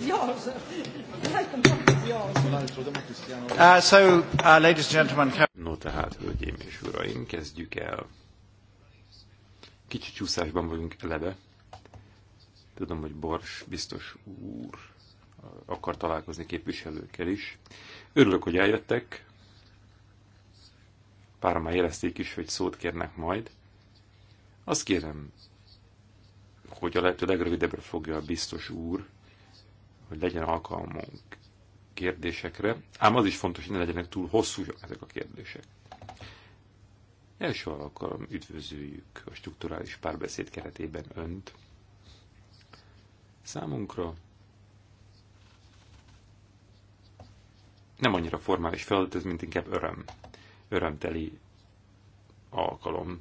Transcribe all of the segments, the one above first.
Uh, uh, no tehát, hölgyeim és uraim, kezdjük el. Kicsit csúszásban vagyunk eleve. Tudom, hogy Bors biztos úr uh, akar találkozni képviselőkkel is. Örülök, hogy eljöttek. Pár már jelezték is, hogy szót kérnek majd. Azt kérem, hogy a lehető legrövidebbre fogja a biztos úr hogy legyen alkalmunk kérdésekre, ám az is fontos, hogy ne legyenek túl hosszúak ezek a kérdések. Első alkalom üdvözöljük a strukturális párbeszéd keretében önt. Számunkra nem annyira formális feladat, ez mint inkább öröm. Örömteli alkalom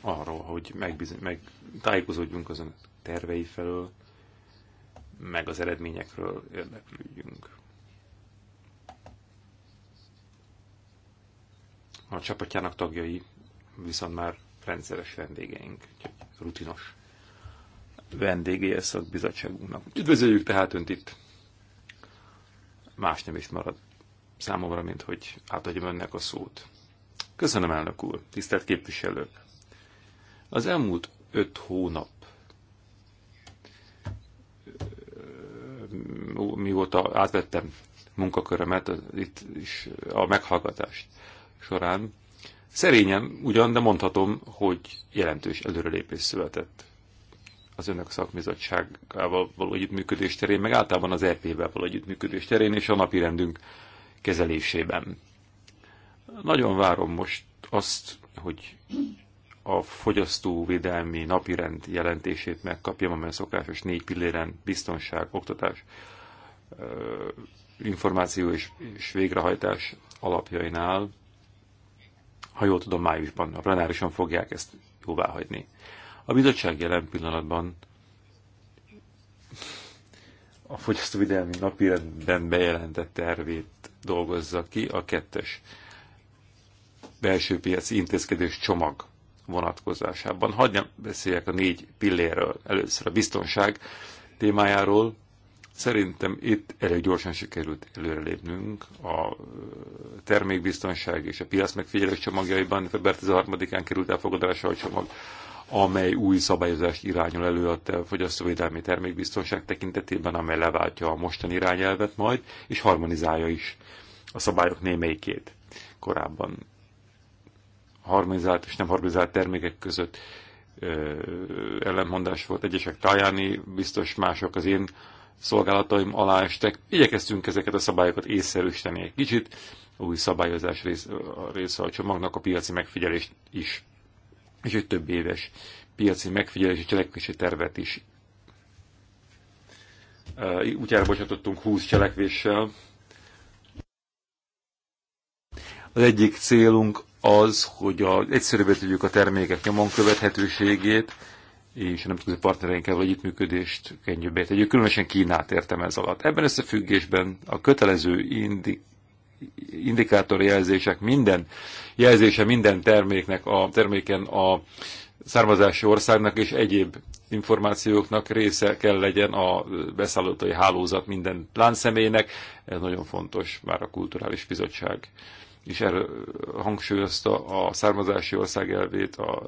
arról, hogy megbizony, meg tájékozódjunk az ön tervei felől, meg az eredményekről érdeklődjünk. A csapatjának tagjai viszont már rendszeres vendégeink, úgyhogy rutinos vendégé a bizottságunknak. Üdvözöljük tehát Önt itt! Más nem is marad számomra, mint hogy átadjam Önnek a szót. Köszönöm, elnök úr, tisztelt képviselők! Az elmúlt öt hónap mióta átvettem munkakörömet itt is a meghallgatást során. Szerényem ugyan, de mondhatom, hogy jelentős előrelépés született az önök szakbizottságával való együttműködés terén, meg általában az EP-vel való együttműködés terén és a napi rendünk kezelésében. Nagyon várom most azt, hogy a fogyasztóvédelmi napirend jelentését megkapjam, amely szokásos négy pilléren biztonság, oktatás, információ és, és végrehajtás alapjainál, ha jól tudom, májusban a plenárisan fogják ezt hagyni. A bizottság jelen pillanatban a fogyasztóvédelmi napirendben bejelentett tervét dolgozza ki a kettes belső piaci intézkedés csomag vonatkozásában. Hagyjam beszéljek a négy pilléről. Először a biztonság témájáról. Szerintem itt elég gyorsan sikerült előrelépnünk a termékbiztonság és a piac megfigyelés csomagjaiban. Február 13-án került elfogadásra a csomag, amely új szabályozást irányul elő a fogyasztóvédelmi termékbiztonság tekintetében, amely leváltja a mostani irányelvet majd, és harmonizálja is a szabályok némelyikét korábban harmonizált és nem harmonizált termékek között ellenmondás volt. Egyesek tájáni, biztos mások az én szolgálataim alá estek. Igyekeztünk ezeket a szabályokat észszerűsíteni egy kicsit, a új szabályozás rész, a része a csomagnak a piaci megfigyelést is, és egy több éves piaci megfigyelési cselekvési tervet is. Úgy elbocsátottunk 20 cselekvéssel. Az egyik célunk az, hogy a, egyszerűbbé tudjuk a termékek nyomon követhetőségét, és a nemzetközi partnereinkkel együttműködést könnyűbbé tegyük. Különösen Kínát értem ez alatt. Ebben összefüggésben a kötelező indi, indikátor jelzések minden jelzése minden terméknek a terméken a származási országnak és egyéb információknak része kell legyen a beszállítói hálózat minden láncszemélynek. Ez nagyon fontos már a Kulturális Bizottság is erre hangsúlyozta a származási ország elvét, a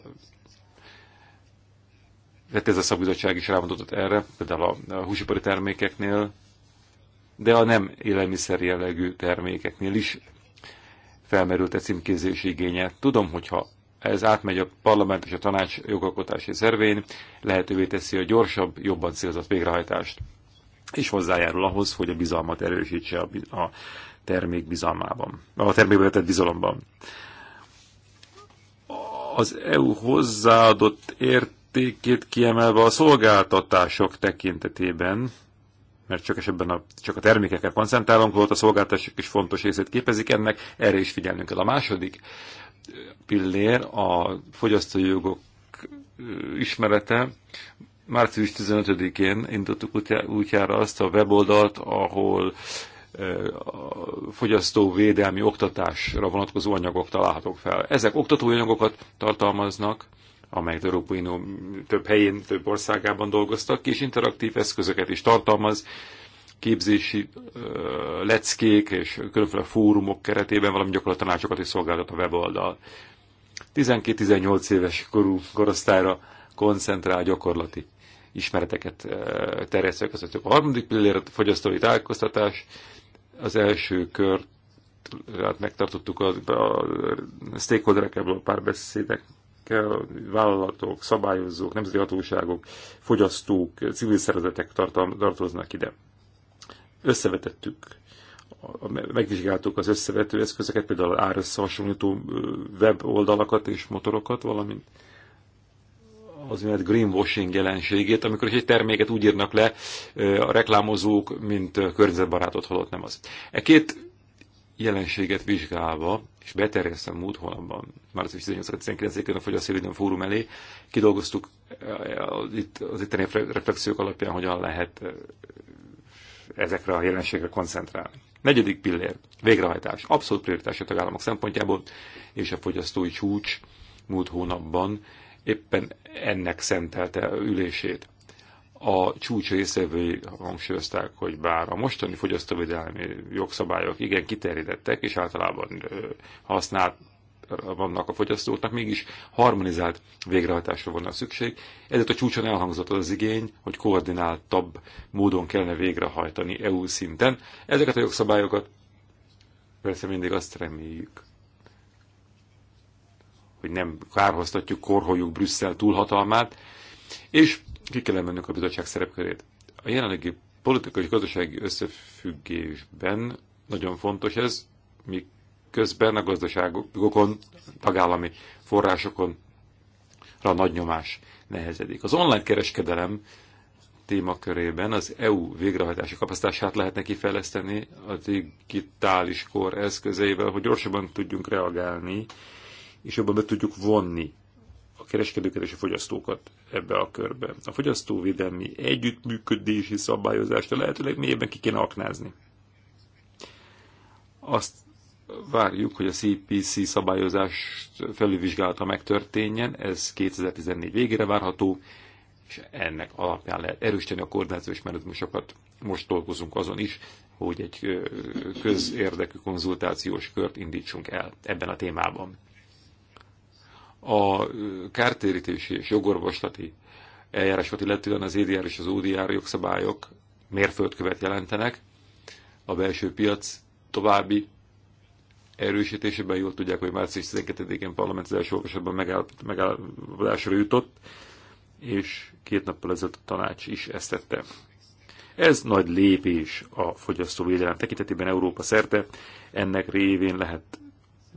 hát ez szakbizottság is rámutatott erre, például a húsipari termékeknél, de a nem élelmiszer jellegű termékeknél is felmerült a címkézési igénye. Tudom, hogyha ez átmegy a parlament és a tanács jogalkotási szervén, lehetővé teszi a gyorsabb, jobban célzott végrehajtást, és hozzájárul ahhoz, hogy a bizalmat erősítse a, a termék bizalmában, a termékbe vetett bizalomban. Az EU hozzáadott értékét kiemelve a szolgáltatások tekintetében, mert csak, ebben a, csak a termékekkel koncentrálunk, volt a szolgáltatások is fontos részét képezik ennek, erre is figyelnünk kell. A második pillér a fogyasztói jogok ismerete. Március 15-én indítottuk útjára azt a weboldalt, ahol fogyasztóvédelmi oktatásra vonatkozó anyagok találhatók fel. Ezek oktatói anyagokat tartalmaznak, amelyek Európai Unió több helyén, több országában dolgoztak, és interaktív eszközöket is tartalmaz, képzési ö, leckék és különféle fórumok keretében, valami gyakorlatilag tanácsokat is szolgáltat a weboldal. 12-18 éves korú korosztályra koncentrál gyakorlati ismereteket terjesztve közöttük. A harmadik pillér a fogyasztói tájékoztatás, az első kört hát megtartottuk a, a stakeholderekkel a párbeszédekkel, vállalatok, szabályozók, nemzeti hatóságok, fogyasztók, civil szervezetek tartoznak ide. Összevetettük megvizsgáltuk az összevető eszközöket, például árösszehasonlító weboldalakat és motorokat, valamint az mert greenwashing jelenségét, amikor egy terméket úgy írnak le a reklámozók, mint környezetbarátot, halott, nem az. E két jelenséget vizsgálva, és beterjesztem múlt hónapban, már az 18-19-én a Fogyasztóvédelmi Fórum elé, kidolgoztuk itt az itteni reflexiók alapján, hogyan lehet ezekre a jelenségekre koncentrálni. Negyedik pillér, végrehajtás. Abszolút prioritás a tagállamok szempontjából, és a fogyasztói csúcs múlt hónapban éppen ennek szentelte ülését. A csúcs részevői hangsúlyozták, hogy bár a mostani fogyasztóvédelmi jogszabályok igen kiterjedettek, és általában használt vannak a fogyasztóknak, mégis harmonizált végrehajtásra volna szükség. Ezért a csúcson elhangzott az, az igény, hogy koordináltabb módon kellene végrehajtani EU szinten. Ezeket a jogszabályokat persze mindig azt reméljük, hogy nem kárhoztatjuk, korholjuk Brüsszel túlhatalmát, és ki kell mennünk a bizottság szerepkörét. A jelenlegi politikai és gazdasági összefüggésben nagyon fontos ez, mi közben a gazdaságokon, tagállami forrásokon a nagy nyomás nehezedik. Az online kereskedelem témakörében az EU végrehajtási kapasztását lehetne kifejleszteni a digitális kor eszközeivel, hogy gyorsabban tudjunk reagálni és jobban be tudjuk vonni a kereskedőket és a fogyasztókat ebbe a körbe. A fogyasztóvédelmi együttműködési szabályozást a lehetőleg mélyebben ki kéne aknázni. Azt várjuk, hogy a CPC szabályozást felülvizsgálata megtörténjen, ez 2014 végére várható, és ennek alapján lehet erősíteni a koordinációs mechanizmusokat. Most dolgozunk azon is, hogy egy közérdekű konzultációs kört indítsunk el ebben a témában a kártérítési és jogorvoslati eljárásot illetően az EDR és az ODR jogszabályok mérföldkövet jelentenek. A belső piac további erősítésében jól tudják, hogy március 12-én parlament az első olvasatban megállapodásra jutott, és két nappal ezelőtt a tanács is ezt tette. Ez nagy lépés a fogyasztóvédelem tekintetében Európa szerte, ennek révén lehet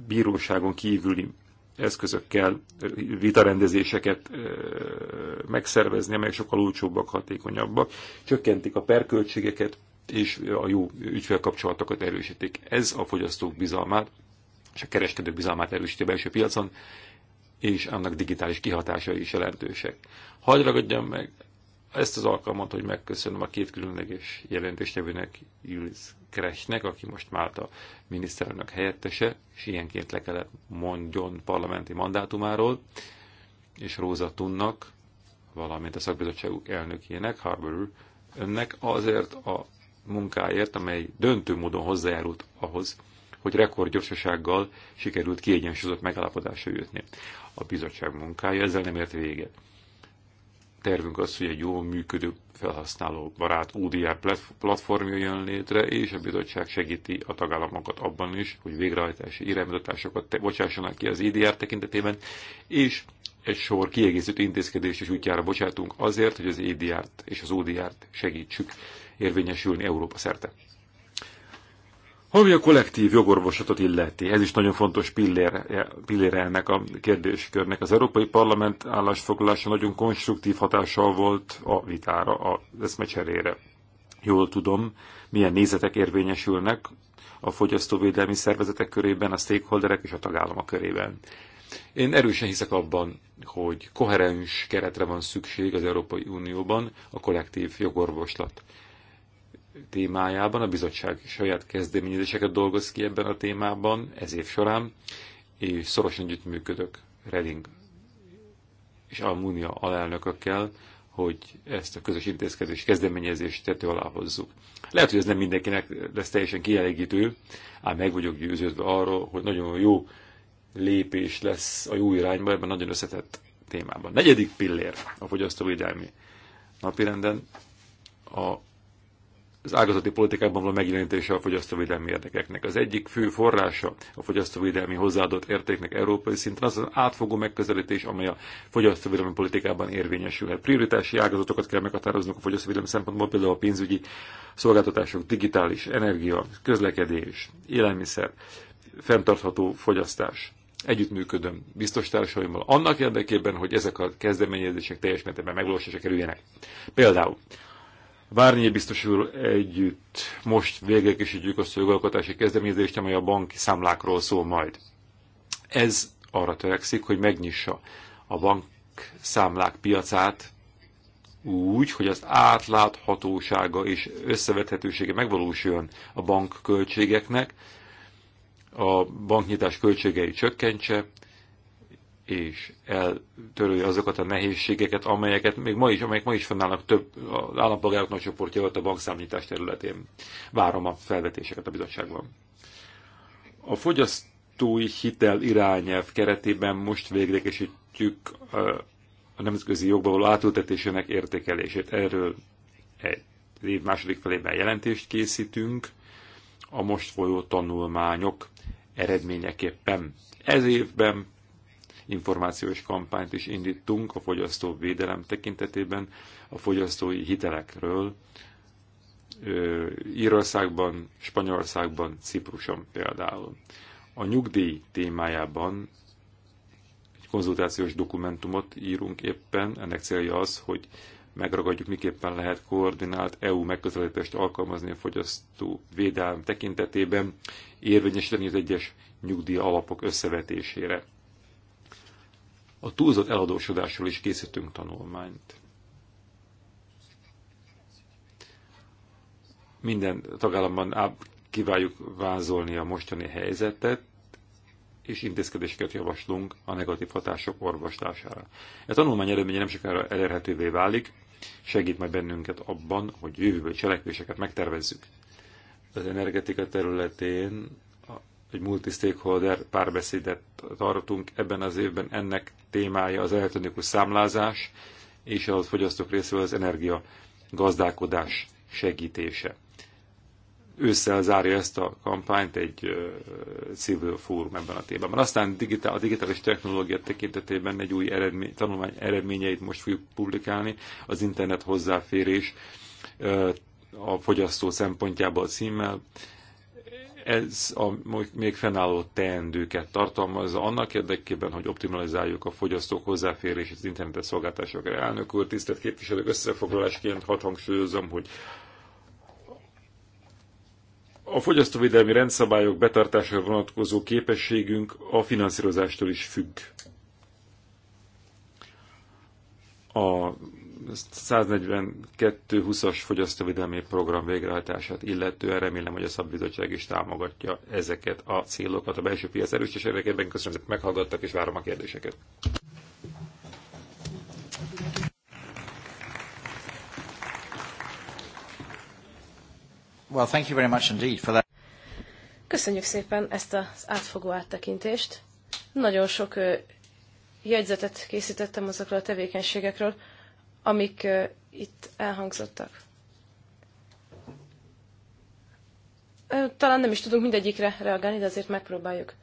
bíróságon kívüli eszközökkel vitarendezéseket megszervezni, amelyek sokkal olcsóbbak, hatékonyabbak, csökkentik a perköltségeket, és a jó ügyfélkapcsolatokat erősítik. Ez a fogyasztók bizalmát, és a kereskedők bizalmát erősíti a belső piacon, és annak digitális kihatásai is jelentősek. Hagy ragadjam meg ezt az alkalmat, hogy megköszönöm a két különleges jelentéstevőnek, Julius Kresnek, aki most Málta miniszterelnök helyettese, és ilyenként le kellett mondjon parlamenti mandátumáról, és Róza Tunnak, valamint a szakbizottságuk elnökének, Harbour önnek azért a munkáért, amely döntő módon hozzájárult ahhoz, hogy rekordgyorsasággal sikerült kiegyensúlyozott megállapodásra jutni. A bizottság munkája ezzel nem ért véget tervünk az, hogy egy jól működő felhasználó barát ODR platform jön létre, és a bizottság segíti a tagállamokat abban is, hogy végrehajtási iránymutatásokat bocsássanak ki az IDR e tekintetében, és egy sor kiegészítő intézkedést is útjára bocsátunk azért, hogy az EDR-t és az ODR-t segítsük érvényesülni Európa szerte. Ami a kollektív jogorvoslatot illeti, ez is nagyon fontos pillére, pillére ennek a kérdéskörnek. Az Európai Parlament állásfoglalása nagyon konstruktív hatással volt a vitára, a eszmecserére. Jól tudom, milyen nézetek érvényesülnek a fogyasztóvédelmi szervezetek körében, a stakeholderek és a tagállamok körében. Én erősen hiszek abban, hogy koherens keretre van szükség az Európai Unióban a kollektív jogorvoslat témájában, a bizottság saját kezdeményezéseket dolgoz ki ebben a témában ez év során, és szorosan együttműködök Reding és Almunia alelnökökkel, hogy ezt a közös intézkedés kezdeményezést tető alá hozzuk. Lehet, hogy ez nem mindenkinek lesz teljesen kielégítő, ám meg vagyok győződve arról, hogy nagyon jó lépés lesz a jó irányba ebben nagyon összetett témában. Negyedik pillér a fogyasztóvédelmi napirenden a az ágazati politikában való megjelenítése a fogyasztóvédelmi érdekeknek. Az egyik fő forrása a fogyasztóvédelmi hozzáadott értéknek európai szinten az az átfogó megközelítés, amely a fogyasztóvédelmi politikában érvényesülhet. Prioritási ágazatokat kell meghatároznunk a fogyasztóvédelmi szempontból, például a pénzügyi szolgáltatások, digitális, energia, közlekedés, élelmiszer, fenntartható fogyasztás együttműködöm biztos társaimmal annak érdekében, hogy ezek a kezdeményezések teljes mértékben megvalósításra kerüljenek. Például Várnyi biztos úr együtt most végekisítjük azt a jogalkotási kezdeményezést, amely a banki számlákról szól majd. Ez arra törekszik, hogy megnyissa a bank számlák piacát úgy, hogy az átláthatósága és összevethetősége megvalósuljon a bank költségeknek, a banknyitás költségei csökkentse, és eltörölje azokat a nehézségeket, amelyeket még ma is, amelyek ma is fennállnak több az állampolgárok nagy csoportja a bankszámítás területén. Várom a felvetéseket a bizottságban. A fogyasztói hitel irányelv keretében most véglegesítjük a nemzetközi jogba való átültetésének értékelését. Erről egy év második felében jelentést készítünk a most folyó tanulmányok eredményeképpen. Ez évben információs kampányt is indítunk a fogyasztó védelem tekintetében, a fogyasztói hitelekről, Írországban, Spanyolországban, Cipruson például. A nyugdíj témájában egy konzultációs dokumentumot írunk éppen, ennek célja az, hogy megragadjuk, miképpen lehet koordinált EU megközelítést alkalmazni a fogyasztó védelem tekintetében, érvényesíteni az egyes nyugdíj alapok összevetésére. A túlzott eladósodásról is készítünk tanulmányt. Minden tagállamban kívánjuk vázolni a mostani helyzetet, és intézkedéseket javaslunk a negatív hatások orvoslására. A e tanulmány eredménye nem sokára elérhetővé válik, segít majd bennünket abban, hogy jövőbeli cselekvéseket megtervezzük. Az energetika területén egy multistakeholder párbeszédet tartunk ebben az évben. Ennek témája az elektronikus számlázás és a fogyasztók részéről az energia gazdálkodás segítése. Ősszel zárja ezt a kampányt egy civil fórum ebben a témában. Aztán digitál, a digitális technológia tekintetében egy új eredmény, tanulmány eredményeit most fogjuk publikálni, az internet hozzáférés a fogyasztó szempontjából címmel. Ez a még fennálló teendőket tartalmazza annak érdekében, hogy optimalizáljuk a fogyasztók hozzáférését az internetes szolgáltatásokra. Elnök úr, tisztelt képviselők, összefoglalásként hadd hangsúlyozom, hogy a fogyasztóvédelmi rendszabályok betartására vonatkozó képességünk a finanszírozástól is függ. A 142-20-as fogyasztóvédelmi program végrehajtását illetően remélem, hogy a szabbizottság is támogatja ezeket a célokat a belső piac erősítés érdekében. Köszönöm, hogy meghallgattak, és várom a kérdéseket. Well, thank you very much indeed for that. Köszönjük szépen ezt az átfogó áttekintést. Nagyon sok jegyzetet készítettem azokról a tevékenységekről, amik itt elhangzottak. Talán nem is tudunk mindegyikre reagálni, de azért megpróbáljuk.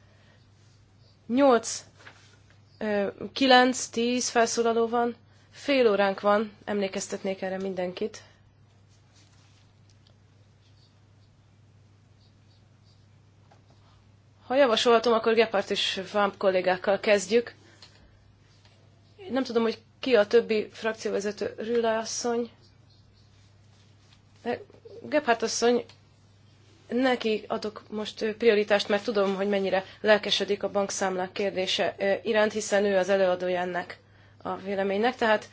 8, 9, 10 felszólaló van, fél óránk van, emlékeztetnék erre mindenkit. Ha javasolhatom, akkor Gepard és Vamp kollégákkal kezdjük. Nem tudom, hogy ki a többi frakcióvezető? Rüle asszony? Gebhardt asszony, neki adok most prioritást, mert tudom, hogy mennyire lelkesedik a bankszámlák kérdése e, iránt, hiszen ő az előadója ennek a véleménynek. Tehát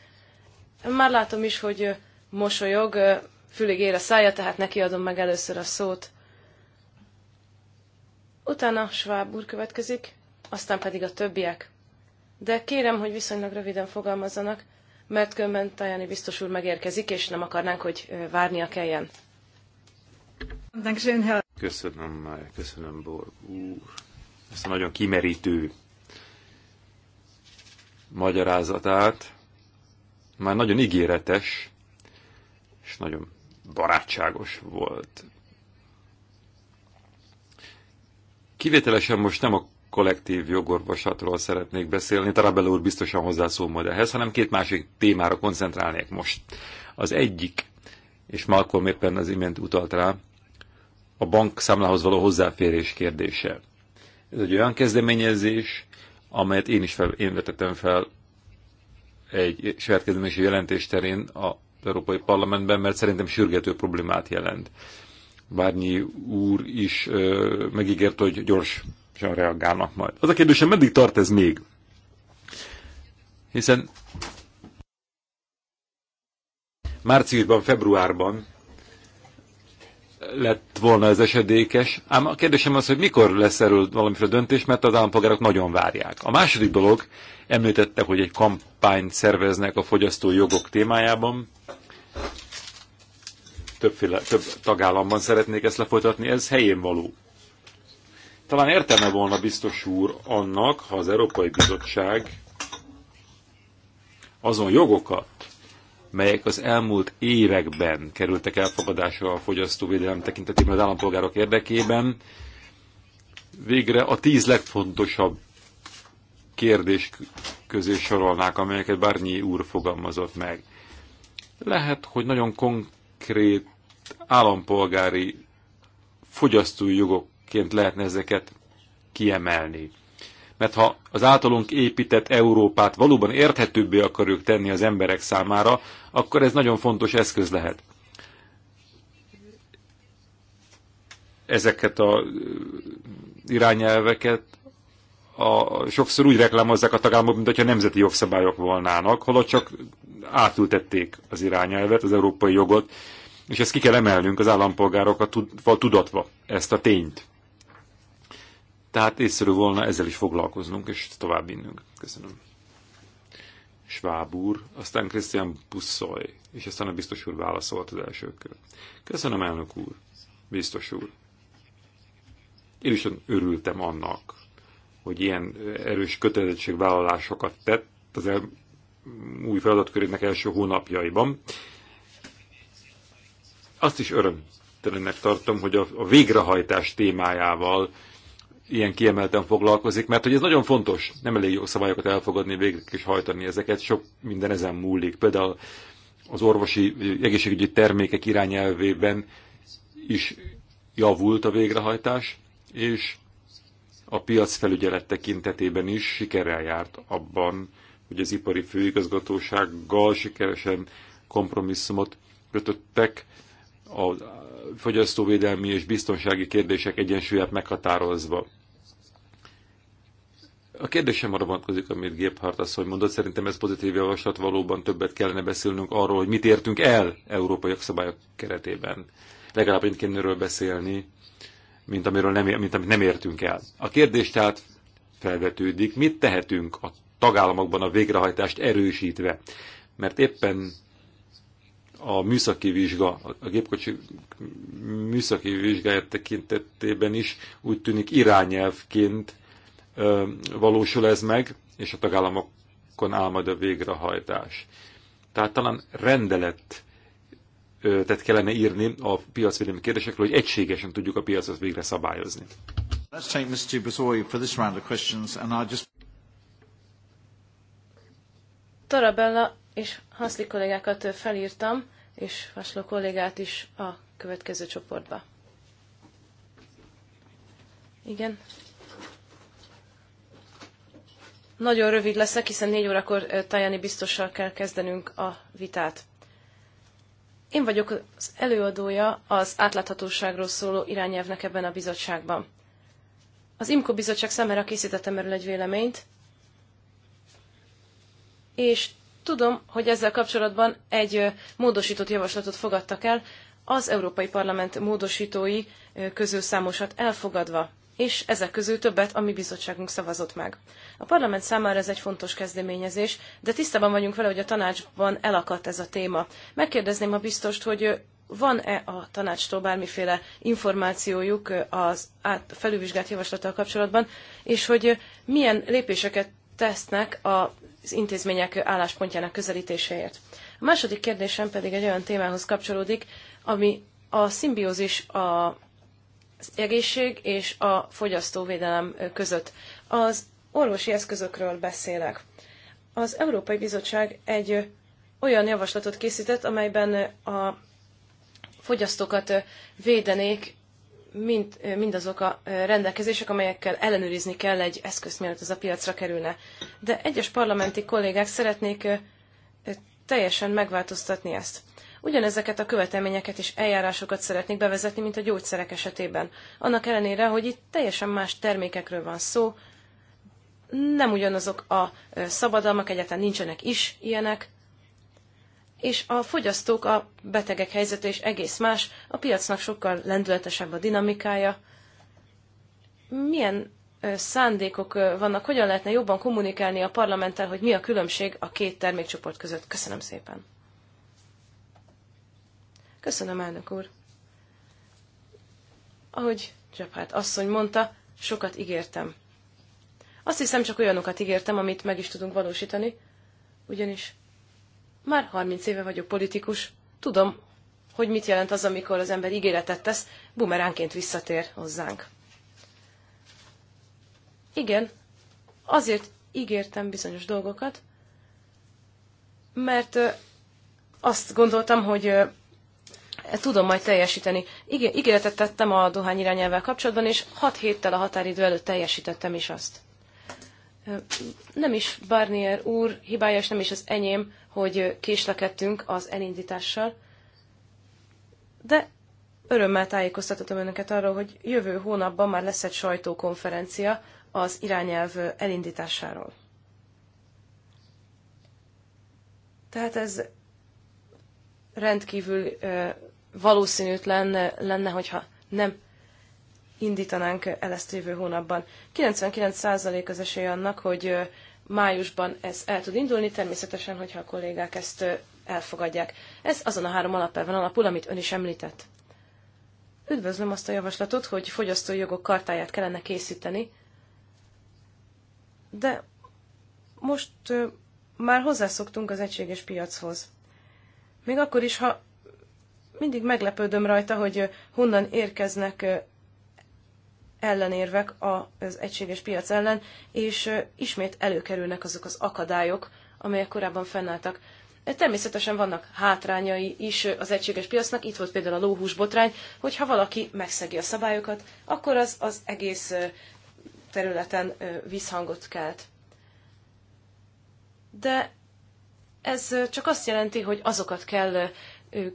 már látom is, hogy e, mosolyog, e, fülig ér a szája, tehát neki adom meg először a szót. Utána Schwab úr következik, aztán pedig a többiek de kérem, hogy viszonylag röviden fogalmazzanak, mert különben Tajani biztos úr megérkezik, és nem akarnánk, hogy várnia kelljen. Köszönöm, köszönöm, Borg úr. Ezt a nagyon kimerítő magyarázatát. Már nagyon ígéretes, és nagyon barátságos volt. Kivételesen most nem a kollektív jogorvoslatról szeretnék beszélni, Tarabella úr biztosan hozzászól majd ehhez, hanem két másik témára koncentrálnék most. Az egyik, és Malcolm éppen az imént utalt rá, a bank számlához való hozzáférés kérdése. Ez egy olyan kezdeményezés, amelyet én is fel, én vetettem fel egy saját kezdeményezési jelentés terén az Európai Parlamentben, mert szerintem sürgető problémát jelent. Bárnyi úr is ö, megígért, hogy gyors reagálnak majd. Az a kérdésem, meddig tart ez még? Hiszen márciusban, februárban lett volna ez esedékes, ám a kérdésem az, hogy mikor lesz erről valamiféle döntés, mert az állampolgárok nagyon várják. A második dolog, említette, hogy egy kampányt szerveznek a fogyasztói jogok témájában, többféle, több tagállamban szeretnék ezt lefolytatni, ez helyén való. Talán értelme volna biztos úr annak, ha az Európai Bizottság azon jogokat, melyek az elmúlt években kerültek elfogadásra a fogyasztóvédelem tekintetében az állampolgárok érdekében, végre a tíz legfontosabb kérdés közé sorolnák, amelyeket Barnyi úr fogalmazott meg. Lehet, hogy nagyon konkrét állampolgári fogyasztói jogok ként lehetne ezeket kiemelni. Mert ha az általunk épített Európát valóban érthetőbbé akarjuk tenni az emberek számára, akkor ez nagyon fontos eszköz lehet. Ezeket a irányelveket a, sokszor úgy reklámozzák a tagállamok, mint hogyha nemzeti jogszabályok volnának, holott csak átültették az irányelvet, az európai jogot, és ezt ki kell emelnünk az állampolgárokat tudatva, ezt a tényt. Tehát észszerű volna ezzel is foglalkoznunk, és tovább vinnünk. Köszönöm. Svábúr, aztán Krisztián Bussoy, és aztán a biztos úr válaszolt az elsőkkel. Köszönöm, elnök úr, biztos úr. Én is örültem annak, hogy ilyen erős kötelezettségvállalásokat tett az el, új feladatkörének első hónapjaiban. Azt is örömtelennek tartom, hogy a, a végrehajtás témájával ilyen kiemelten foglalkozik, mert hogy ez nagyon fontos, nem elég jó szabályokat elfogadni, végre is hajtani ezeket, sok minden ezen múlik. Például az orvosi egészségügyi termékek irányelvében is javult a végrehajtás, és a piac felügyelet tekintetében is sikerrel járt abban, hogy az ipari főigazgatósággal sikeresen kompromisszumot kötöttek a fogyasztóvédelmi és biztonsági kérdések egyensúlyát meghatározva. A kérdésem arra vonatkozik, amit Géphárt asszony mondott, szerintem ez pozitív javaslat, valóban többet kellene beszélnünk arról, hogy mit értünk el európai jogszabályok keretében. Legalább én kéne beszélni, mint, amiről nem, mint amit nem értünk el. A kérdés tehát felvetődik, mit tehetünk a tagállamokban a végrehajtást erősítve. Mert éppen a műszaki vizsga, a gépkocsi műszaki vizsgáját tekintetében is úgy tűnik irányelvként valósul ez meg, és a tagállamokon áll majd a végrehajtás. Tehát talán rendelet tehát kellene írni a piacvédelmi kérdésekről, hogy egységesen tudjuk a piacot végre szabályozni. Tarabella és Haszli kollégákat felírtam, és Vasló kollégát is a következő csoportba. Igen, nagyon rövid leszek, hiszen négy órakor Tajani biztossal kell kezdenünk a vitát. Én vagyok az előadója az átláthatóságról szóló irányelvnek ebben a bizottságban. Az IMCO bizottság számára készítettem erről egy véleményt, és tudom, hogy ezzel kapcsolatban egy módosított javaslatot fogadtak el, az Európai Parlament módosítói közül számosat elfogadva és ezek közül többet a mi bizottságunk szavazott meg. A parlament számára ez egy fontos kezdeményezés, de tisztában vagyunk vele, hogy a tanácsban elakadt ez a téma. Megkérdezném a biztost, hogy van-e a tanácstól bármiféle információjuk az át, felülvizsgált javaslattal kapcsolatban, és hogy milyen lépéseket tesznek az intézmények álláspontjának közelítéséért. A második kérdésem pedig egy olyan témához kapcsolódik, ami a szimbiózis a az egészség és a fogyasztóvédelem között. Az orvosi eszközökről beszélek. Az Európai Bizottság egy olyan javaslatot készített, amelyben a fogyasztókat védenék mind, mindazok a rendelkezések, amelyekkel ellenőrizni kell egy eszközt, mielőtt az a piacra kerülne. De egyes parlamenti kollégák szeretnék teljesen megváltoztatni ezt. Ugyanezeket a követelményeket és eljárásokat szeretnék bevezetni, mint a gyógyszerek esetében. Annak ellenére, hogy itt teljesen más termékekről van szó, nem ugyanazok a szabadalmak, egyáltalán nincsenek is ilyenek, és a fogyasztók, a betegek helyzete is egész más, a piacnak sokkal lendületesebb a dinamikája. Milyen szándékok vannak, hogyan lehetne jobban kommunikálni a parlamenttel, hogy mi a különbség a két termékcsoport között? Köszönöm szépen! Köszönöm, elnök úr. Ahogy Csapát asszony mondta, sokat ígértem. Azt hiszem, csak olyanokat ígértem, amit meg is tudunk valósítani, ugyanis már 30 éve vagyok politikus, tudom, hogy mit jelent az, amikor az ember ígéretet tesz, bumeránként visszatér hozzánk. Igen, azért ígértem bizonyos dolgokat, mert azt gondoltam, hogy tudom majd teljesíteni. Igen, ígéretet tettem a dohány irányelvvel kapcsolatban, és 6 héttel a határidő előtt teljesítettem is azt. Nem is Barnier úr hibája, és nem is az enyém, hogy késlekedtünk az elindítással, de örömmel tájékoztatottam önöket arról, hogy jövő hónapban már lesz egy sajtókonferencia az irányelv elindításáról. Tehát ez rendkívül valószínűtlen lenne, hogyha nem indítanánk el ezt jövő hónapban. 99% az esély annak, hogy májusban ez el tud indulni, természetesen, hogyha a kollégák ezt elfogadják. Ez azon a három alapelven alapul, amit ön is említett. Üdvözlöm azt a javaslatot, hogy fogyasztói jogok kartáját kellene készíteni, de most már hozzászoktunk az egységes piachoz. Még akkor is, ha mindig meglepődöm rajta, hogy honnan érkeznek ellenérvek az egységes piac ellen, és ismét előkerülnek azok az akadályok, amelyek korábban fennálltak. Természetesen vannak hátrányai is az egységes piacnak, itt volt például a lóhús botrány, hogyha valaki megszegi a szabályokat, akkor az az egész területen visszhangot kelt. De ez csak azt jelenti, hogy azokat kell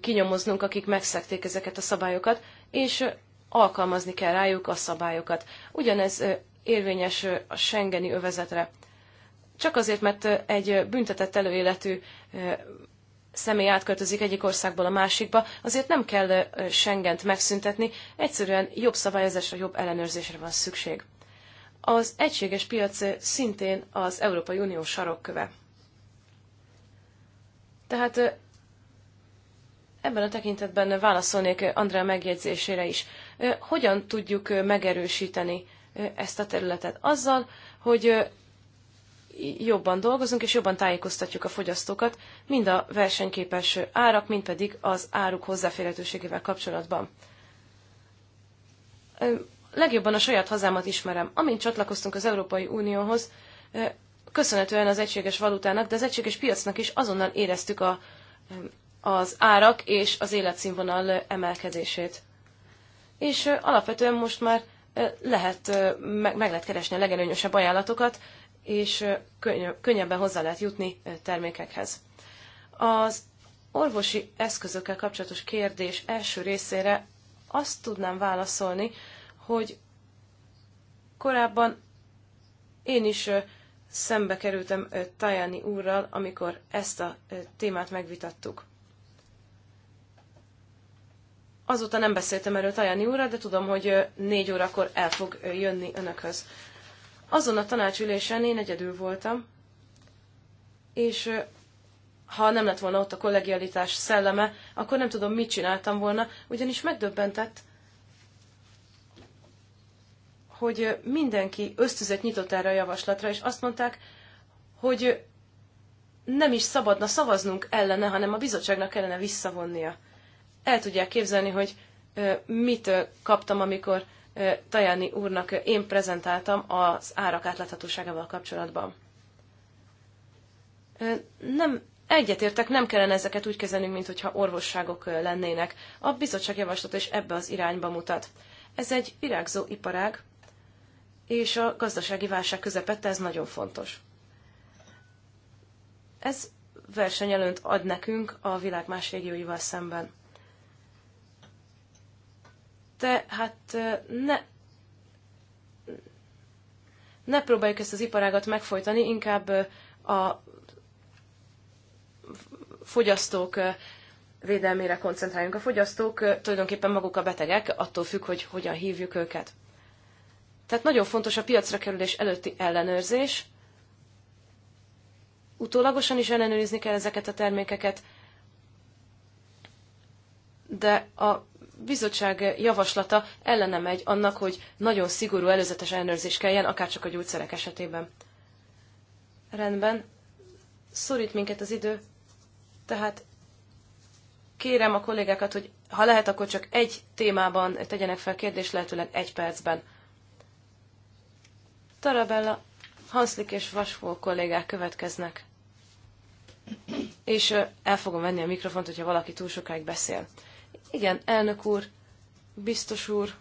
kinyomoznunk, akik megszekték ezeket a szabályokat, és alkalmazni kell rájuk a szabályokat. Ugyanez érvényes a Schengeni övezetre. Csak azért, mert egy büntetett előéletű személy átköltözik egyik országból a másikba, azért nem kell Schengent megszüntetni, egyszerűen jobb szabályozásra, jobb ellenőrzésre van szükség. Az egységes piac szintén az Európai Unió sarokköve. Tehát Ebben a tekintetben válaszolnék Andrea megjegyzésére is. Hogyan tudjuk megerősíteni ezt a területet? Azzal, hogy jobban dolgozunk és jobban tájékoztatjuk a fogyasztókat, mind a versenyképes árak, mind pedig az áruk hozzáférhetőségével kapcsolatban. Legjobban a saját hazámat ismerem. Amint csatlakoztunk az Európai Unióhoz, köszönhetően az egységes valutának, de az egységes piacnak is azonnal éreztük a az árak és az életszínvonal emelkedését. És alapvetően most már lehet, meg, lehet keresni a legelőnyösebb ajánlatokat, és könnyebben hozzá lehet jutni termékekhez. Az orvosi eszközökkel kapcsolatos kérdés első részére azt tudnám válaszolni, hogy korábban én is szembe kerültem Tajani úrral, amikor ezt a témát megvitattuk. Azóta nem beszéltem erről Tajani úrra, de tudom, hogy négy órakor el fog jönni önökhöz. Azon a tanácsülésen én egyedül voltam, és ha nem lett volna ott a kollegialitás szelleme, akkor nem tudom, mit csináltam volna, ugyanis megdöbbentett, hogy mindenki ösztözet nyitott erre a javaslatra, és azt mondták, hogy nem is szabadna szavaznunk ellene, hanem a bizottságnak kellene visszavonnia el tudják képzelni, hogy mit kaptam, amikor Tajani úrnak én prezentáltam az árak átláthatóságával kapcsolatban. Nem egyetértek, nem kellene ezeket úgy kezelnünk, mint hogyha orvosságok lennének. A bizottság javaslata is ebbe az irányba mutat. Ez egy virágzó iparág, és a gazdasági válság közepette ez nagyon fontos. Ez versenyelőnt ad nekünk a világ más régióival szemben te hát ne, ne próbáljuk ezt az iparágat megfojtani, inkább a fogyasztók védelmére koncentráljunk. A fogyasztók tulajdonképpen maguk a betegek, attól függ, hogy hogyan hívjuk őket. Tehát nagyon fontos a piacra kerülés előtti ellenőrzés. Utólagosan is ellenőrizni kell ezeket a termékeket, de a bizottság javaslata ellene megy annak, hogy nagyon szigorú előzetes ellenőrzés kelljen, akárcsak a gyógyszerek esetében. Rendben. Szorít minket az idő. Tehát kérem a kollégákat, hogy ha lehet, akkor csak egy témában tegyenek fel kérdést, lehetőleg egy percben. Tarabella, Hanslik és Vasfó kollégák következnek. És el fogom venni a mikrofont, hogyha valaki túl sokáig beszél. Igen, elnök úr, biztos úr.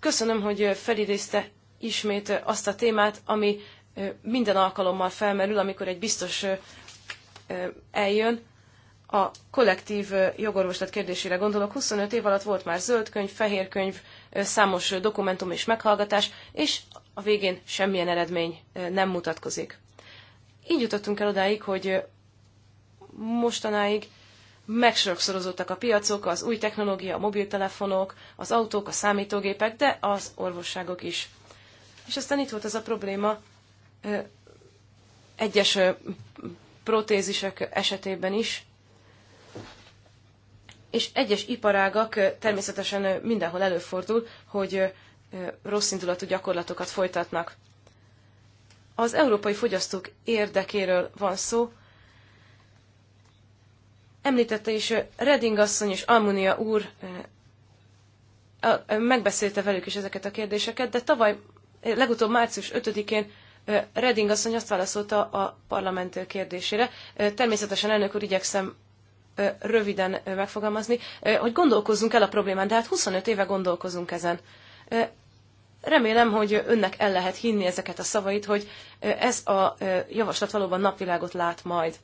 Köszönöm, hogy felidézte ismét azt a témát, ami minden alkalommal felmerül, amikor egy biztos eljön. A kollektív jogorvoslat kérdésére gondolok. 25 év alatt volt már zöld könyv, fehér könyv, számos dokumentum és meghallgatás, és a végén semmilyen eredmény nem mutatkozik. Így jutottunk el odáig, hogy mostanáig megsorokszorozottak a piacok, az új technológia, a mobiltelefonok, az autók, a számítógépek, de az orvosságok is. És aztán itt volt az a probléma egyes protézisek esetében is, és egyes iparágak természetesen mindenhol előfordul, hogy rossz indulatú gyakorlatokat folytatnak az európai fogyasztók érdekéről van szó. Említette is Reding asszony és Almunia úr megbeszélte velük is ezeket a kérdéseket, de tavaly, legutóbb március 5-én Reding asszony azt válaszolta a parlament kérdésére. Természetesen elnök úr igyekszem röviden megfogalmazni, hogy gondolkozzunk el a problémán, de hát 25 éve gondolkozunk ezen. Remélem, hogy önnek el lehet hinni ezeket a szavait, hogy ez a javaslat valóban napvilágot lát majd.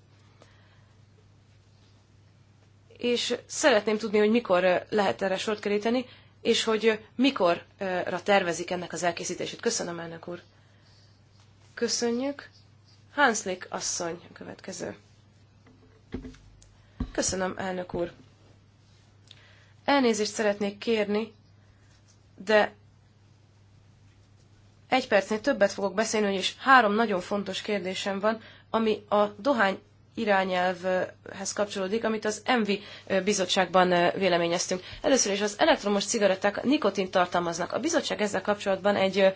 És szeretném tudni, hogy mikor lehet erre sort keríteni, és hogy mikorra tervezik ennek az elkészítését. Köszönöm, elnök úr. Köszönjük. Hanslik asszony a következő. Köszönöm, elnök úr. Elnézést szeretnék kérni, de egy percnél többet fogok beszélni, és három nagyon fontos kérdésem van, ami a dohány irányelvhez kapcsolódik, amit az ENVI bizottságban véleményeztünk. Először is az elektromos cigaretták nikotint tartalmaznak. A bizottság ezzel kapcsolatban egy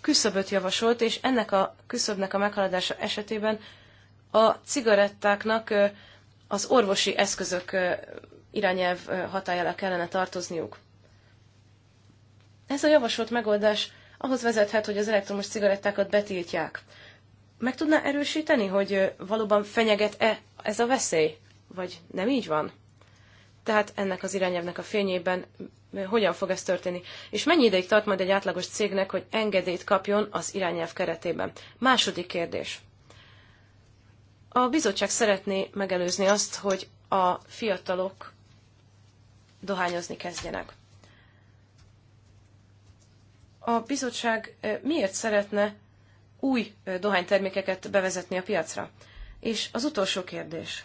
küszöböt javasolt, és ennek a küszöbnek a meghaladása esetében a cigarettáknak az orvosi eszközök irányelv hatájára kellene tartozniuk. Ez a javasolt megoldás ahhoz vezethet, hogy az elektromos cigarettákat betiltják. Meg tudná erősíteni, hogy valóban fenyeget-e ez a veszély? Vagy nem így van? Tehát ennek az irányelvnek a fényében hogyan fog ez történni? És mennyi ideig tart majd egy átlagos cégnek, hogy engedélyt kapjon az irányelv keretében? Második kérdés. A bizottság szeretné megelőzni azt, hogy a fiatalok dohányozni kezdjenek a bizottság eh, miért szeretne új eh, dohánytermékeket bevezetni a piacra? És az utolsó kérdés.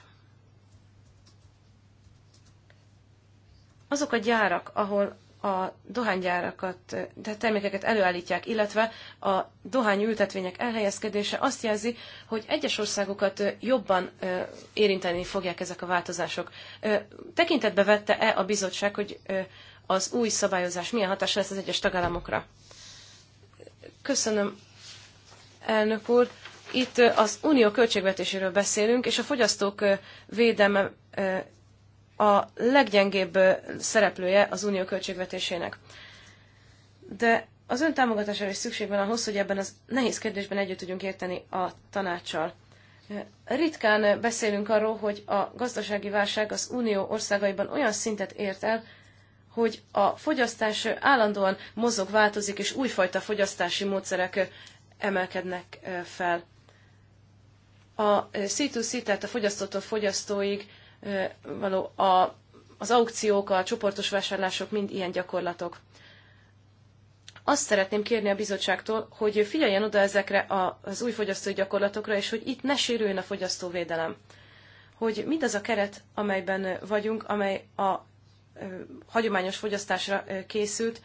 Azok a gyárak, ahol a dohánygyárakat, eh, de termékeket előállítják, illetve a Dohány ültetvények elhelyezkedése azt jelzi, hogy egyes országokat jobban érinteni fogják ezek a változások. Tekintetbe vette-e a bizottság, hogy az új szabályozás milyen hatása lesz az egyes tagállamokra? Köszönöm, elnök úr. Itt az unió költségvetéséről beszélünk, és a fogyasztók védelme a leggyengébb szereplője az unió költségvetésének. De az ön támogatására is szükség van ahhoz, hogy ebben az nehéz kérdésben együtt tudjunk érteni a tanácssal. Ritkán beszélünk arról, hogy a gazdasági válság az unió országaiban olyan szintet ért el, hogy a fogyasztás állandóan mozog, változik, és újfajta fogyasztási módszerek emelkednek fel. A C2C, tehát a fogyasztótól fogyasztóig való a, az aukciók, a csoportos vásárlások mind ilyen gyakorlatok. Azt szeretném kérni a bizottságtól, hogy figyeljen oda ezekre az új fogyasztói gyakorlatokra, és hogy itt ne sérüljön a fogyasztóvédelem. Hogy mindaz a keret, amelyben vagyunk, amely a hagyományos fogyasztásra készült,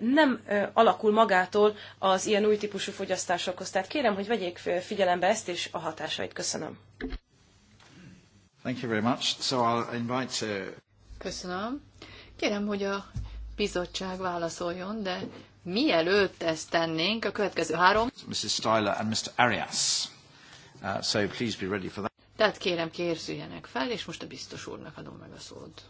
nem alakul magától az ilyen új típusú fogyasztásokhoz. Tehát kérem, hogy vegyék figyelembe ezt és a hatásait. Köszönöm. Thank you very much. So I'll invite, uh... Köszönöm. Kérem, hogy a bizottság válaszoljon, de mielőtt ezt tennénk, a következő három... Mrs. Styler and Mr. Arias. Uh, so please be ready for that. Tehát kérem, készüljenek fel, és most a biztos úrnak adom meg a szót.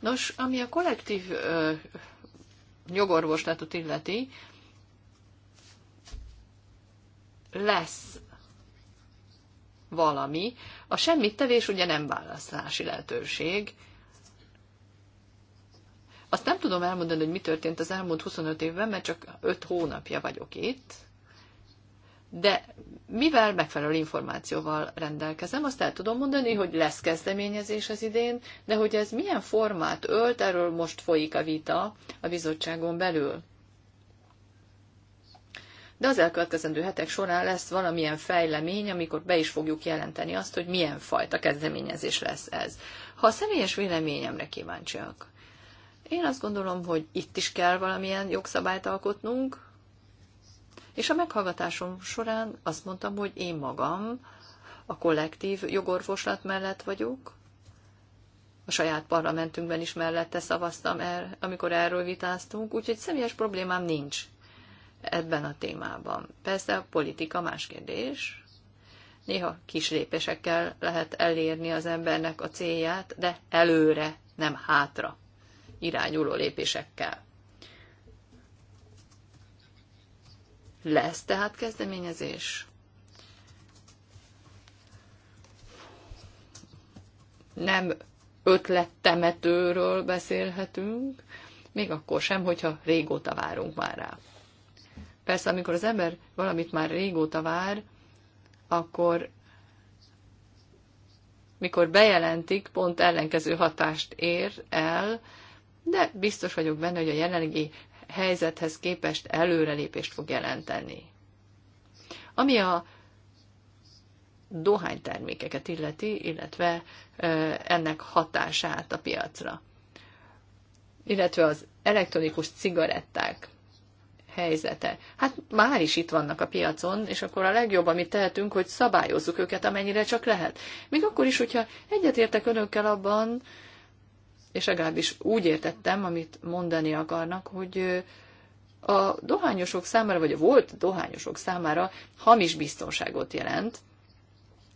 Nos, ami a kollektív ö, jogorvoslatot illeti, lesz valami. A semmit tevés ugye nem választási lehetőség. Azt nem tudom elmondani, hogy mi történt az elmúlt 25 évben, mert csak 5 hónapja vagyok itt, de mivel megfelelő információval rendelkezem, azt el tudom mondani, hogy lesz kezdeményezés az idén, de hogy ez milyen formát ölt, erről most folyik a vita a bizottságon belül. De az elkövetkezendő hetek során lesz valamilyen fejlemény, amikor be is fogjuk jelenteni azt, hogy milyen fajta kezdeményezés lesz ez. Ha a személyes véleményemre kíváncsiak, én azt gondolom, hogy itt is kell valamilyen jogszabályt alkotnunk, és a meghallgatásom során azt mondtam, hogy én magam a kollektív jogorvoslat mellett vagyok, a saját parlamentünkben is mellette szavaztam el, amikor erről vitáztunk, úgyhogy személyes problémám nincs ebben a témában. Persze a politika más kérdés. Néha kis lépésekkel lehet elérni az embernek a célját, de előre, nem hátra irányuló lépésekkel. Lesz tehát kezdeményezés? Nem ötlettemetőről beszélhetünk, még akkor sem, hogyha régóta várunk már rá. Persze, amikor az ember valamit már régóta vár, akkor mikor bejelentik, pont ellenkező hatást ér el, de biztos vagyok benne, hogy a jelenlegi helyzethez képest előrelépést fog jelenteni. Ami a dohánytermékeket illeti, illetve ennek hatását a piacra. Illetve az elektronikus cigaretták helyzete. Hát már is itt vannak a piacon, és akkor a legjobb, amit tehetünk, hogy szabályozzuk őket, amennyire csak lehet. Még akkor is, hogyha egyetértek önökkel abban, és legalábbis úgy értettem, amit mondani akarnak, hogy a dohányosok számára, vagy a volt dohányosok számára hamis biztonságot jelent.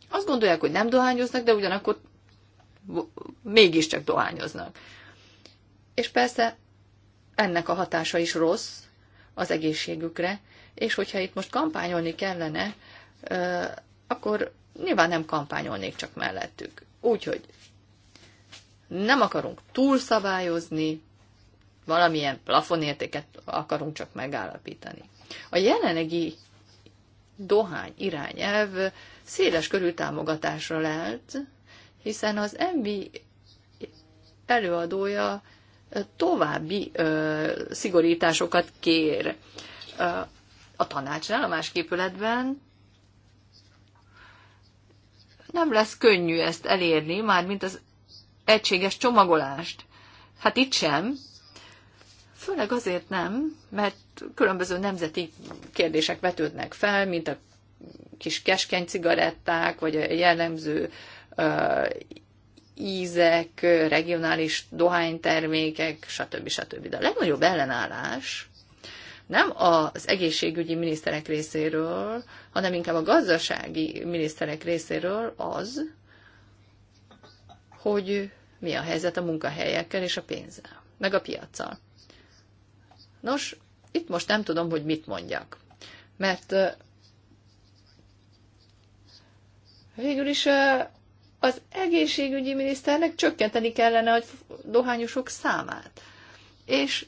Azt gondolják, hogy nem dohányoznak, de ugyanakkor mégiscsak dohányoznak. És persze ennek a hatása is rossz az egészségükre, és hogyha itt most kampányolni kellene, akkor nyilván nem kampányolnék csak mellettük. Úgyhogy nem akarunk túlszabályozni, valamilyen plafonértéket akarunk csak megállapítani. A jelenlegi dohány irányelv széles körű támogatásra lelt, hiszen az MBI előadója további ö, szigorításokat kér. A tanácsnál, a másik nem lesz könnyű ezt elérni, már mint az egységes csomagolást. Hát itt sem, főleg azért nem, mert különböző nemzeti kérdések vetődnek fel, mint a kis keskeny cigaretták, vagy a jellemző uh, ízek, regionális dohánytermékek, stb. stb. De a legnagyobb ellenállás nem az egészségügyi miniszterek részéről, hanem inkább a gazdasági miniszterek részéről az, hogy mi a helyzet a munkahelyekkel és a pénzzel, meg a piaccal. Nos, itt most nem tudom, hogy mit mondjak, mert végül is az egészségügyi miniszternek csökkenteni kellene a dohányosok számát. És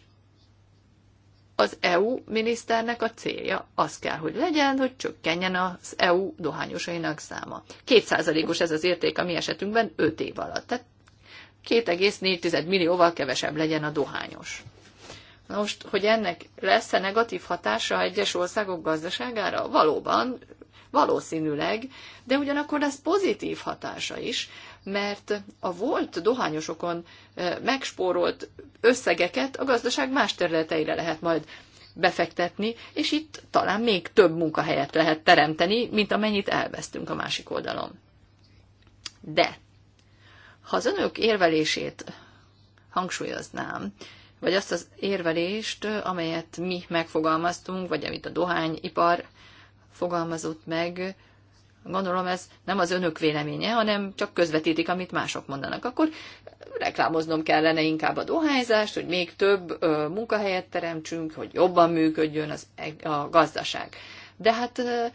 az EU miniszternek a célja az kell, hogy legyen, hogy csökkenjen az EU dohányosainak száma. Kétszázalékos ez az érték a mi esetünkben 5 év alatt. Tehát 2,4 millióval kevesebb legyen a dohányos. Na most, hogy ennek lesz-e negatív hatása egyes országok gazdaságára? Valóban, valószínűleg, de ugyanakkor lesz pozitív hatása is, mert a volt dohányosokon megspórolt összegeket a gazdaság más területeire lehet majd befektetni, és itt talán még több munkahelyet lehet teremteni, mint amennyit elvesztünk a másik oldalon. De ha az önök érvelését hangsúlyoznám, vagy azt az érvelést, amelyet mi megfogalmaztunk, vagy amit a dohányipar fogalmazott meg, Gondolom ez nem az önök véleménye, hanem csak közvetítik, amit mások mondanak. Akkor reklámoznom kellene inkább a dohányzást, hogy még több ö, munkahelyet teremtsünk, hogy jobban működjön az, a gazdaság. De hát ö,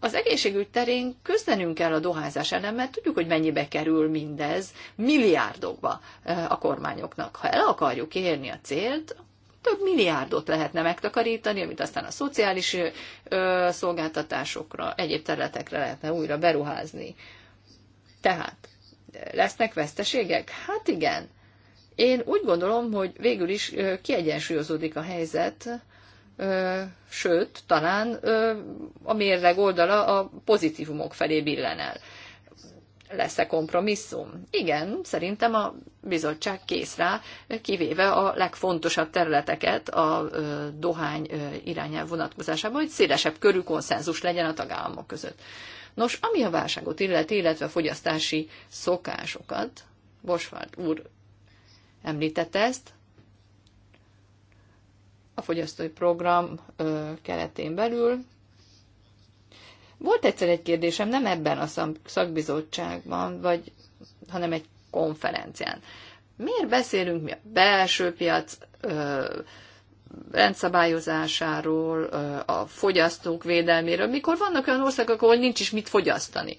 az egészségügy terén küzdenünk kell a dohányzás ellen, mert tudjuk, hogy mennyibe kerül mindez milliárdokba a kormányoknak. Ha el akarjuk érni a célt, több milliárdot lehetne megtakarítani, amit aztán a szociális ö, szolgáltatásokra, egyéb területekre lehetne újra beruházni. Tehát lesznek veszteségek? Hát igen. Én úgy gondolom, hogy végül is kiegyensúlyozódik a helyzet, ö, sőt, talán ö, a mérleg oldala a pozitívumok felé billen el lesz-e kompromisszum? Igen, szerintem a bizottság kész rá, kivéve a legfontosabb területeket a dohány irányelv vonatkozásában, hogy szélesebb körű konszenzus legyen a tagállamok között. Nos, ami a válságot illeti, illetve a fogyasztási szokásokat, Bosvált úr említette ezt, a fogyasztói program keretén belül volt egyszer egy kérdésem, nem ebben a szakbizottságban, vagy, hanem egy konferencián. Miért beszélünk mi a belső piac ö, rendszabályozásáról, ö, a fogyasztók védelméről, mikor vannak olyan országok, ahol nincs is mit fogyasztani?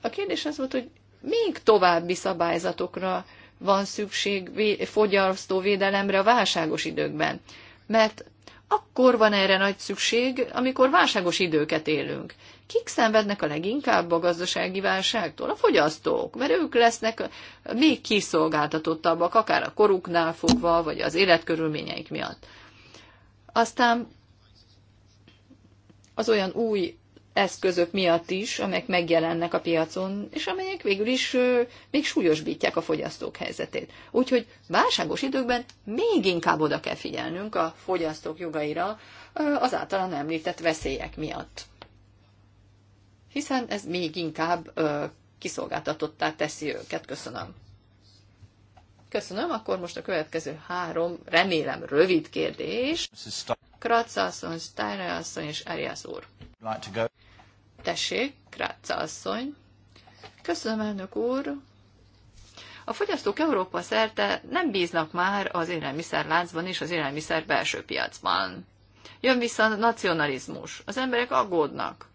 A kérdés az volt, hogy még további szabályzatokra van szükség fogyasztóvédelemre a válságos időkben. Mert akkor van erre nagy szükség, amikor válságos időket élünk. Kik szenvednek a leginkább a gazdasági válságtól? A fogyasztók, mert ők lesznek még kiszolgáltatottabbak, akár a koruknál fogva, vagy az életkörülményeik miatt. Aztán az olyan új eszközök miatt is, amelyek megjelennek a piacon, és amelyek végül is még súlyosbítják a fogyasztók helyzetét. Úgyhogy válságos időkben még inkább oda kell figyelnünk a fogyasztók jogaira az általán említett veszélyek miatt. Hiszen ez még inkább kiszolgáltatottá teszi őket. Köszönöm. Köszönöm, akkor most a következő három, remélem rövid kérdés. Kratz asszony, Steiner asszony és Arias úr. Tessék, Kráca asszony. Köszönöm, elnök úr. A fogyasztók Európa szerte nem bíznak már az élelmiszerláncban és az élelmiszer belső piacban. Jön vissza a nacionalizmus. Az emberek aggódnak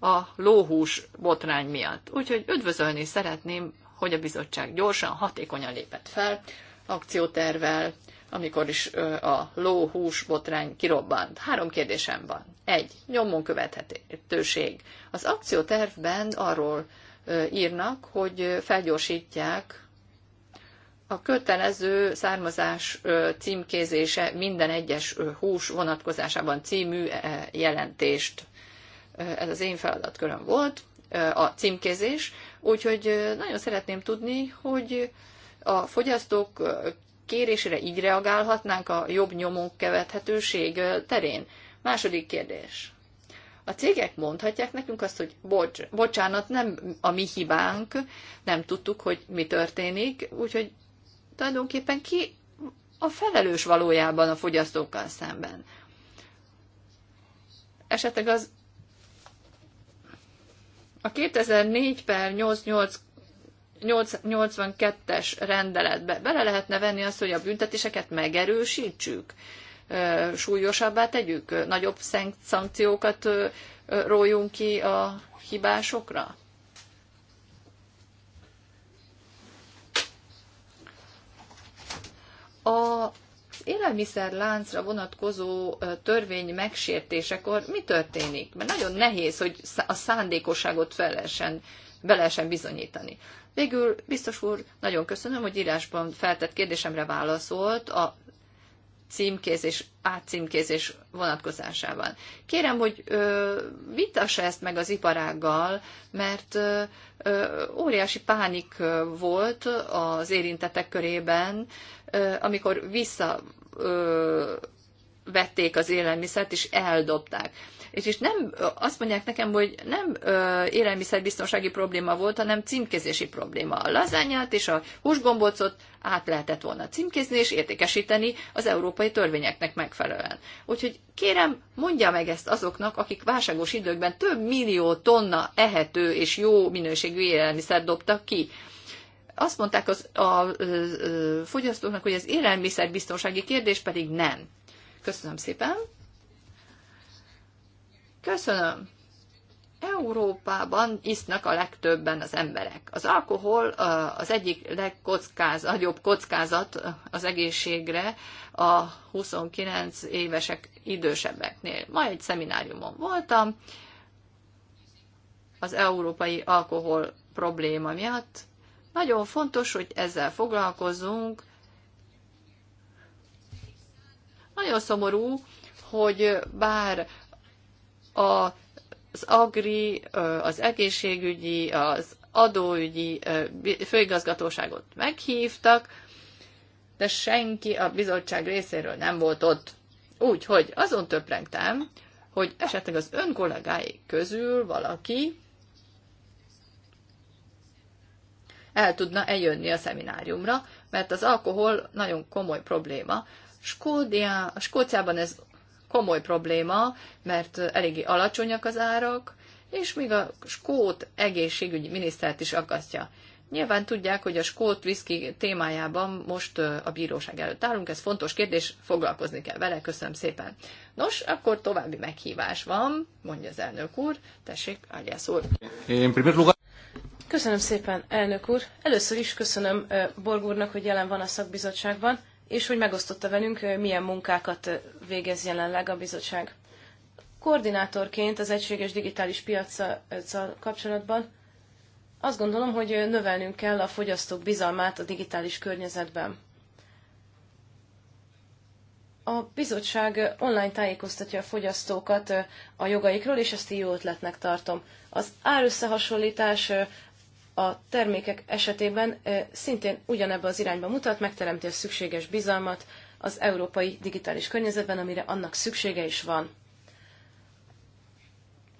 a lóhús botrány miatt. Úgyhogy üdvözölni szeretném, hogy a bizottság gyorsan, hatékonyan lépett fel akciótervel, amikor is a ló-hús botrány kirobbant. Három kérdésem van. Egy, nyomon követhetőség. Az akciótervben arról írnak, hogy felgyorsítják a kötelező származás címkézése minden egyes hús vonatkozásában című e, e, jelentést. Ez az én feladatköröm volt, a címkézés, úgyhogy nagyon szeretném tudni, hogy a fogyasztók kérésére így reagálhatnánk a jobb nyomon követhetőség terén? Második kérdés. A cégek mondhatják nekünk azt, hogy bocs, bocsánat, nem a mi hibánk, nem tudtuk, hogy mi történik, úgyhogy tulajdonképpen ki a felelős valójában a fogyasztókkal szemben. Esetleg az a 2004 per 88 82-es rendeletbe bele lehetne venni azt, hogy a büntetéseket megerősítsük, súlyosabbá tegyük, nagyobb szankciókat rójunk ki a hibásokra? A élelmiszer láncra vonatkozó törvény megsértésekor mi történik? Mert nagyon nehéz, hogy a szándékosságot felesen, be lehessen bizonyítani. Végül, biztos úr, nagyon köszönöm, hogy írásban feltett kérdésemre válaszolt a címkézés, átcímkézés vonatkozásában. Kérem, hogy ö, vitassa ezt meg az iparággal, mert ö, ö, óriási pánik volt az érintetek körében, ö, amikor visszavették az élelmiszert és eldobták és, és nem azt mondják nekem, hogy nem ö, élelmiszerbiztonsági probléma volt, hanem címkézési probléma. A lazányát és a húsgombócot át lehetett volna címkézni és értékesíteni az európai törvényeknek megfelelően. Úgyhogy kérem, mondja meg ezt azoknak, akik válságos időkben több millió tonna ehető és jó minőségű élelmiszer dobtak ki azt mondták az, a, a, a fogyasztóknak, hogy az élelmiszerbiztonsági kérdés pedig nem. Köszönöm szépen. Köszönöm. Európában isznak a legtöbben az emberek. Az alkohol az egyik legkockázat, nagyobb kockázat az egészségre a 29 évesek idősebbeknél. Ma egy szemináriumon voltam, az európai alkohol probléma miatt. Nagyon fontos, hogy ezzel foglalkozzunk. Nagyon szomorú, hogy bár a az agri, az egészségügyi, az adóügyi főigazgatóságot meghívtak, de senki a bizottság részéről nem volt ott. Úgyhogy azon töprengtem, hogy esetleg az ön kollégáik közül valaki el tudna eljönni a szemináriumra, mert az alkohol nagyon komoly probléma. Skódia, Skóciában ez komoly probléma, mert eléggé alacsonyak az árak, és még a skót egészségügyi minisztert is akasztja. Nyilván tudják, hogy a skót viszki témájában most a bíróság előtt állunk, ez fontos kérdés, foglalkozni kell vele, köszönöm szépen. Nos, akkor további meghívás van, mondja az elnök úr, tessék, Ágyász úr. Köszönöm szépen, elnök úr. Először is köszönöm Borg úrnak, hogy jelen van a szakbizottságban, és hogy megosztotta velünk, milyen munkákat végez jelenleg a bizottság. Koordinátorként az egységes digitális piaccal kapcsolatban azt gondolom, hogy növelnünk kell a fogyasztók bizalmát a digitális környezetben. A bizottság online tájékoztatja a fogyasztókat a jogaikról, és ezt jó ötletnek tartom. Az árösszehasonlítás, a termékek esetében szintén ugyanebbe az irányba mutat, megteremti a szükséges bizalmat az európai digitális környezetben, amire annak szüksége is van.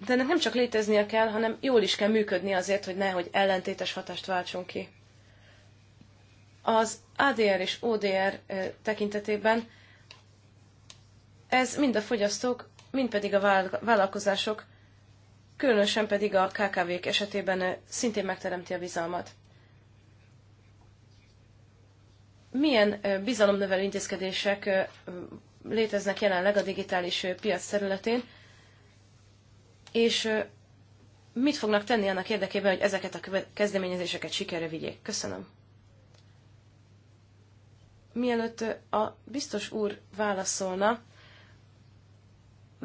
De ennek nem csak léteznie kell, hanem jól is kell működni azért, hogy nehogy ellentétes hatást váltson ki. Az ADR és ODR tekintetében ez mind a fogyasztók, mind pedig a vállalkozások különösen pedig a KKV-k esetében eh, szintén megteremti a bizalmat. Milyen eh, bizalomnövelő intézkedések eh, léteznek jelenleg a digitális piac területén, és mit fognak tenni annak érdekében, hogy ezeket a kezdeményezéseket sikerre vigyék? Köszönöm. Mielőtt a biztos úr válaszolna,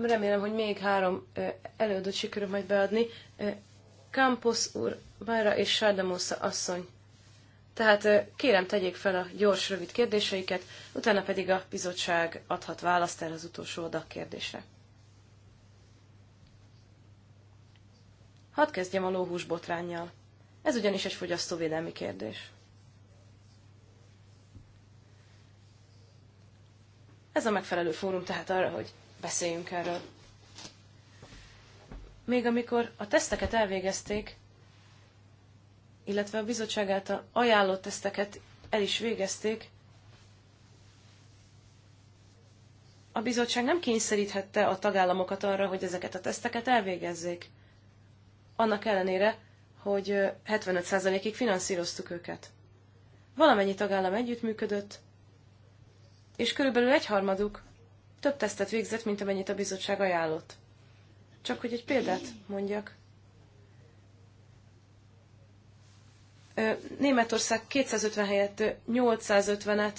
remélem, hogy még három előadót sikerül majd beadni. Campos úr, Bára és Sárdamusza asszony. Tehát kérem, tegyék fel a gyors, rövid kérdéseiket, utána pedig a bizottság adhat választ erre az utolsó oda kérdésre. Hadd kezdjem a lóhús botránnyal. Ez ugyanis egy fogyasztóvédelmi kérdés. Ez a megfelelő fórum tehát arra, hogy beszéljünk erről. Még amikor a teszteket elvégezték, illetve a bizottság által ajánlott teszteket el is végezték, a bizottság nem kényszeríthette a tagállamokat arra, hogy ezeket a teszteket elvégezzék. Annak ellenére, hogy 75%-ig finanszíroztuk őket. Valamennyi tagállam együttműködött, és körülbelül egyharmaduk több tesztet végzett, mint amennyit a bizottság ajánlott. Csak hogy egy példát mondjak. Németország 250 helyett 850-et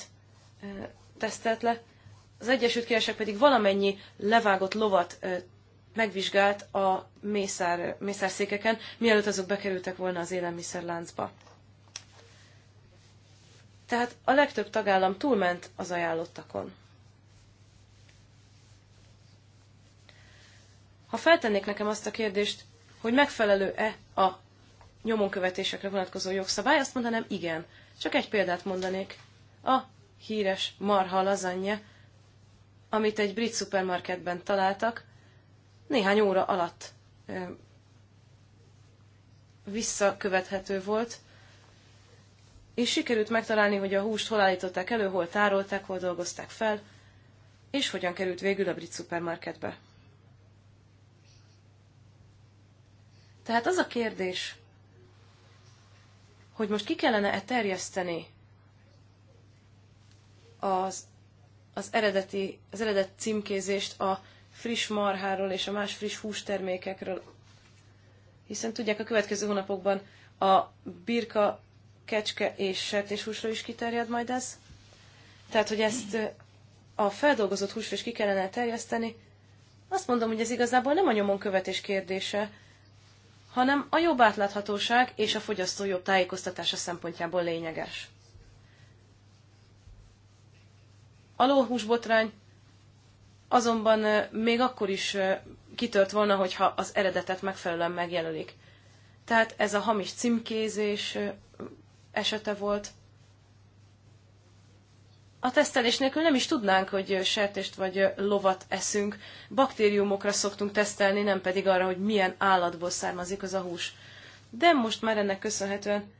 tesztelt le, az Egyesült Királyság pedig valamennyi levágott lovat megvizsgált a mészár, mészárszékeken, mielőtt azok bekerültek volna az élelmiszerláncba. Tehát a legtöbb tagállam túlment az ajánlottakon. Ha feltennék nekem azt a kérdést, hogy megfelelő-e a nyomonkövetésekre vonatkozó jogszabály, azt mondanám igen. Csak egy példát mondanék. A híres marha lazanyja, amit egy brit szupermarketben találtak, néhány óra alatt visszakövethető volt, és sikerült megtalálni, hogy a húst hol állították elő, hol tárolták, hol dolgozták fel, és hogyan került végül a brit szupermarketbe. Tehát az a kérdés, hogy most ki kellene-e terjeszteni az, az, eredeti, az eredet címkézést a friss marháról és a más friss hústermékekről. Hiszen tudják, a következő hónapokban a birka, kecske és sertéshúsra is kiterjed majd ez. Tehát, hogy ezt a feldolgozott húsra is ki kellene terjeszteni, azt mondom, hogy ez igazából nem a nyomon követés kérdése, hanem a jobb átláthatóság és a fogyasztó jobb tájékoztatása szempontjából lényeges. A lóhúsbotrány azonban még akkor is kitört volna, hogyha az eredetet megfelelően megjelölik. Tehát ez a hamis címkézés esete volt, a tesztelés nélkül nem is tudnánk, hogy sertést vagy lovat eszünk. Baktériumokra szoktunk tesztelni, nem pedig arra, hogy milyen állatból származik az a hús. De most már ennek köszönhetően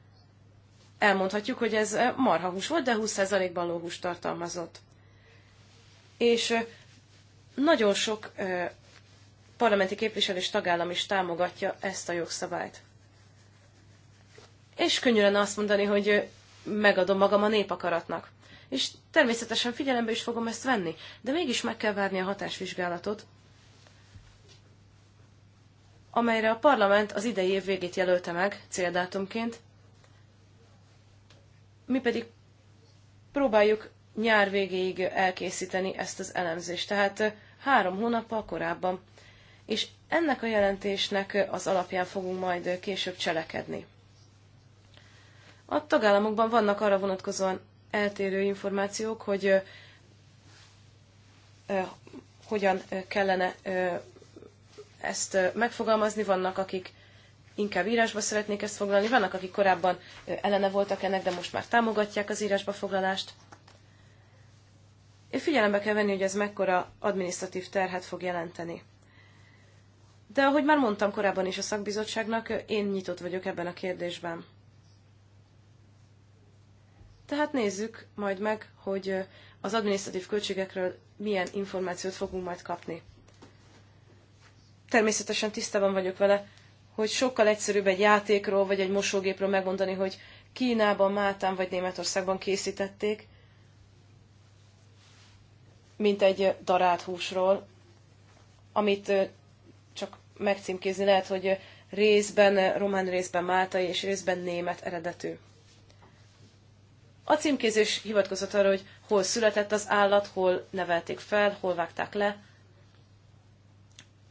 elmondhatjuk, hogy ez marhahús volt, de 20%-ban lóhús tartalmazott. És nagyon sok parlamenti képviselés tagállam is támogatja ezt a jogszabályt. És könnyű lenne azt mondani, hogy megadom magam a népakaratnak és természetesen figyelembe is fogom ezt venni, de mégis meg kell várni a hatásvizsgálatot, amelyre a parlament az idei év végét jelölte meg céldátumként, mi pedig próbáljuk nyár végéig elkészíteni ezt az elemzést, tehát három hónappal korábban. És ennek a jelentésnek az alapján fogunk majd később cselekedni. A tagállamokban vannak arra vonatkozóan eltérő információk, hogy hogyan kellene ezt megfogalmazni. Vannak, akik inkább írásba szeretnék ezt foglalni, vannak, akik korábban ellene voltak ennek, de most már támogatják az írásba foglalást. Figyelembe kell venni, hogy ez mekkora adminisztratív terhet fog jelenteni. De ahogy már mondtam korábban is a szakbizottságnak, én nyitott vagyok ebben a kérdésben. Tehát nézzük majd meg, hogy az adminisztratív költségekről milyen információt fogunk majd kapni. Természetesen tisztában vagyok vele, hogy sokkal egyszerűbb egy játékról vagy egy mosógépről megmondani, hogy Kínában, Máltán vagy Németországban készítették, mint egy darált húsról, amit csak megcímkézni lehet, hogy részben román, részben máltai és részben német eredetű. A címkézés hivatkozott arra, hogy hol született az állat, hol nevelték fel, hol vágták le,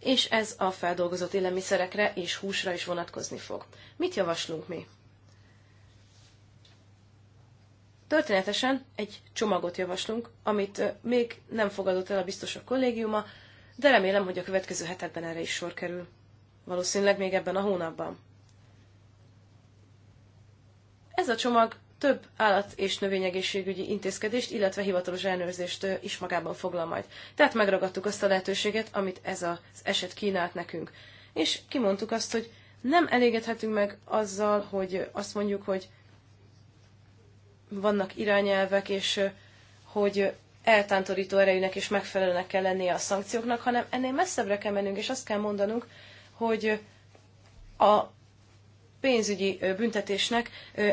és ez a feldolgozott élelmiszerekre és húsra is vonatkozni fog. Mit javaslunk mi? Történetesen egy csomagot javaslunk, amit még nem fogadott el a biztosok kollégiuma, de remélem, hogy a következő hetekben erre is sor kerül. Valószínűleg még ebben a hónapban. Ez a csomag több állat- és növényegészségügyi intézkedést, illetve hivatalos ellenőrzést is magában foglal majd. Tehát megragadtuk azt a lehetőséget, amit ez az eset kínált nekünk. És kimondtuk azt, hogy nem elégedhetünk meg azzal, hogy azt mondjuk, hogy vannak irányelvek, és hogy eltántorító erejűnek és megfelelőnek kell lennie a szankcióknak, hanem ennél messzebbre kell mennünk, és azt kell mondanunk, hogy a pénzügyi büntetésnek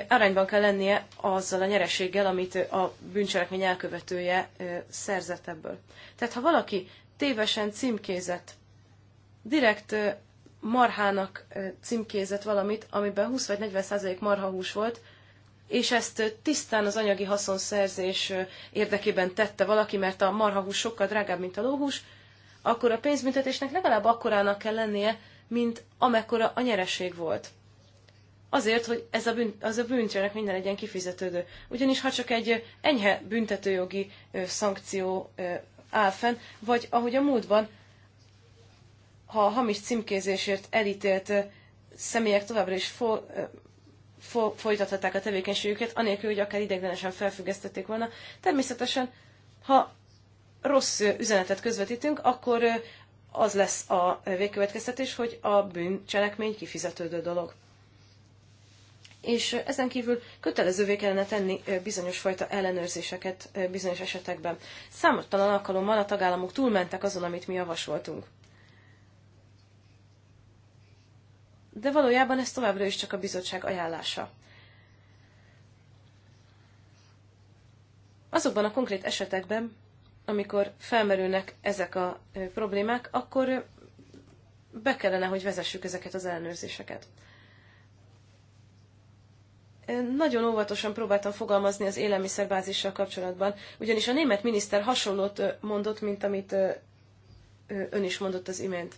arányban kell lennie azzal a nyereséggel, amit a bűncselekmény elkövetője szerzett ebből. Tehát ha valaki tévesen címkézett, direkt marhának címkézett valamit, amiben 20 vagy 40 százalék marhahús volt, és ezt tisztán az anyagi haszonszerzés érdekében tette valaki, mert a marhahús sokkal drágább, mint a lóhús, akkor a pénzbüntetésnek legalább akkorának kell lennie, mint amekkora a nyereség volt. Azért, hogy ez a bűn, az a bűncselek minden legyen kifizetődő. Ugyanis ha csak egy enyhe büntetőjogi szankció áll fenn, vagy ahogy a múltban, ha a hamis címkézésért elítélt személyek továbbra is fo, fo, folytathatták a tevékenységüket, anélkül, hogy akár ideiglenesen felfüggesztették volna. Természetesen, ha rossz üzenetet közvetítünk, akkor az lesz a végkövetkeztetés, hogy a bűncselekmény kifizetődő dolog és ezen kívül kötelezővé kellene tenni bizonyos fajta ellenőrzéseket bizonyos esetekben. Számottalan alkalommal a tagállamok túlmentek azon, amit mi javasoltunk. De valójában ez továbbra is csak a bizottság ajánlása. Azokban a konkrét esetekben, amikor felmerülnek ezek a problémák, akkor be kellene, hogy vezessük ezeket az ellenőrzéseket nagyon óvatosan próbáltam fogalmazni az élelmiszerbázissal kapcsolatban, ugyanis a német miniszter hasonlót mondott, mint amit ön is mondott az imént.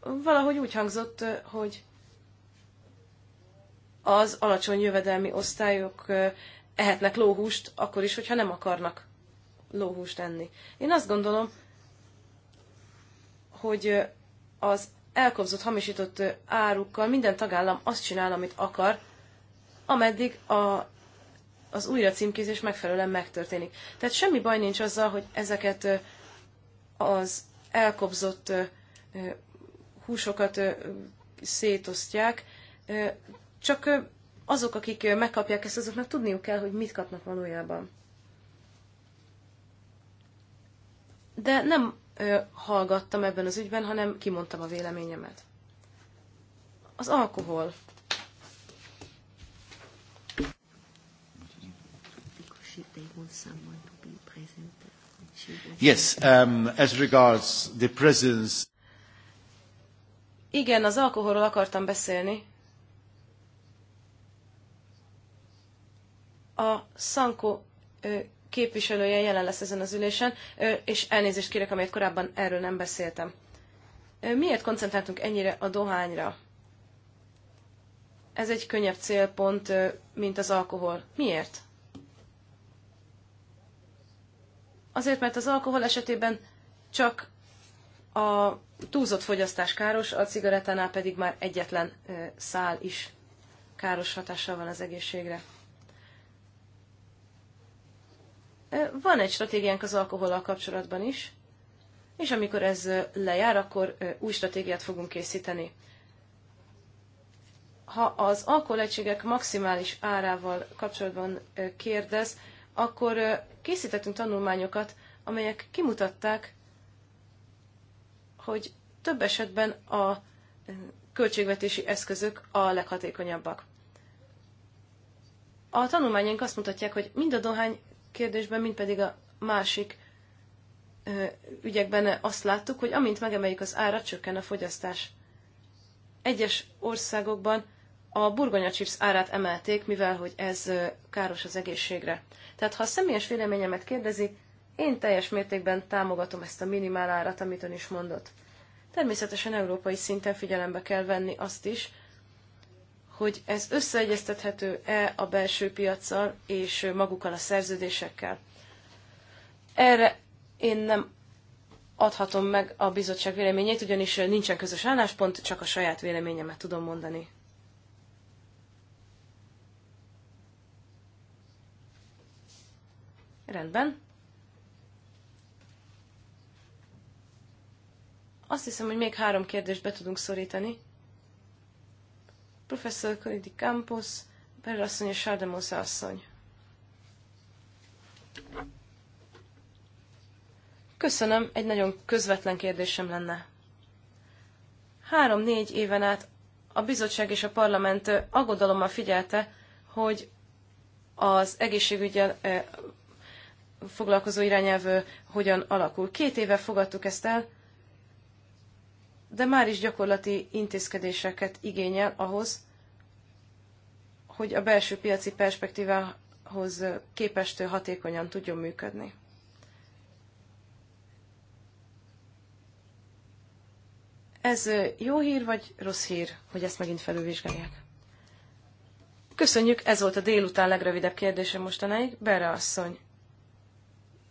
Valahogy úgy hangzott, hogy az alacsony jövedelmi osztályok ehetnek lóhúst, akkor is, hogyha nem akarnak lóhúst enni. Én azt gondolom, hogy az elkobzott, hamisított árukkal minden tagállam azt csinál, amit akar, ameddig a, az újra címkézés megfelelően megtörténik. Tehát semmi baj nincs azzal, hogy ezeket az elkobzott húsokat szétosztják, csak azok, akik megkapják ezt, azoknak tudniuk kell, hogy mit kapnak valójában. De nem hallgattam ebben az ügyben, hanem kimondtam a véleményemet. Az alkohol. Yes, um, as regards the presence. Igen, az alkoholról akartam beszélni. A Sanko képviselője jelen lesz ezen az ülésen, és elnézést kérek, amelyet korábban erről nem beszéltem. Miért koncentráltunk ennyire a dohányra? Ez egy könnyebb célpont, mint az alkohol. Miért? Azért, mert az alkohol esetében csak a túlzott fogyasztás káros, a cigarettánál pedig már egyetlen szál is káros hatással van az egészségre. Van egy stratégiánk az alkoholal kapcsolatban is, és amikor ez lejár, akkor új stratégiát fogunk készíteni. Ha az alkoholegységek maximális árával kapcsolatban kérdez, akkor készítettünk tanulmányokat, amelyek kimutatták, hogy több esetben a költségvetési eszközök a leghatékonyabbak. A tanulmányaink azt mutatják, hogy mind a dohány, kérdésben, mint pedig a másik ügyekben azt láttuk, hogy amint megemeljük az árat, csökken a fogyasztás. Egyes országokban a burgonya chips árát emelték, mivel hogy ez káros az egészségre. Tehát ha a személyes véleményemet kérdezi, én teljes mértékben támogatom ezt a minimál árat, amit ön is mondott. Természetesen európai szinten figyelembe kell venni azt is, hogy ez összeegyeztethető-e a belső piaccal és magukkal a szerződésekkel. Erre én nem adhatom meg a bizottság véleményét, ugyanis nincsen közös álláspont, csak a saját véleményemet tudom mondani. Rendben. Azt hiszem, hogy még három kérdést be tudunk szorítani professzor Coridi Campos, Berrasszony és Sardemosza asszony. Köszönöm, egy nagyon közvetlen kérdésem lenne. Három-négy éven át a bizottság és a parlament aggodalommal figyelte, hogy az egészségügyel foglalkozó irányelv hogyan alakul. Két éve fogadtuk ezt el, de már is gyakorlati intézkedéseket igényel ahhoz, hogy a belső piaci perspektívához képest hatékonyan tudjon működni. Ez jó hír vagy rossz hír, hogy ezt megint felülvizsgálják? Köszönjük, ez volt a délután legrövidebb kérdése mostanáig. Bere asszony,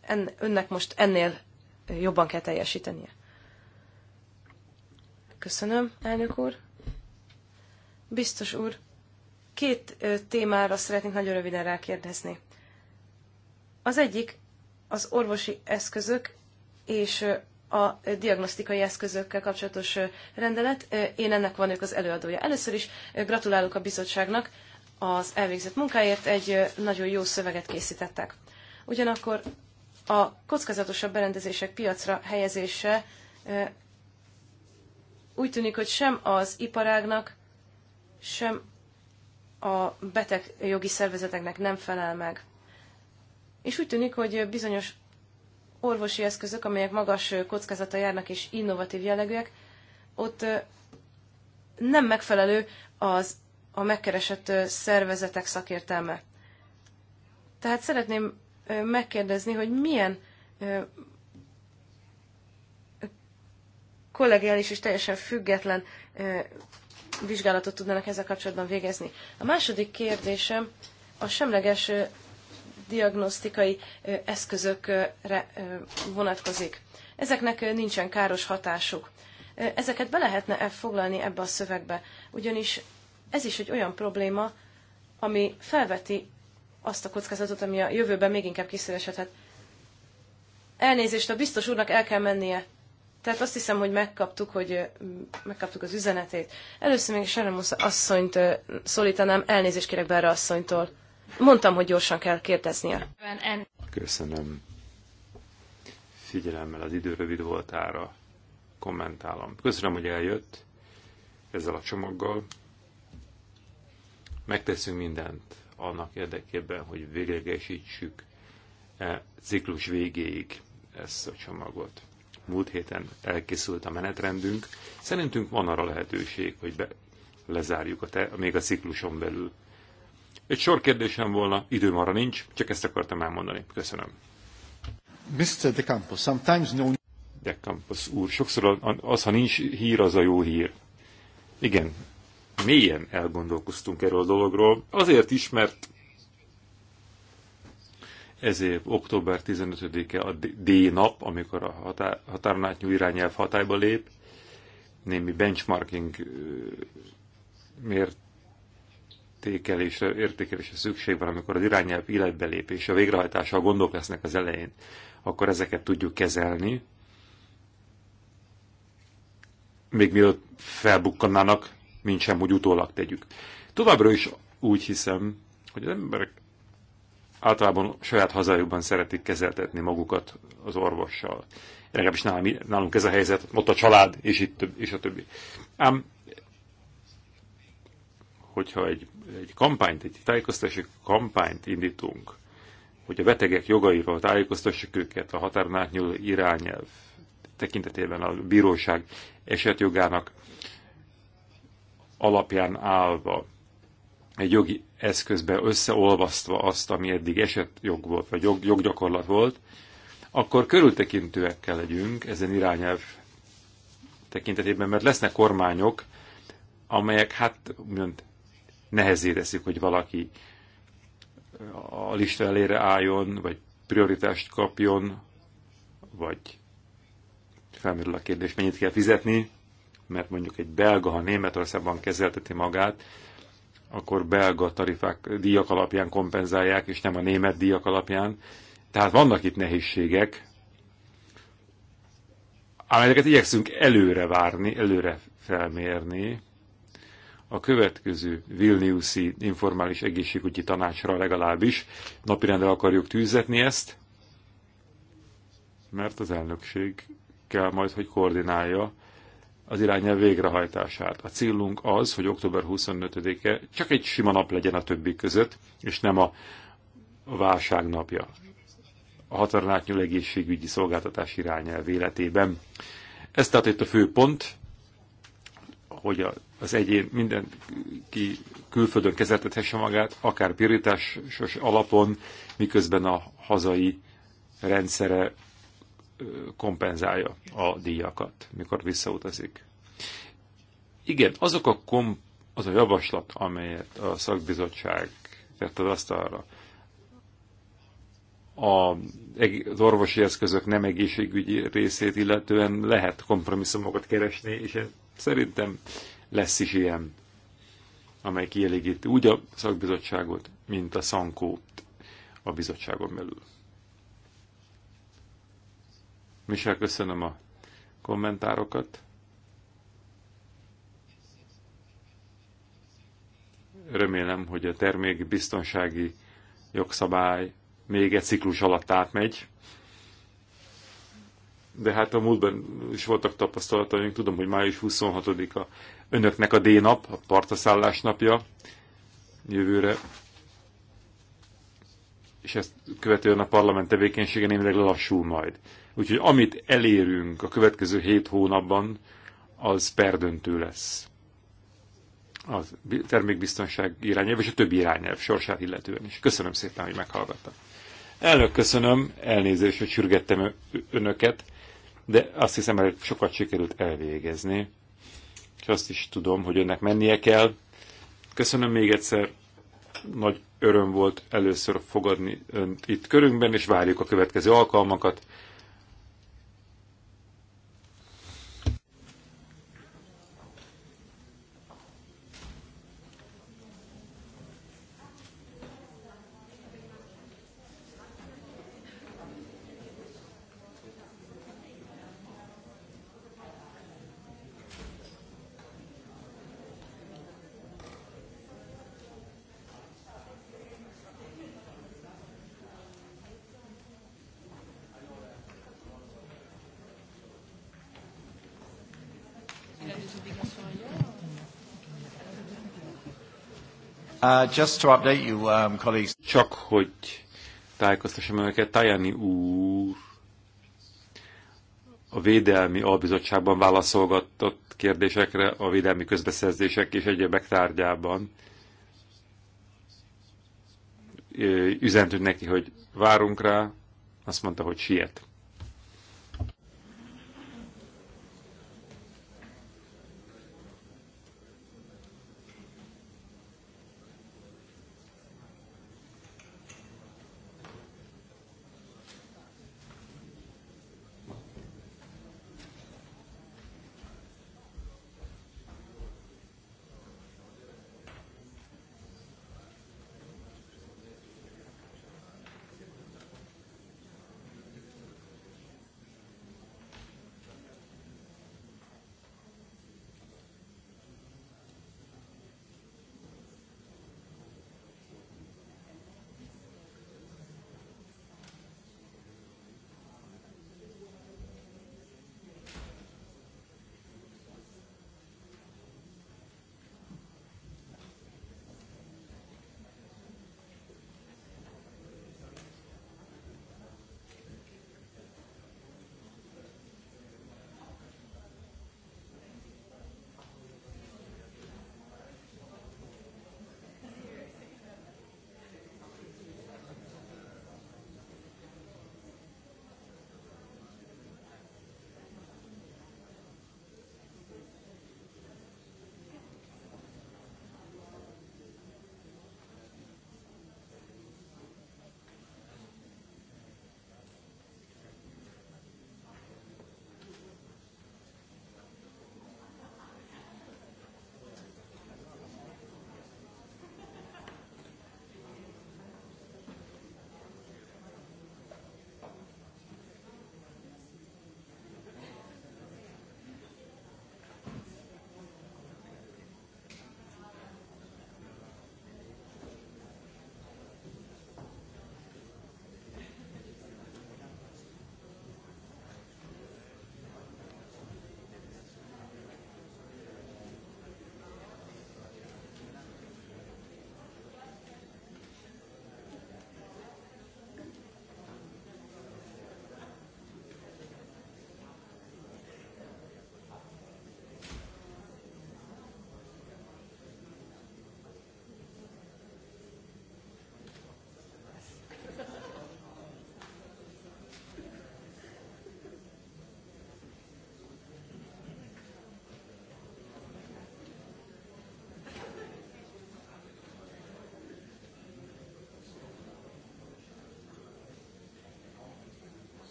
en, önnek most ennél jobban kell teljesítenie. Köszönöm, elnök úr. Biztos úr, két témára szeretnék nagyon röviden rákérdezni. Az egyik az orvosi eszközök és a diagnosztikai eszközökkel kapcsolatos rendelet. Én ennek vagyok az előadója. Először is gratulálok a bizottságnak az elvégzett munkáért, egy nagyon jó szöveget készítettek. Ugyanakkor a kockázatosabb berendezések piacra helyezése úgy tűnik, hogy sem az iparágnak, sem a beteg jogi szervezeteknek nem felel meg. És úgy tűnik, hogy bizonyos orvosi eszközök, amelyek magas kockázata járnak és innovatív jellegűek, ott nem megfelelő az a megkeresett szervezetek szakértelme. Tehát szeretném megkérdezni, hogy milyen kollegiális és teljesen független vizsgálatot tudnának ezzel kapcsolatban végezni. A második kérdésem a semleges diagnosztikai eszközökre vonatkozik. Ezeknek nincsen káros hatásuk. Ezeket be lehetne -e foglalni ebbe a szövegbe, ugyanis ez is egy olyan probléma, ami felveti azt a kockázatot, ami a jövőben még inkább kiszélesedhet. Elnézést, a biztos úrnak el kell mennie. Tehát azt hiszem, hogy megkaptuk, hogy megkaptuk az üzenetét. Először még Seremus asszonyt szólítanám, elnézést kérek Berra asszonytól. Mondtam, hogy gyorsan kell kérdeznie. Köszönöm. Figyelemmel az idő rövid voltára kommentálom. Köszönöm, hogy eljött ezzel a csomaggal. Megteszünk mindent annak érdekében, hogy véglegesítsük e ciklus végéig ezt a csomagot múlt héten elkészült a menetrendünk. Szerintünk van arra lehetőség, hogy be, lezárjuk a te, még a cikluson belül. Egy sor kérdésem volna, időm arra nincs, csak ezt akartam elmondani. Köszönöm. Mr. De Campos, sometimes no... De Campos úr, sokszor az, ha nincs hír, az a jó hír. Igen, mélyen elgondolkoztunk erről a dologról, azért is, mert ez év október 15-e a D-nap, amikor a határ, határon átnyúló irányelv hatályba lép, némi benchmarking mértékelésre, értékelésre szükség van, amikor az irányelv és a végrehajtása, a gondok lesznek az elején, akkor ezeket tudjuk kezelni. Még mielőtt felbukkannának, mint sem, hogy utólag tegyük. Továbbra is úgy hiszem, hogy az emberek általában saját hazájukban szeretik kezeltetni magukat az orvossal. Legalábbis nálam, nálunk ez a helyzet, ott a család, és, itt több, és a többi. Ám, hogyha egy, egy kampányt, egy tájékoztatási kampányt indítunk, hogy a betegek jogairól tájékoztassuk őket a határon átnyúló irányelv tekintetében a bíróság esetjogának alapján állva, egy jogi eszközbe összeolvasztva azt, ami eddig esett jog volt, vagy jog, joggyakorlat volt, akkor körültekintőek kell legyünk ezen irányelv tekintetében, mert lesznek kormányok, amelyek hát mondjuk nehezé teszik, hogy valaki a lista elére álljon, vagy prioritást kapjon, vagy felmerül a kérdés, mennyit kell fizetni, mert mondjuk egy belga, ha Németországban kezelteti magát, akkor belga tarifák, díjak alapján kompenzálják, és nem a német díjak alapján. Tehát vannak itt nehézségek, amelyeket igyekszünk előre várni, előre felmérni. A következő Vilniuszi informális egészségügyi tanácsra legalábbis napirendre akarjuk tűzetni ezt, mert az elnökség kell majd, hogy koordinálja az irányel végrehajtását. A célunk az, hogy október 25-e csak egy sima nap legyen a többi között, és nem a válság napja. A határon egészségügyi szolgáltatás irányel véletében. Ez tehát itt a fő pont, hogy az egyén mindenki külföldön kezeltethesse magát, akár pirításos alapon, miközben a hazai rendszere kompenzálja a díjakat, mikor visszautazik. Igen, azok a kom, az a javaslat, amelyet a szakbizottság tett az asztalra, a, az orvosi eszközök nem egészségügyi részét illetően lehet kompromisszumokat keresni, és szerintem lesz is ilyen, amely kielégíti úgy a szakbizottságot, mint a szankót a bizottságon belül. Michel, köszönöm a kommentárokat. Remélem, hogy a termék biztonsági jogszabály még egy ciklus alatt átmegy. De hát a múltban is voltak tapasztalataink, tudom, hogy május 26-a önöknek a D-nap, a partaszállás napja jövőre, és ezt követően a parlament tevékenysége némileg lassul majd. Úgyhogy amit elérünk a következő hét hónapban, az perdöntő lesz. A termékbiztonság irányelv és a többi irányelv sorsát illetően is. Köszönöm szépen, hogy meghallgattam. Elnök, köszönöm, elnézést, hogy sürgettem önöket, de azt hiszem, hogy sokat sikerült elvégezni, és azt is tudom, hogy önnek mennie kell. Köszönöm még egyszer, nagy öröm volt először fogadni önt itt körünkben, és várjuk a következő alkalmakat. Uh, um, Csak hogy tájékoztassam önöket, Tajani úr a Védelmi Albizottságban válaszolgatott kérdésekre a védelmi közbeszerzések és egyebek tárgyában. Üzentünk neki, hogy várunk rá, azt mondta, hogy siet.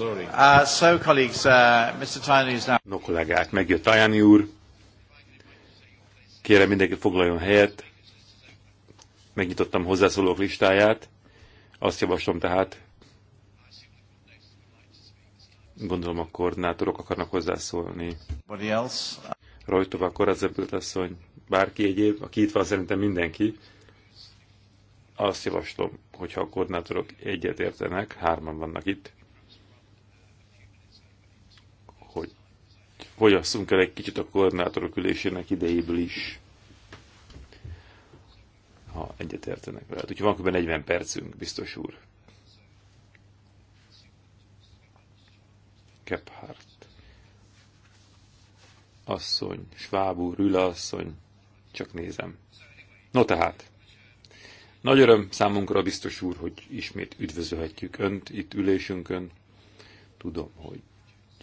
Uh, uh, no, kollégák, megjött Tajani úr. Kérem mindenki foglaljon helyet. Megnyitottam hozzászólók listáját. Azt javaslom tehát, gondolom a koordinátorok akarnak hozzászólni. Rojtova, Korazebült asszony, bárki egyéb, aki itt van szerintem mindenki, azt javaslom, hogyha a koordinátorok egyet értenek, hárman vannak itt, fogyasszunk el egy kicsit a koordinátorok ülésének idejéből is, ha egyetértenek vele. Úgyhogy van kb. 40 percünk, biztos úr. Kephart. Asszony, Schwab úr, Rüla asszony, csak nézem. No tehát, nagy öröm számunkra, biztos úr, hogy ismét üdvözölhetjük Önt itt ülésünkön. Tudom, hogy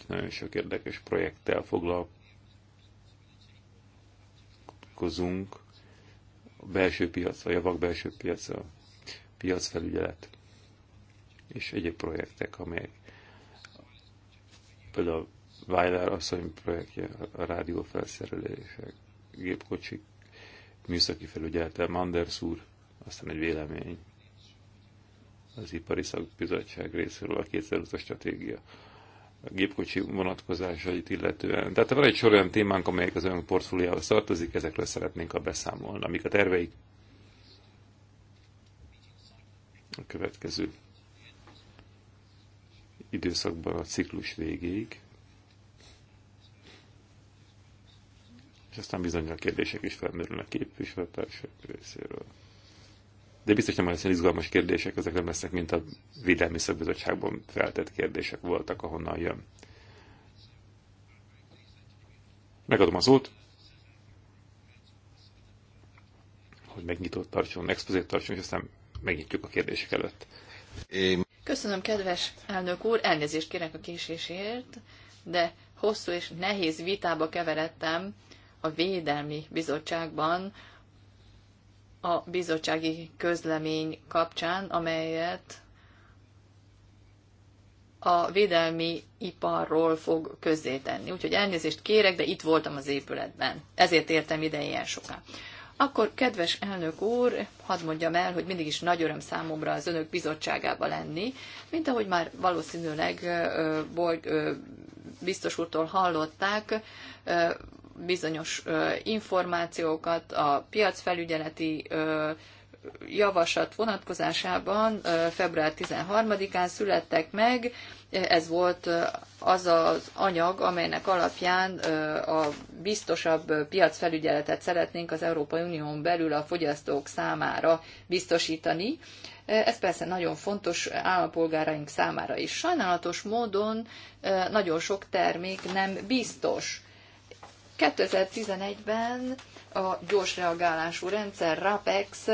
nagyon sok érdekes projekttel foglalkozunk, a belső piac, a javak belső piac, a piacfelügyelet és egyéb projektek, amelyek például a Weiler asszony projektje, a rádiófelszerelések, gépkocsik, műszaki felügyelete, Manders úr, aztán egy vélemény az Ipari Szakbizottság részéről a 2005 stratégia a gépkocsi vonatkozásait illetően. Tehát van egy sor olyan témánk, amelyek az ön portfóliához tartozik, ezekről szeretnénk a beszámolni, amik a terveik. A következő időszakban a ciklus végéig. És aztán bizony a kérdések is felmerülnek képviselőtársak részéről. De biztos nem olyan izgalmas kérdések, ezek nem lesznek, mint a Védelmi Szakbizottságban feltett kérdések voltak, ahonnan jön. Megadom az út, hogy megnyitott tartson, expozét tartson, és aztán megnyitjuk a kérdések előtt. Én... Köszönöm, kedves elnök úr, elnézést kérek a késésért, de hosszú és nehéz vitába keveredtem a Védelmi Bizottságban a bizottsági közlemény kapcsán, amelyet a védelmi iparról fog közzétenni. Úgyhogy elnézést kérek, de itt voltam az épületben. Ezért értem ide ilyen soká. Akkor, kedves elnök úr, hadd mondjam el, hogy mindig is nagy öröm számomra az önök bizottságába lenni, mint ahogy már valószínűleg Borg biztos úrtól hallották, bizonyos információkat a piacfelügyeleti javaslat vonatkozásában február 13-án születtek meg. Ez volt az az anyag, amelynek alapján a biztosabb piacfelügyeletet szeretnénk az Európai Unión belül a fogyasztók számára biztosítani. Ez persze nagyon fontos állampolgáraink számára is. Sajnálatos módon nagyon sok termék nem biztos 2011-ben a gyors reagálású rendszer RAPEX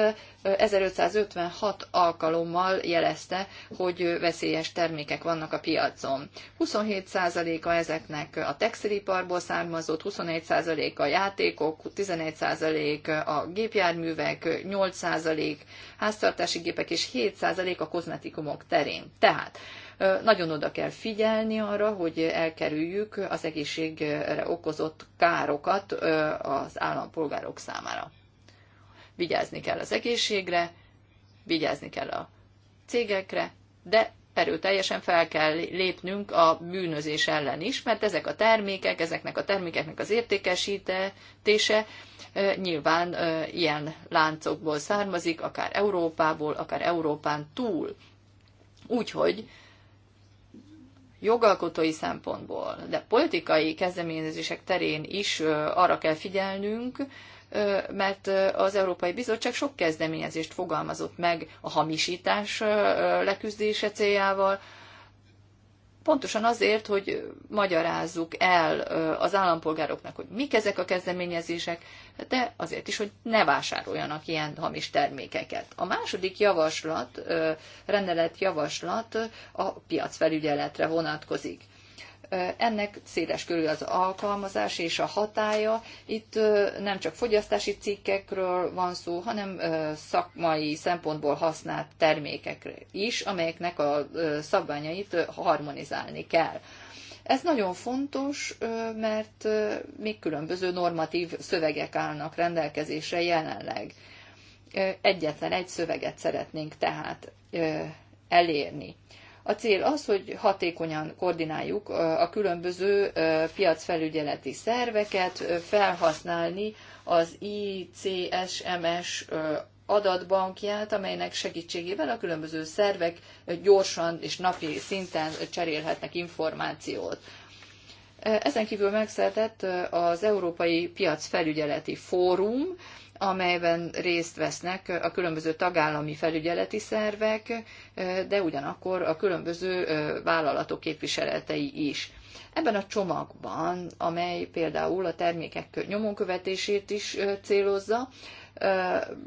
1556 alkalommal jelezte, hogy veszélyes termékek vannak a piacon. 27%-a ezeknek a textiliparból származott, 21% a játékok, 11% a gépjárművek, 8% háztartási gépek és 7% a kozmetikumok terén. Tehát nagyon oda kell figyelni arra, hogy elkerüljük az egészségre okozott károkat az állampolgárok számára. Vigyázni kell az egészségre, vigyázni kell a cégekre, de erőteljesen fel kell lépnünk a bűnözés ellen is, mert ezek a termékek, ezeknek a termékeknek az értékesítése nyilván ilyen láncokból származik, akár Európából, akár Európán túl. Úgyhogy jogalkotói szempontból, de politikai kezdeményezések terén is arra kell figyelnünk, mert az Európai Bizottság sok kezdeményezést fogalmazott meg a hamisítás leküzdése céljával, pontosan azért, hogy magyarázzuk el az állampolgároknak, hogy mik ezek a kezdeményezések, de azért is, hogy ne vásároljanak ilyen hamis termékeket. A második javaslat, rendelet javaslat a piacfelügyeletre vonatkozik. Ennek széles körül az alkalmazás és a hatája. Itt nem csak fogyasztási cikkekről van szó, hanem szakmai szempontból használt termékekre is, amelyeknek a szabványait harmonizálni kell. Ez nagyon fontos, mert még különböző normatív szövegek állnak rendelkezésre jelenleg. Egyetlen egy szöveget szeretnénk tehát elérni. A cél az, hogy hatékonyan koordináljuk a különböző piacfelügyeleti szerveket, felhasználni az ICSMS adatbankját, amelynek segítségével a különböző szervek gyorsan és napi szinten cserélhetnek információt. Ezen kívül megszertett az Európai Piacfelügyeleti Fórum, amelyben részt vesznek a különböző tagállami felügyeleti szervek, de ugyanakkor a különböző vállalatok képviseletei is. Ebben a csomagban, amely például a termékek nyomonkövetését is célozza,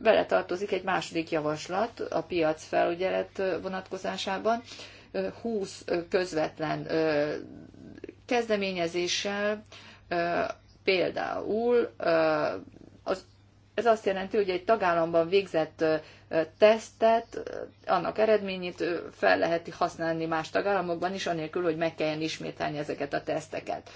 beletartozik egy második javaslat a piac felügyelet vonatkozásában, 20 közvetlen kezdeményezéssel például az, ez azt jelenti, hogy egy tagállamban végzett tesztet, annak eredményét fel lehet használni más tagállamokban is, anélkül, hogy meg kelljen ismételni ezeket a teszteket.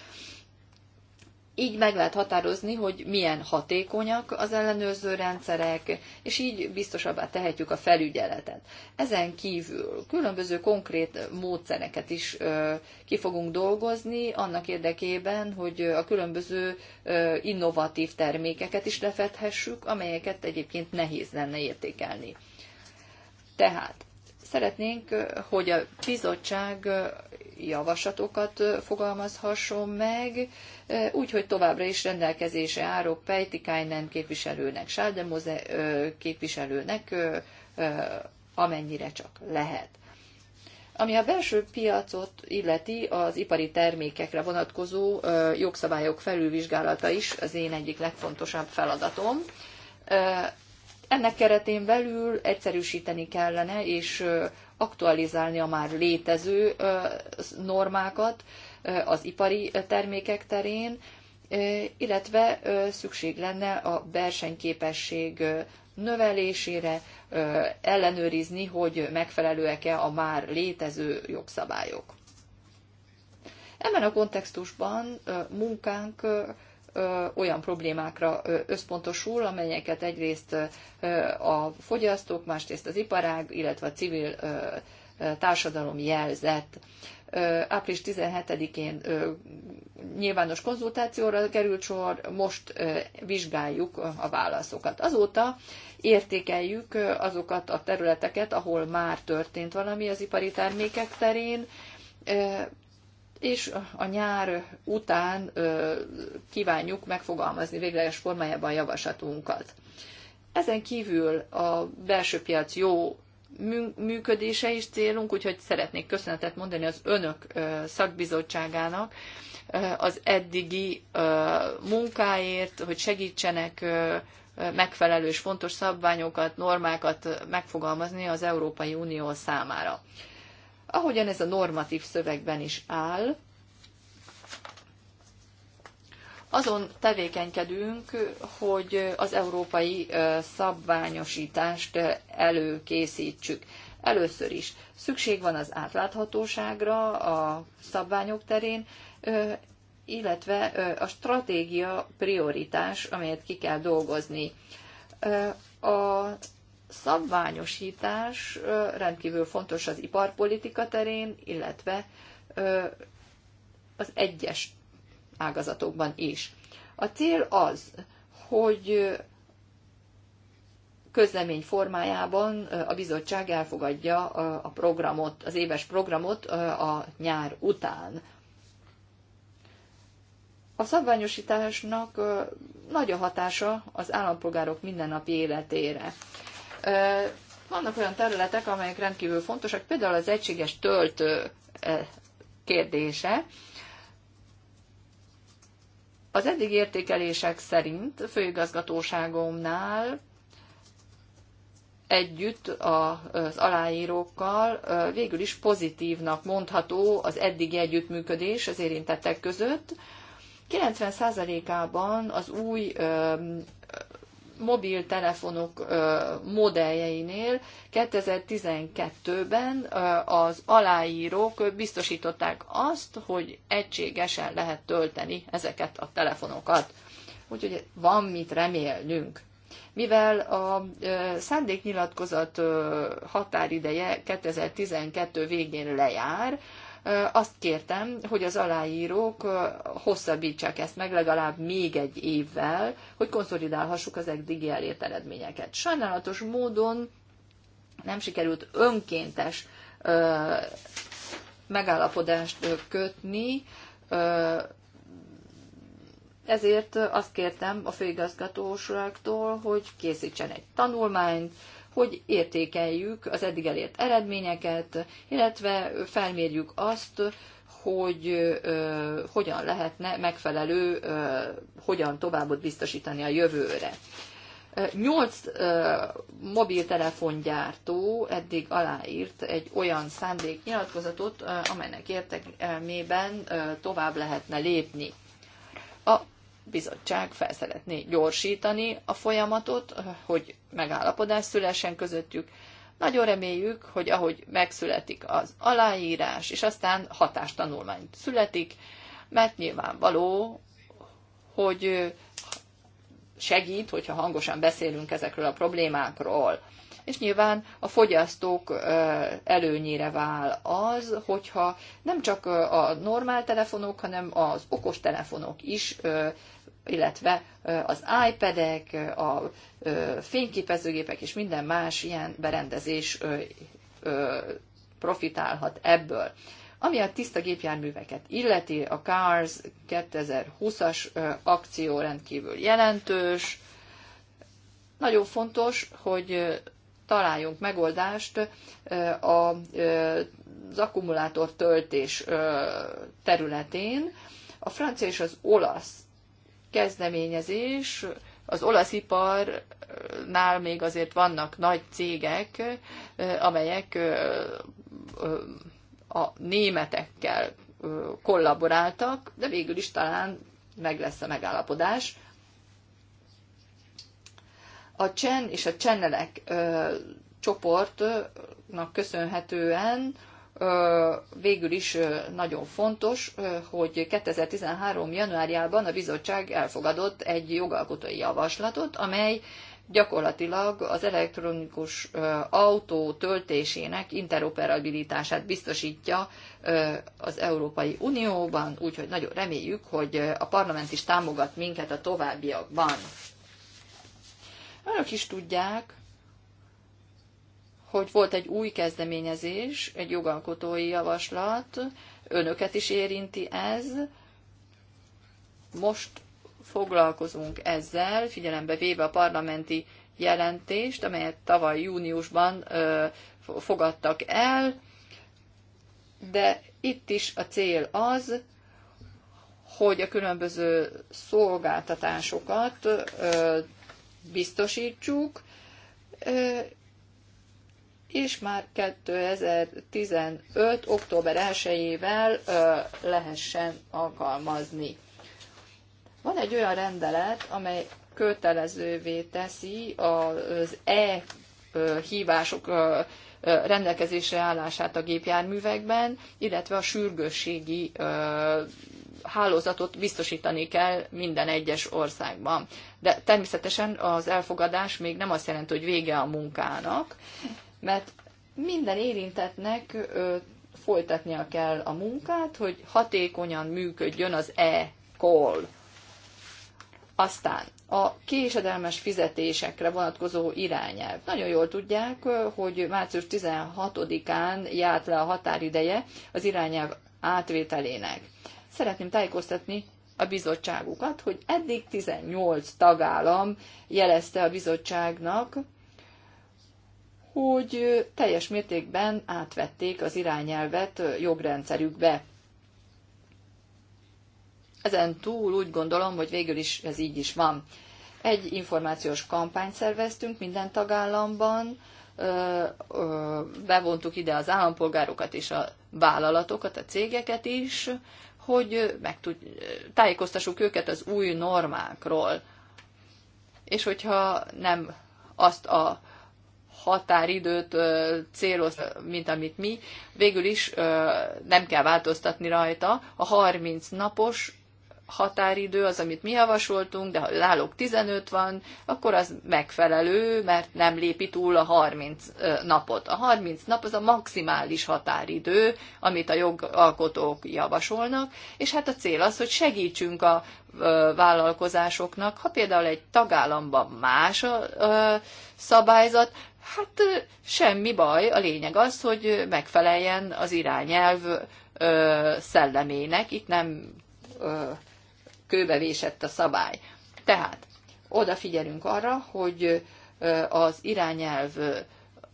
Így meg lehet határozni, hogy milyen hatékonyak az ellenőrző rendszerek, és így biztosabbá tehetjük a felügyeletet. Ezen kívül különböző konkrét módszereket is ki fogunk dolgozni annak érdekében, hogy a különböző innovatív termékeket is lefedhessük, amelyeket egyébként nehéz lenne értékelni. Tehát szeretnénk, hogy a bizottság javaslatokat fogalmazhasson meg, úgyhogy továbbra is rendelkezésre álló Pejtikájnen képviselőnek, Sáldemoze képviselőnek, amennyire csak lehet. Ami a belső piacot illeti, az ipari termékekre vonatkozó jogszabályok felülvizsgálata is az én egyik legfontosabb feladatom. Ennek keretén belül egyszerűsíteni kellene és aktualizálni a már létező normákat az ipari termékek terén, illetve szükség lenne a versenyképesség növelésére, ellenőrizni, hogy megfelelőek-e a már létező jogszabályok. Ebben a kontextusban munkánk olyan problémákra összpontosul, amelyeket egyrészt a fogyasztók, másrészt az iparág, illetve a civil társadalom jelzett. Április 17-én nyilvános konzultációra került sor, most vizsgáljuk a válaszokat. Azóta értékeljük azokat a területeket, ahol már történt valami az ipari termékek terén, és a nyár után kívánjuk megfogalmazni végleges formájában javaslatunkat. Ezen kívül a belső piac jó működése is célunk, úgyhogy szeretnék köszönetet mondani az önök szakbizottságának az eddigi munkáért, hogy segítsenek megfelelő és fontos szabványokat, normákat megfogalmazni az Európai Unió számára ahogyan ez a normatív szövegben is áll, azon tevékenykedünk, hogy az európai szabványosítást előkészítsük. Először is szükség van az átláthatóságra a szabványok terén, illetve a stratégia prioritás, amelyet ki kell dolgozni. A szabványosítás rendkívül fontos az iparpolitika terén, illetve az egyes ágazatokban is. A cél az, hogy közlemény formájában a bizottság elfogadja a programot, az éves programot a nyár után. A szabványosításnak nagy a hatása az állampolgárok mindennapi életére vannak olyan területek, amelyek rendkívül fontosak, például az egységes töltő kérdése. Az eddig értékelések szerint főigazgatóságomnál együtt az aláírókkal végül is pozitívnak mondható az eddigi együttműködés az érintettek között. 90%-ában az új mobiltelefonok modelljeinél 2012-ben az aláírók biztosították azt, hogy egységesen lehet tölteni ezeket a telefonokat. Úgyhogy van mit remélnünk. Mivel a szándéknyilatkozat határideje 2012 végén lejár, azt kértem, hogy az aláírók hosszabbítsák ezt meg legalább még egy évvel, hogy konszolidálhassuk az eddigi elért eredményeket. Sajnálatos módon nem sikerült önkéntes megállapodást kötni, ezért azt kértem a főigazgatóságtól, hogy készítsen egy tanulmányt, hogy értékeljük az eddig elért eredményeket, illetve felmérjük azt, hogy ö, hogyan lehetne megfelelő, ö, hogyan továbbot biztosítani a jövőre. Nyolc mobiltelefongyártó eddig aláírt egy olyan szándéknyilatkozatot, amelynek értelmében tovább lehetne lépni. A bizottság fel szeretné gyorsítani a folyamatot, eh, hogy megállapodás szülessen közöttük. Nagyon reméljük, hogy ahogy megszületik az aláírás, és aztán hatástanulmány születik, mert nyilvánvaló, hogy eh, segít, hogyha hangosan beszélünk ezekről a problémákról. És nyilván a fogyasztók eh, előnyére vál az, hogyha nem csak a normál telefonok, hanem az okos telefonok is illetve az iPad-ek, a fényképezőgépek és minden más ilyen berendezés profitálhat ebből. Ami a tiszta gépjárműveket illeti, a CARS 2020-as akció rendkívül jelentős. Nagyon fontos, hogy találjunk megoldást az akkumulátor töltés területén. A francia és az olasz kezdeményezés. Az olasz iparnál még azért vannak nagy cégek, amelyek a németekkel kollaboráltak, de végül is talán meg lesz a megállapodás. A Csen és a Csennelek csoportnak köszönhetően végül is nagyon fontos, hogy 2013. januárjában a bizottság elfogadott egy jogalkotói javaslatot, amely gyakorlatilag az elektronikus autó töltésének interoperabilitását biztosítja az Európai Unióban, úgyhogy nagyon reméljük, hogy a parlament is támogat minket a továbbiakban. Önök is tudják, hogy volt egy új kezdeményezés, egy jogalkotói javaslat, önöket is érinti ez. Most foglalkozunk ezzel, figyelembe véve a parlamenti jelentést, amelyet tavaly júniusban ö, fogadtak el, de itt is a cél az, hogy a különböző szolgáltatásokat ö, biztosítsuk, ö, és már 2015. október 1-ével lehessen alkalmazni. Van egy olyan rendelet, amely kötelezővé teszi az e hívások rendelkezésre állását a gépjárművekben, illetve a sürgősségi hálózatot biztosítani kell minden egyes országban. De természetesen az elfogadás még nem azt jelenti, hogy vége a munkának, mert minden érintetnek folytatnia kell a munkát, hogy hatékonyan működjön az e-call. Aztán a késedelmes fizetésekre vonatkozó irányelv. Nagyon jól tudják, hogy március 16-án járt le a határideje az irányelv átvételének. Szeretném tájékoztatni a bizottságukat, hogy eddig 18 tagállam jelezte a bizottságnak, hogy teljes mértékben átvették az irányelvet jogrendszerükbe. Ezen túl úgy gondolom, hogy végül is ez így is van. Egy információs kampányt szerveztünk minden tagállamban, bevontuk ide az állampolgárokat és a vállalatokat, a cégeket is, hogy megtud, tájékoztassuk őket az új normákról. És hogyha nem azt a határidőt céloz, mint amit mi. Végül is nem kell változtatni rajta. A 30 napos határidő az, amit mi javasoltunk, de ha náluk 15 van, akkor az megfelelő, mert nem lépi túl a 30 napot. A 30 nap az a maximális határidő, amit a jogalkotók javasolnak, és hát a cél az, hogy segítsünk a vállalkozásoknak, ha például egy tagállamban más a szabályzat, Hát semmi baj, a lényeg az, hogy megfeleljen az irányelv ö, szellemének, itt nem ö, kőbevésett a szabály. Tehát odafigyelünk arra, hogy az irányelv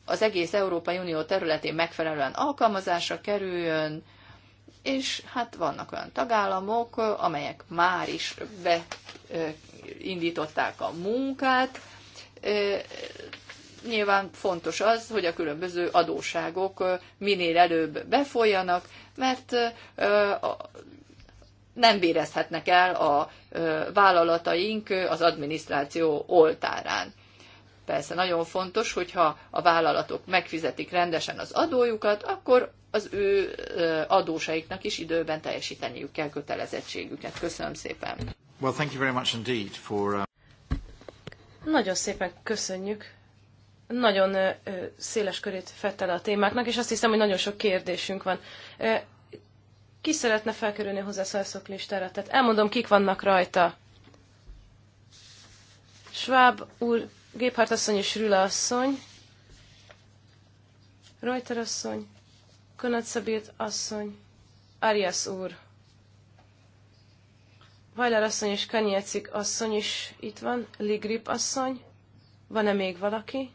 az egész Európai Unió területén megfelelően alkalmazásra kerüljön, és hát vannak olyan tagállamok, amelyek már is beindították a munkát, nyilván fontos az, hogy a különböző adóságok minél előbb befolyanak, mert nem vérezhetnek el a vállalataink az adminisztráció oltárán. Persze nagyon fontos, hogyha a vállalatok megfizetik rendesen az adójukat, akkor az ő adósaiknak is időben teljesíteniük kell kötelezettségüket. Köszönöm szépen. Well, thank you very much indeed for, uh... Nagyon szépen köszönjük nagyon széles körét fette le a témáknak, és azt hiszem, hogy nagyon sok kérdésünk van. Ki szeretne felkerülni hozzá szajszok listára? Tehát elmondom, kik vannak rajta. Schwab úr, Géphárt asszony és Rüla asszony, Reuter asszony, Konatszabilt asszony, Arias úr, Vajler asszony és Kanyecik asszony is itt van, Ligrip asszony, van-e még valaki?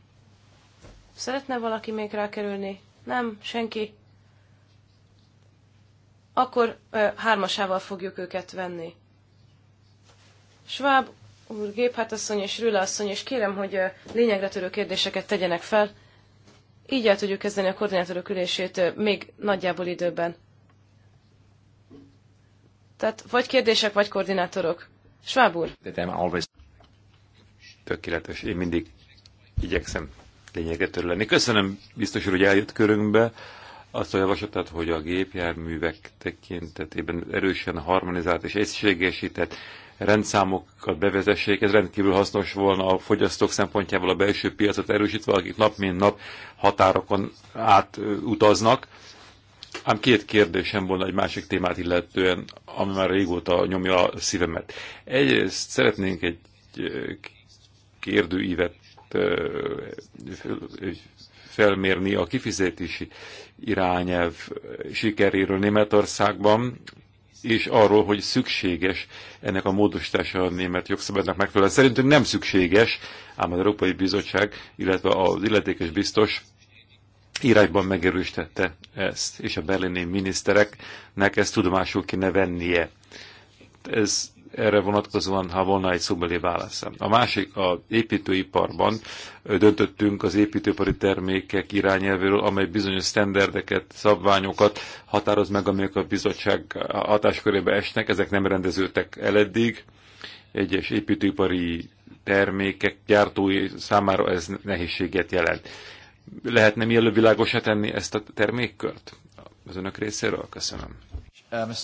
Szeretne valaki még rákerülni? Nem, senki. Akkor ö, hármasával fogjuk őket venni. Schwab úr, géphátasszony és Rüle asszony, és kérem, hogy ö, lényegre törő kérdéseket tegyenek fel. Így el tudjuk kezdeni a koordinátorok ülését ö, még nagyjából időben. Tehát vagy kérdések, vagy koordinátorok. Schwab úr. Tökéletes. Én mindig igyekszem lényeget törleni. Köszönöm biztos úr, hogy eljött körünkbe. Azt a javaslatát, hogy a gépjárművek tekintetében erősen harmonizált és egységesített rendszámokat bevezessék, ez rendkívül hasznos volna a fogyasztók szempontjából a belső piacot erősítve, akik nap mint nap határokon átutaznak. Ám két kérdésem volna egy másik témát illetően, ami már régóta nyomja a szívemet. Egyrészt szeretnénk egy kérdőívet felmérni a kifizetési irányelv sikeréről Németországban, és arról, hogy szükséges ennek a módosítása a német jogszabálynak megfelelően. Szerintünk nem szükséges, ám az Európai Bizottság, illetve az illetékes biztos írásban megerősítette ezt, és a berlini minisztereknek ezt tudomásul kéne vennie. Ez erre vonatkozóan, ha volna egy szóbeli válaszom. A másik, a építőiparban döntöttünk az építőipari termékek irányelvéről, amely bizonyos standardeket, szabványokat határoz meg, amelyek a bizottság hatáskörébe esnek, ezek nem rendeződtek el eddig. Egyes építőipari termékek gyártói számára ez nehézséget jelent. Lehetne mielőbb világosá tenni ezt a termékkört? Az önök részéről? Köszönöm. Uh, Mrs.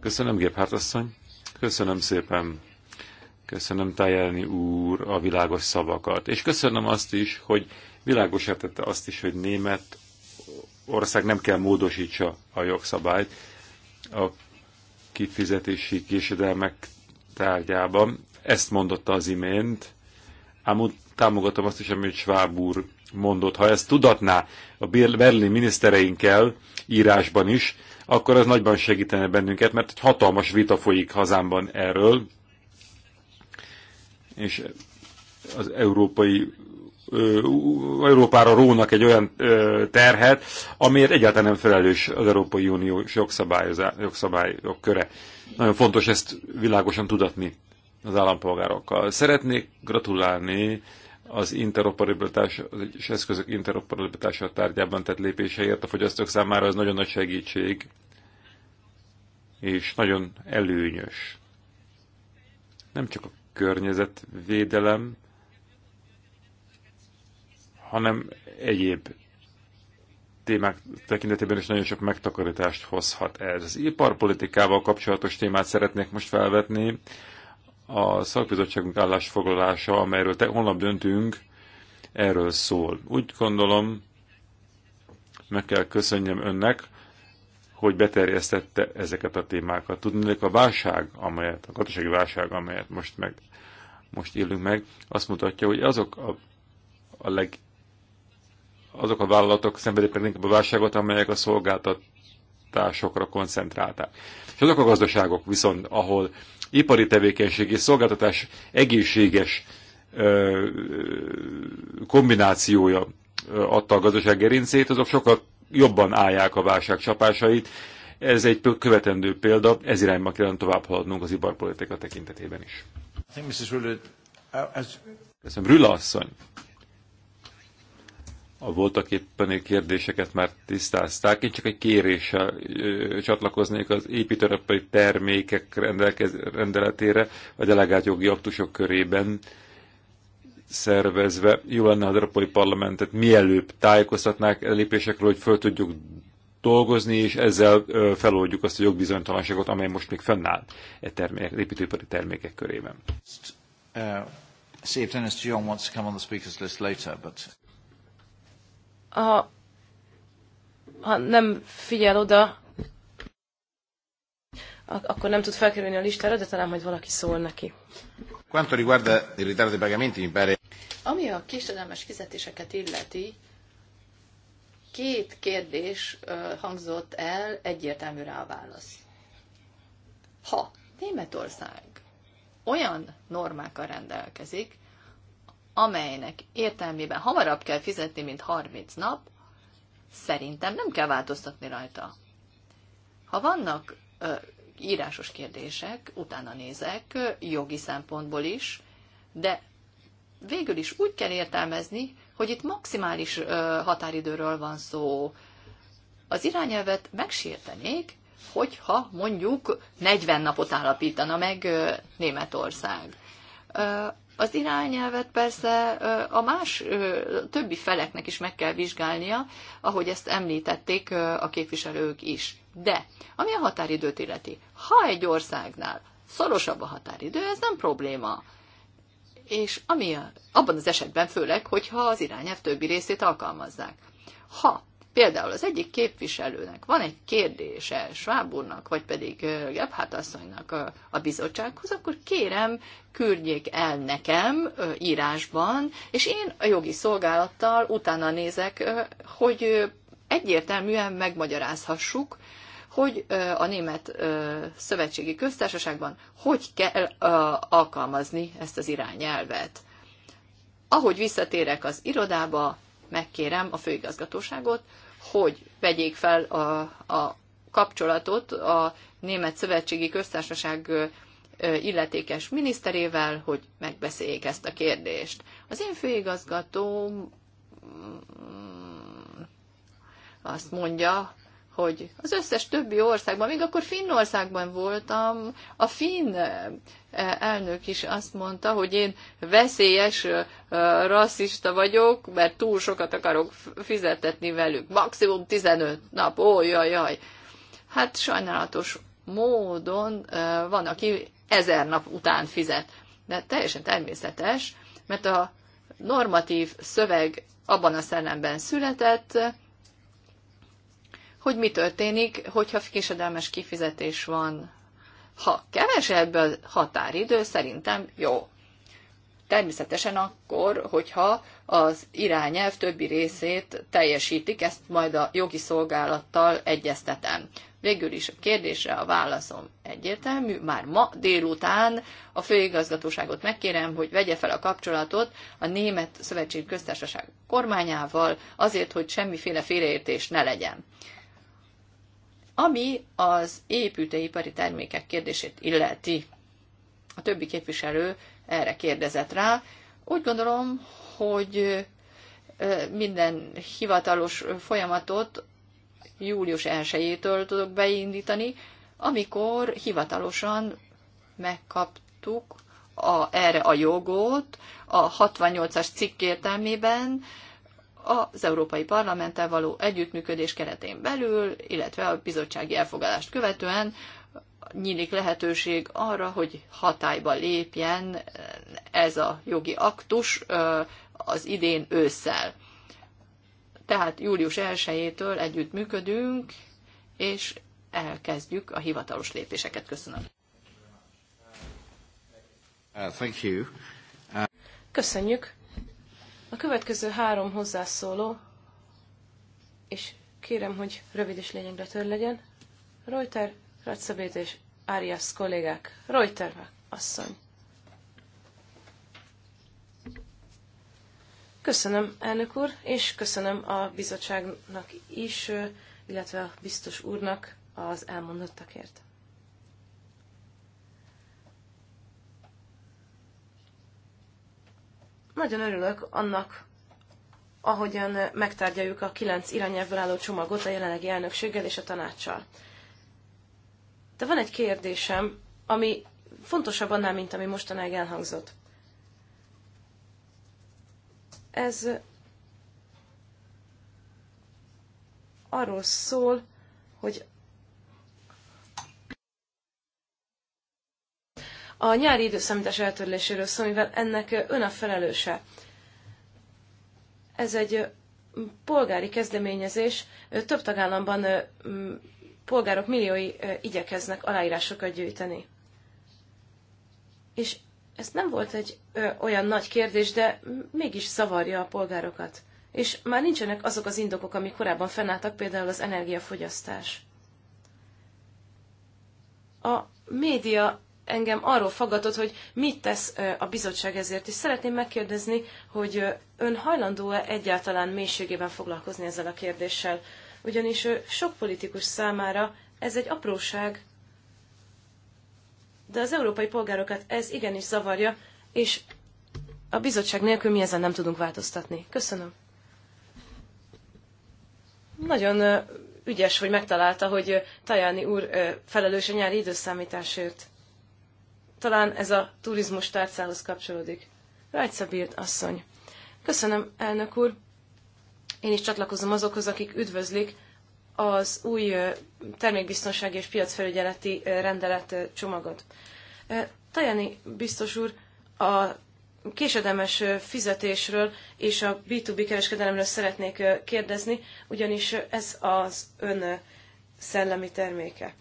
Köszönöm, Gephardt asszony. Köszönöm szépen. Köszönöm Tajelni úr a világos szavakat. És köszönöm azt is, hogy világosá tette azt is, hogy német ország nem kell módosítsa a jogszabályt a kifizetési késedelmek tárgyában. Ezt mondotta az imént, ám úgy támogatom azt is, amit Schwab úr mondott. Ha ezt tudatná a berlin minisztereinkkel írásban is, akkor az nagyban segítene bennünket, mert egy hatalmas vita folyik hazámban erről, és az európai Európára rónak egy olyan terhet, amiért egyáltalán nem felelős az Európai Unió jogszabályok köre. Nagyon fontos ezt világosan tudatni az állampolgárokkal. Szeretnék gratulálni az interoperabilitás és eszközök interoperabilitása tárgyában tett lépéseért a fogyasztók számára az nagyon nagy segítség, és nagyon előnyös. Nem csak a környezetvédelem, hanem egyéb témák tekintetében is nagyon sok megtakarítást hozhat ez. Az iparpolitikával kapcsolatos témát szeretnék most felvetni a szakbizottságunk állásfoglalása, amelyről te, holnap döntünk, erről szól. Úgy gondolom, meg kell köszönjem önnek, hogy beterjesztette ezeket a témákat. Tudnék a válság, amelyet, a gazdasági válság, amelyet most meg most élünk meg, azt mutatja, hogy azok a, a leg, azok a vállalatok szenvedik inkább a válságot, amelyek a szolgáltatásokra koncentrálták. És azok a gazdaságok viszont, ahol ipari tevékenység és szolgáltatás egészséges kombinációja adta a gazdaság gerincét, azok sokkal jobban állják a válság csapásait. Ez egy követendő példa, ez irányba kellene tovább haladnunk az iparpolitika tekintetében is. Uh, Köszönöm, Rüla asszony a voltak éppen kérdéseket már tisztázták. Én csak egy kéréssel csatlakoznék az építőrepei termékek rendeletére, a delegált jogi aktusok körében szervezve. Jó lenne, ha az Európai Parlamentet mielőbb tájékoztatnák lépésekről, hogy föl tudjuk dolgozni, és ezzel feloldjuk azt a jogbizonytalanságot, amely most még fennáll e termék, építőipari termékek körében. Uh, see if Dennis wants to come on the speakers list later, but ha, ha nem figyel oda, akkor nem tud felkerülni a listára, de talán majd valaki szól neki. Quanto riguarda il ritardo dei pagamenti, mi pare... Ami a késedelmes fizetéseket illeti, két kérdés hangzott el, egyértelmű rá a válasz. Ha Németország olyan normákkal rendelkezik, amelynek értelmében hamarabb kell fizetni, mint 30 nap, szerintem nem kell változtatni rajta. Ha vannak ö, írásos kérdések, utána nézek, ö, jogi szempontból is, de végül is úgy kell értelmezni, hogy itt maximális ö, határidőről van szó. Az irányelvet megsértenék, hogyha mondjuk 40 napot állapítana meg Németország. Az irányelvet persze a más a többi feleknek is meg kell vizsgálnia, ahogy ezt említették a képviselők is. De ami a határidőt illeti, ha egy országnál szorosabb a határidő, ez nem probléma. És ami a, abban az esetben főleg, hogyha az irányelv többi részét alkalmazzák. Ha például az egyik képviselőnek van egy kérdése Schwab vagy pedig Gebhardt asszonynak a, a bizottsághoz, akkor kérem, küldjék el nekem írásban, és én a jogi szolgálattal utána nézek, hogy egyértelműen megmagyarázhassuk, hogy a német szövetségi köztársaságban hogy kell alkalmazni ezt az irányelvet. Ahogy visszatérek az irodába, megkérem a főigazgatóságot, hogy vegyék fel a, a kapcsolatot a Német Szövetségi Köztársaság illetékes miniszterével, hogy megbeszéljék ezt a kérdést. Az én főigazgatóm mm, azt mondja, hogy az összes többi országban, még akkor Finnországban voltam, a finn eh, elnök is azt mondta, hogy én veszélyes eh, rasszista vagyok, mert túl sokat akarok fizetetni velük. Maximum 15 nap, ó, jaj, jaj. Hát sajnálatos módon eh, van, aki ezer nap után fizet. De teljesen természetes, mert a normatív szöveg abban a szellemben született, hogy mi történik, hogyha késedelmes kifizetés van. Ha kevesebb a határidő, szerintem jó. Természetesen akkor, hogyha az irányelv többi részét teljesítik, ezt majd a jogi szolgálattal egyeztetem. Végül is a kérdésre a válaszom egyértelmű. Már ma délután a főigazgatóságot megkérem, hogy vegye fel a kapcsolatot a Német Szövetség Köztársaság kormányával, azért, hogy semmiféle félreértés ne legyen. Ami az építőipari termékek kérdését illeti, a többi képviselő erre kérdezett rá. Úgy gondolom, hogy minden hivatalos folyamatot július 1-től tudok beindítani, amikor hivatalosan megkaptuk a, erre a jogot a 68-as cikk értelmében, az Európai Parlamenttel való együttműködés keretén belül, illetve a bizottsági elfogadást követően nyílik lehetőség arra, hogy hatályba lépjen ez a jogi aktus az idén ősszel. Tehát július 1-től és elkezdjük a hivatalos lépéseket. Köszönöm. Uh, uh, Köszönjük. A következő három hozzászóló, és kérem, hogy rövid és lényegre tör legyen, Reuter, Ratszabét és Arias kollégák. Reuter asszony. Köszönöm, elnök úr, és köszönöm a bizottságnak is, illetve a biztos úrnak az elmondottakért. Nagyon örülök annak, ahogyan megtárgyaljuk a kilenc irányelvből álló csomagot a jelenlegi elnökséggel és a tanácssal. De van egy kérdésem, ami fontosabb annál, mint ami mostanáig elhangzott. Ez arról szól, hogy a nyári időszámítás eltörléséről szól, mivel ennek ön a felelőse. Ez egy polgári kezdeményezés, több tagállamban polgárok milliói igyekeznek aláírásokat gyűjteni. És ez nem volt egy olyan nagy kérdés, de mégis zavarja a polgárokat. És már nincsenek azok az indokok, amik korábban fennálltak, például az energiafogyasztás. A média engem arról fogadott, hogy mit tesz a bizottság ezért, és szeretném megkérdezni, hogy ön hajlandó-e egyáltalán mélységében foglalkozni ezzel a kérdéssel? Ugyanis sok politikus számára ez egy apróság, de az európai polgárokat ez igenis zavarja, és a bizottság nélkül mi ezen nem tudunk változtatni. Köszönöm. Nagyon ügyes, hogy megtalálta, hogy Tajani úr felelős a nyári időszámításért. Talán ez a turizmus tárcához kapcsolódik. Rajca Bild asszony. Köszönöm, elnök úr. Én is csatlakozom azokhoz, akik üdvözlik az új termékbiztonsági és piacfelügyeleti rendelet csomagot. Tajani biztos úr a késedelmes fizetésről és a B2B kereskedelemről szeretnék kérdezni, ugyanis ez az ön szellemi terméke.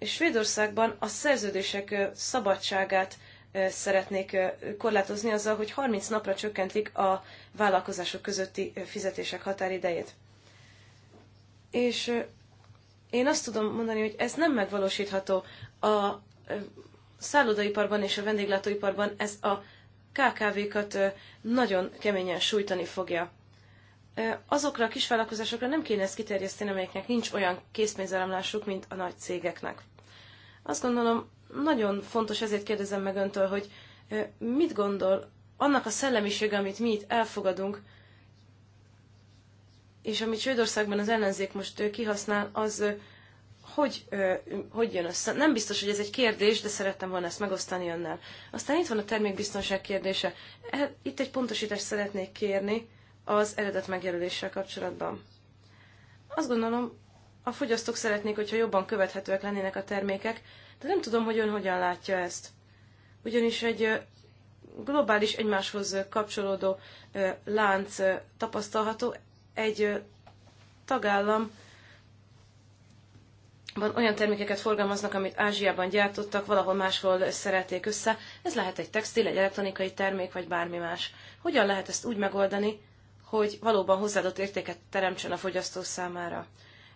Svédországban a szerződések szabadságát szeretnék korlátozni azzal, hogy 30 napra csökkentik a vállalkozások közötti fizetések határidejét. És én azt tudom mondani, hogy ez nem megvalósítható. A szállodaiparban és a vendéglátóiparban ez a KKV-kat nagyon keményen sújtani fogja azokra a kisvállalkozásokra nem kéne ezt kiterjeszteni, amelyeknek nincs olyan készpénzelemlásuk, mint a nagy cégeknek. Azt gondolom, nagyon fontos, ezért kérdezem meg öntől, hogy mit gondol annak a szellemisége, amit mi itt elfogadunk, és amit Svédországban az ellenzék most kihasznál, az hogy, hogy jön össze? Nem biztos, hogy ez egy kérdés, de szerettem volna ezt megosztani önnel. Aztán itt van a termékbiztonság kérdése. E, itt egy pontosítást szeretnék kérni az eredet megjelöléssel kapcsolatban. Azt gondolom, a fogyasztók szeretnék, hogyha jobban követhetőek lennének a termékek, de nem tudom, hogy ön hogyan látja ezt. Ugyanis egy globális egymáshoz kapcsolódó lánc tapasztalható, egy tagállam olyan termékeket forgalmaznak, amit Ázsiában gyártottak, valahol máshol szerelték össze. Ez lehet egy textil, egy elektronikai termék, vagy bármi más. Hogyan lehet ezt úgy megoldani, hogy valóban hozzáadott értéket teremtsen a fogyasztó számára.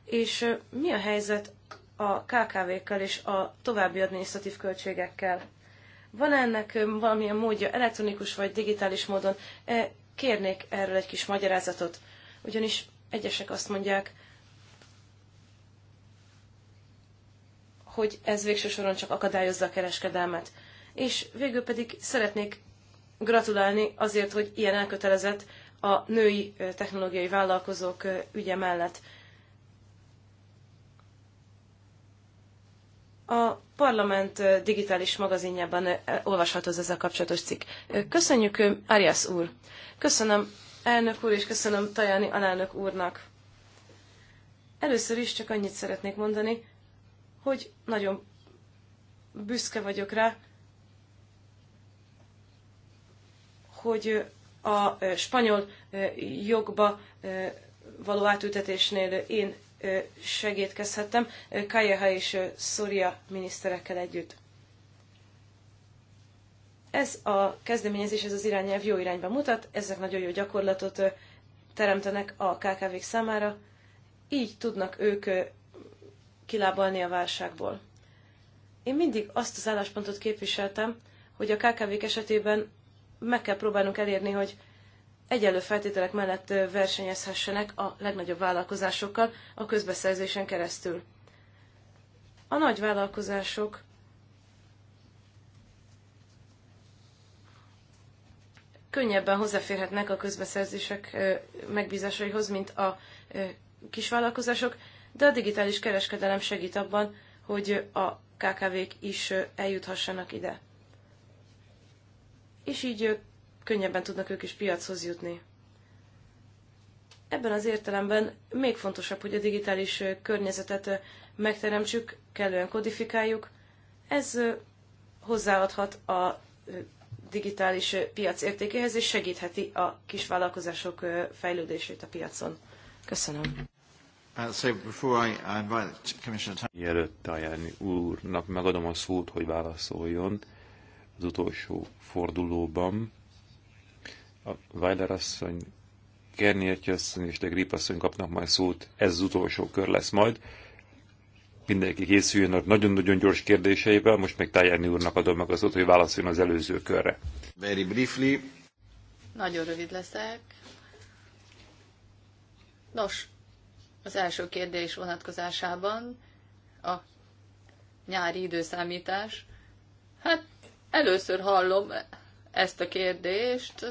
És mi a helyzet a KKV-kkel és a további adminisztratív költségekkel? Van -e ennek valamilyen módja, elektronikus vagy digitális módon? E, kérnék erről egy kis magyarázatot, ugyanis egyesek azt mondják, hogy ez végső soron csak akadályozza a kereskedelmet. És végül pedig szeretnék gratulálni azért, hogy ilyen elkötelezett a női technológiai vállalkozók ügye mellett. A parlament digitális magazinjában olvasható az ezzel kapcsolatos cikk. Köszönjük, Arias úr! Köszönöm, elnök úr, és köszönöm Tajani alelnök úrnak. Először is csak annyit szeretnék mondani, hogy nagyon büszke vagyok rá, hogy a spanyol jogba való átültetésnél én segítkezhettem Kajeha és soria miniszterekkel együtt. Ez a kezdeményezés, ez az irányelv jó irányba mutat, ezek nagyon jó gyakorlatot teremtenek a KKV-k számára, így tudnak ők kilábalni a válságból. Én mindig azt az álláspontot képviseltem, hogy a KKV-k esetében meg kell próbálnunk elérni, hogy egyenlő feltételek mellett versenyezhessenek a legnagyobb vállalkozásokkal a közbeszerzésen keresztül. A nagy vállalkozások könnyebben hozzáférhetnek a közbeszerzések megbízásaihoz, mint a kis vállalkozások, de a digitális kereskedelem segít abban, hogy a KKV-k is eljuthassanak ide és így könnyebben tudnak ők is piachoz jutni. Ebben az értelemben még fontosabb, hogy a digitális környezetet megteremtsük, kellően kodifikáljuk. Ez hozzáadhat a digitális piac értékéhez, és segítheti a kisvállalkozások fejlődését a piacon. Köszönöm. Uh, Mielőtt Tajani úrnak megadom a szót, hogy válaszoljon, az utolsó fordulóban a Weiler asszony, Kernérty asszony és de Grip asszony kapnak majd szót, ez az utolsó kör lesz majd. Mindenki készüljön a nagyon-nagyon gyors kérdéseivel, most meg Tájárni úrnak adom meg az ott, hogy válaszoljon az előző körre. Very briefly. Nagyon rövid leszek. Nos, az első kérdés vonatkozásában a nyári időszámítás. Hát Először hallom ezt a kérdést.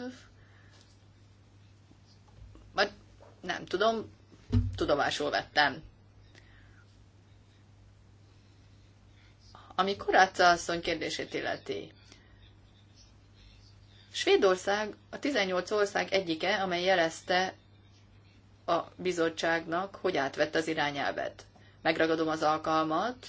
Vagy nem tudom, tudomásul vettem. Ami Koráca asszony kérdését illeti. Svédország a 18 ország egyike, amely jelezte a bizottságnak, hogy átvett az irányelvet. Megragadom az alkalmat,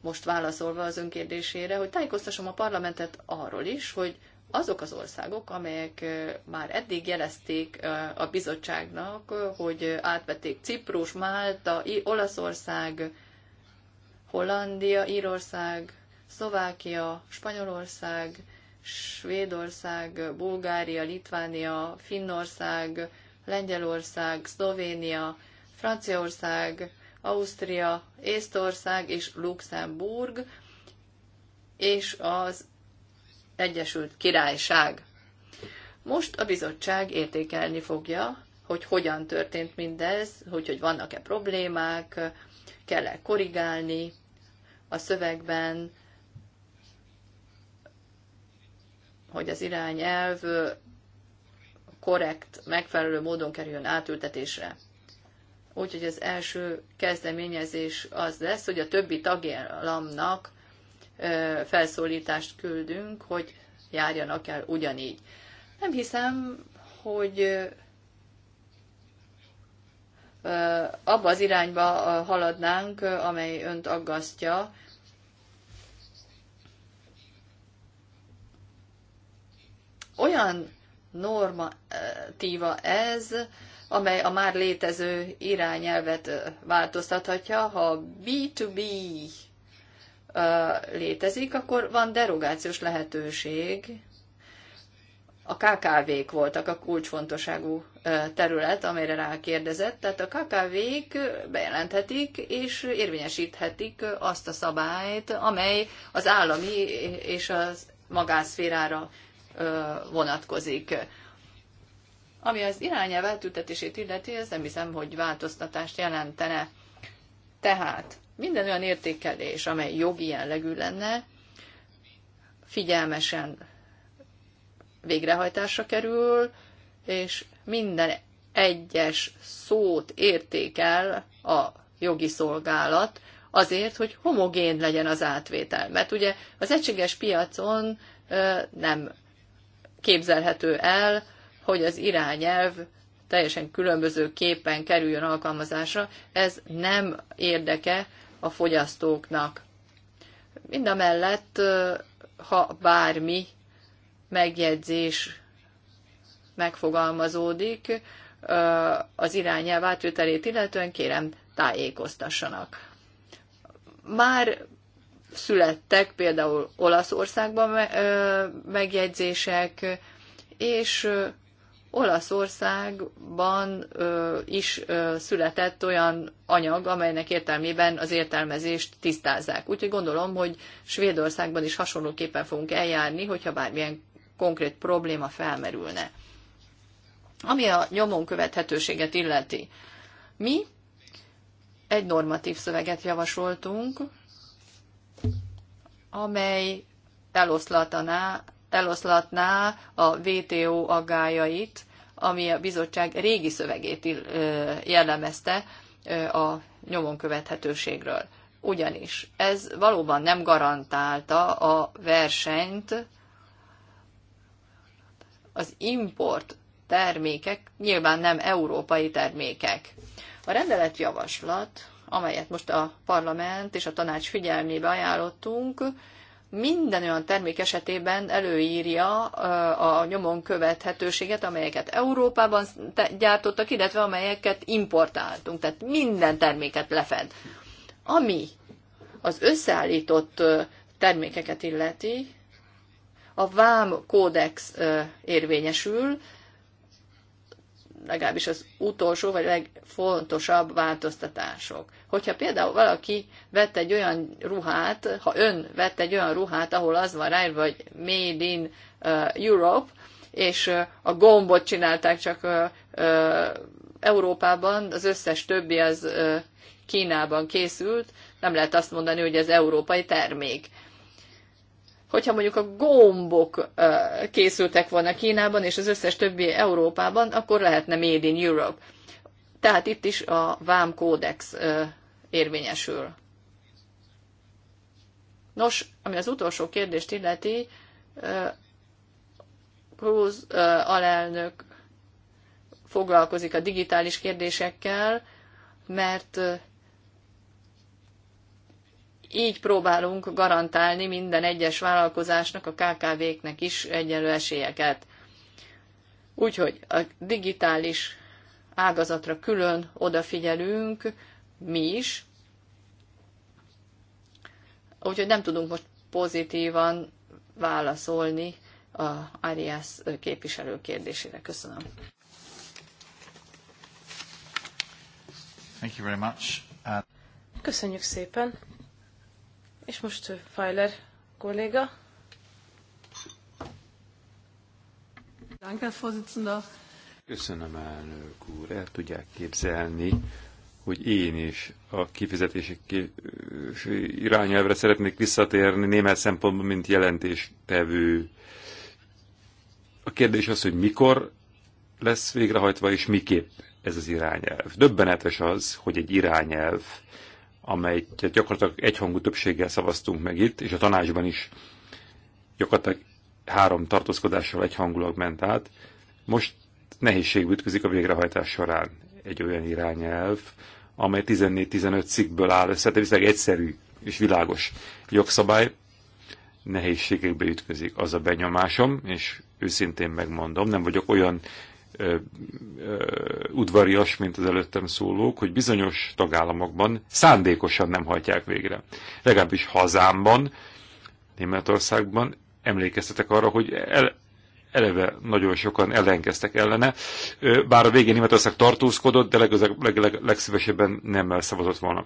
most válaszolva az önkérdésére, hogy tájékoztassam a parlamentet arról is, hogy azok az országok, amelyek már eddig jelezték a bizottságnak, hogy átvették Ciprus, Málta, Olaszország, Hollandia, Írország, Szlovákia, Spanyolország, Svédország, Bulgária, Litvánia, Finnország, Lengyelország, Szlovénia, Franciaország, Ausztria, Észtország és Luxemburg, és az Egyesült Királyság. Most a bizottság értékelni fogja, hogy hogyan történt mindez, hogy, hogy vannak-e problémák, kell-e korrigálni a szövegben, hogy az irányelv korrekt, megfelelő módon kerüljön átültetésre. Úgyhogy az első kezdeményezés az lesz, hogy a többi tagállamnak felszólítást küldünk, hogy járjanak el ugyanígy. Nem hiszem, hogy abba az irányba haladnánk, amely önt aggasztja. Olyan normatíva ez, amely a már létező irányelvet változtathatja. Ha B2B létezik, akkor van derogációs lehetőség. A KKV-k voltak a kulcsfontosságú terület, amelyre rákérdezett. Tehát a KKV-k bejelenthetik és érvényesíthetik azt a szabályt, amely az állami és az magánszférára vonatkozik. Ami az irányelv eltültetését illeti, ez nem hiszem, hogy változtatást jelentene. Tehát minden olyan értékelés, amely jogi jellegű lenne, figyelmesen végrehajtásra kerül, és minden egyes szót értékel a jogi szolgálat, azért, hogy homogén legyen az átvétel. Mert ugye az egységes piacon nem képzelhető el, hogy az irányelv teljesen különböző képen kerüljön alkalmazásra, ez nem érdeke a fogyasztóknak. Mind a mellett, ha bármi megjegyzés megfogalmazódik az irányelv átvételét illetően, kérem tájékoztassanak. Már születtek például Olaszországban megjegyzések, és Olaszországban ö, is ö, született olyan anyag, amelynek értelmében az értelmezést tisztázzák. Úgyhogy gondolom, hogy Svédországban is hasonlóképpen fogunk eljárni, hogyha bármilyen konkrét probléma felmerülne. Ami a nyomon követhetőséget illeti. Mi egy normatív szöveget javasoltunk, amely eloszlataná eloszlatná a VTO aggájait, ami a bizottság régi szövegét jellemezte a nyomon követhetőségről. Ugyanis ez valóban nem garantálta a versenyt az import termékek nyilván nem európai termékek. A rendeletjavaslat, amelyet most a parlament és a tanács figyelmébe ajánlottunk, minden olyan termék esetében előírja a nyomon követhetőséget, amelyeket Európában gyártottak, illetve amelyeket importáltunk. Tehát minden terméket lefed. Ami az összeállított termékeket illeti, a VÁM kódex érvényesül, legalábbis az utolsó vagy legfontosabb változtatások. Hogyha például valaki vett egy olyan ruhát, ha ön vett egy olyan ruhát, ahol az van rá, vagy Made in uh, Europe, és uh, a gombot csinálták csak uh, Európában, az összes többi az Kínában készült, nem lehet azt mondani, hogy ez európai termék. Hogyha mondjuk a gombok készültek volna Kínában, és az összes többi Európában, akkor lehetne Made in Europe. Tehát itt is a vám kódex érvényesül. Nos, ami az utolsó kérdést illeti, Cruz alelnök foglalkozik a digitális kérdésekkel, mert így próbálunk garantálni minden egyes vállalkozásnak, a KKV-knek is egyenlő esélyeket. Úgyhogy a digitális ágazatra külön odafigyelünk, mi is. Úgyhogy nem tudunk most pozitívan válaszolni a Arias képviselő kérdésére. Köszönöm. Thank you very much. Uh, Köszönjük szépen. És most uh, Feiler kolléga. Danke, Vorsitzender. Köszönöm, elnök úr. El tudják képzelni, hogy én is a kifizetési irányelvre szeretnék visszatérni német szempontból, mint jelentéstevő. A kérdés az, hogy mikor lesz végrehajtva, és miképp ez az irányelv. Döbbenetes az, hogy egy irányelv, amelyet gyakorlatilag egyhangú többséggel szavaztunk meg itt, és a tanácsban is gyakorlatilag három tartózkodással egyhangulag ment át, most nehézség ütközik a végrehajtás során egy olyan irányelv, amely 14-15 cikkből áll össze, de viszont egyszerű és világos jogszabály, nehézségekbe ütközik az a benyomásom, és őszintén megmondom, nem vagyok olyan ö, ö, udvarias, mint az előttem szólók, hogy bizonyos tagállamokban szándékosan nem hajtják végre. Legalábbis hazámban, Németországban emlékeztetek arra, hogy el, eleve nagyon sokan ellenkeztek ellene, bár a végén Németország tartózkodott, de legszívesebben leg, leg, legszívesebben nem szavazott volna.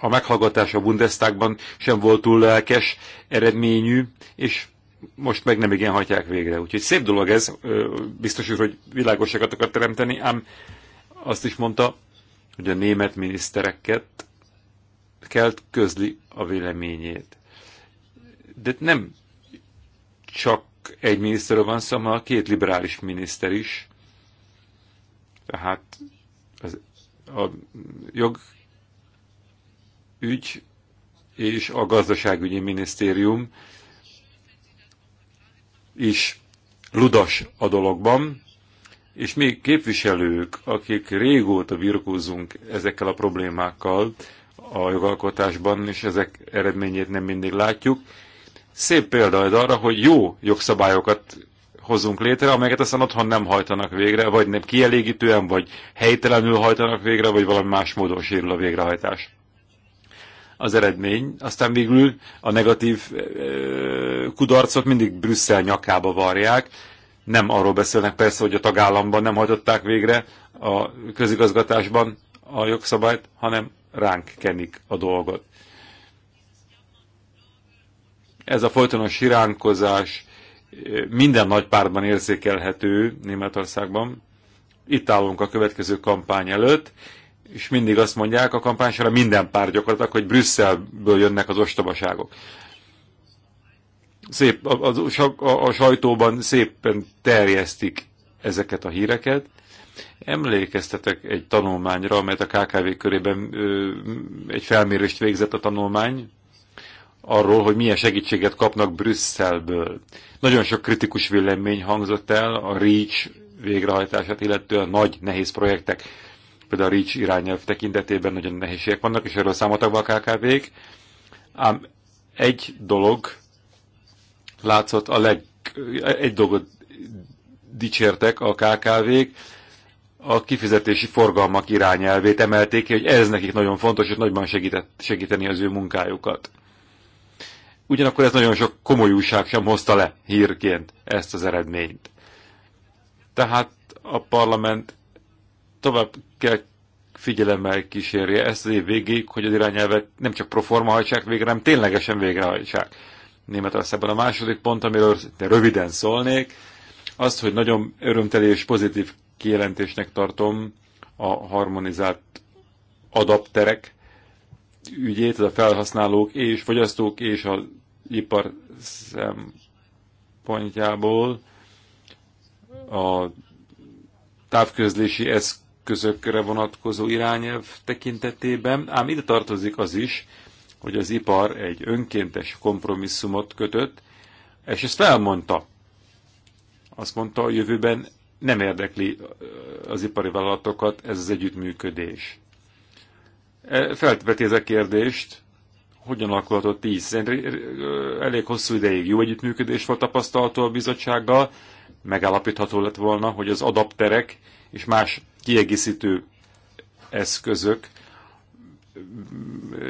A meghallgatás a Bundestagban sem volt túl lelkes, eredményű, és most meg nem igen hagyják végre. Úgyhogy szép dolog ez, biztos hogy világosságot akar teremteni, ám azt is mondta, hogy a német minisztereket kell közli a véleményét. De nem csak egy miniszterről van szó, hanem két liberális miniszter is. Tehát az, a ügy és a gazdaságügyi minisztérium is ludas a dologban, és még képviselők, akik régóta virkózunk ezekkel a problémákkal a jogalkotásban, és ezek eredményét nem mindig látjuk, szép példa arra, hogy jó jogszabályokat hozunk létre, amelyeket aztán otthon nem hajtanak végre, vagy nem kielégítően, vagy helytelenül hajtanak végre, vagy valami más módon sérül a végrehajtás. Az eredmény, aztán végül a negatív kudarcot mindig Brüsszel nyakába varják, nem arról beszélnek persze, hogy a tagállamban nem hajtották végre a közigazgatásban a jogszabályt, hanem ránk kenik a dolgot. Ez a folytonos siránkozás minden nagy pártban érzékelhető Németországban. Itt állunk a következő kampány előtt, és mindig azt mondják a kampány során minden párt gyakorlatilag, hogy Brüsszelből jönnek az ostobaságok. Szép, a, a, a, a sajtóban szépen terjesztik ezeket a híreket. Emlékeztetek egy tanulmányra, amelyet a KKV körében ö, egy felmérést végzett a tanulmány, arról, hogy milyen segítséget kapnak Brüsszelből. Nagyon sok kritikus vélemény hangzott el a REACH végrehajtását, illetően nagy, nehéz projektek, például a REACH irányelv tekintetében nagyon nehézségek vannak, és erről számoltak be a KKV-k. Ám egy dolog látszott a leg... egy dolgot dicsértek a KKV-k, a kifizetési forgalmak irányelvét emelték ki, hogy ez nekik nagyon fontos, és nagyban segített, segíteni az ő munkájukat. Ugyanakkor ez nagyon sok komoly újság sem hozta le hírként ezt az eredményt. Tehát a parlament tovább kell figyelemmel kísérje ezt az év végig, hogy az irányelvet nem csak proforma hajtsák végre, hanem ténylegesen végrehajtsák. Németországban a második pont, amiről röviden szólnék, az, hogy nagyon örömteli és pozitív kijelentésnek tartom a harmonizált adapterek ügyét, ez a felhasználók és fogyasztók és az ipar szempontjából a távközlési eszközökre vonatkozó irányelv tekintetében, ám ide tartozik az is, hogy az ipar egy önkéntes kompromisszumot kötött, és ezt felmondta. Azt mondta, a jövőben nem érdekli az ipari vállalatokat ez az együttműködés. E, Feltveti ez a kérdést, hogyan alakulhatott tíz? Elég hosszú ideig jó együttműködés volt tapasztalható a bizottsággal, megállapítható lett volna, hogy az adapterek és más kiegészítő eszközök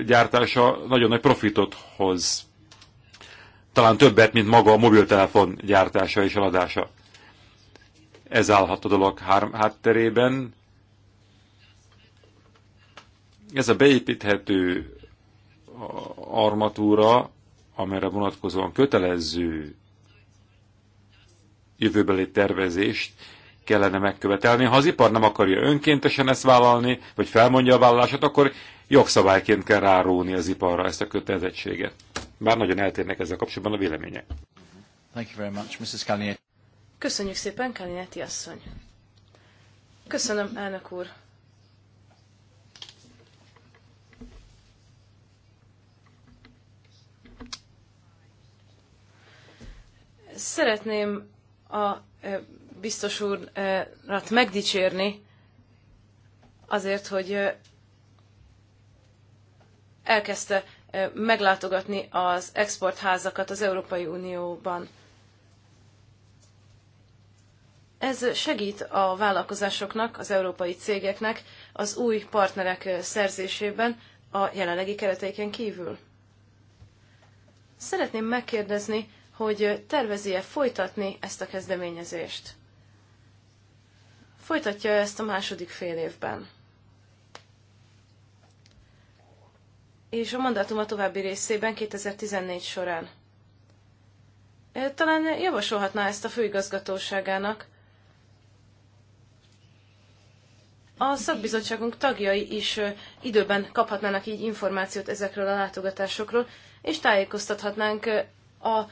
gyártása nagyon nagy profitot hoz. Talán többet, mint maga a mobiltelefon gyártása és eladása. Ez állhat a dolog hátterében. Ez a beépíthető armatúra, amelyre vonatkozóan kötelező jövőbeli tervezést kellene megkövetelni. Ha az ipar nem akarja önkéntesen ezt vállalni, vagy felmondja a vállalását, akkor jogszabályként kell ráróni az iparra ezt a kötelezettséget. Bár nagyon eltérnek ezzel kapcsolatban a vélemények. Thank you very much, Mrs. Kalniet. Köszönjük szépen, Kalinetti asszony. Köszönöm, elnök úr. Szeretném a biztos úrat megdicsérni azért, hogy elkezdte meglátogatni az exportházakat az Európai Unióban. Ez segít a vállalkozásoknak, az európai cégeknek az új partnerek szerzésében a jelenlegi kereteiken kívül. Szeretném megkérdezni, hogy tervezi-e folytatni ezt a kezdeményezést. Folytatja -e ezt a második fél évben. És a mandátum a további részében 2014 során. Talán javasolhatná ezt a főigazgatóságának. A szakbizottságunk tagjai is időben kaphatnának így információt ezekről a látogatásokról, és tájékoztathatnánk a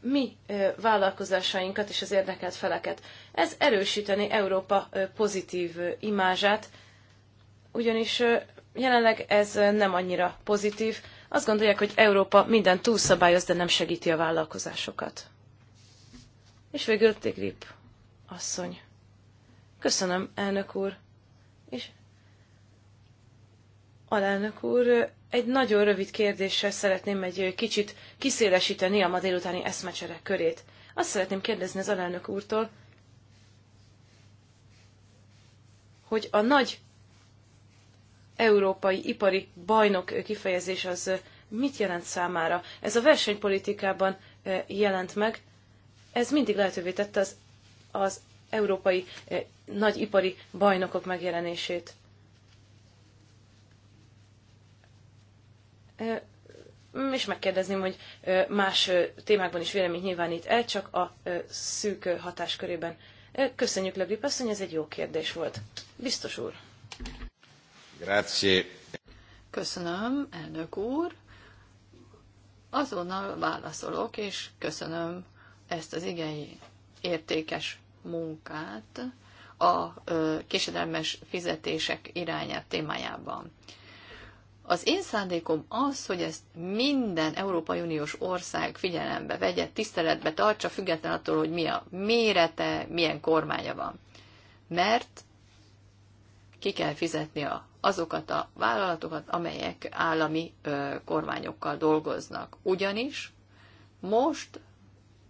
mi vállalkozásainkat és az érdekelt feleket. Ez erősíteni Európa pozitív imázsát, ugyanis jelenleg ez nem annyira pozitív. Azt gondolják, hogy Európa minden túlszabályoz, de nem segíti a vállalkozásokat. És végül Tigrip asszony. Köszönöm, elnök úr. És alelnök úr, egy nagyon rövid kérdéssel szeretném egy kicsit kiszélesíteni a ma délutáni eszmecsere körét. Azt szeretném kérdezni az alelnök úrtól, hogy a nagy európai ipari bajnok kifejezés az mit jelent számára? Ez a versenypolitikában eh, jelent meg, ez mindig lehetővé tette az, az európai eh, nagy ipari bajnokok megjelenését. és megkérdezném, hogy más témákban is véleményt nyilvánít el, csak a szűk hatáskörében. Köszönjük, Legrip asszony, ez egy jó kérdés volt. Biztos úr. Grazie. Köszönöm, elnök úr. Azonnal válaszolok, és köszönöm ezt az igen értékes munkát a késedelmes fizetések irányát témájában. Az én szándékom az, hogy ezt minden Európai Uniós ország figyelembe vegye, tiszteletbe tartsa, független attól, hogy mi a mérete, milyen kormánya van. Mert ki kell fizetni azokat a vállalatokat, amelyek állami kormányokkal dolgoznak. Ugyanis most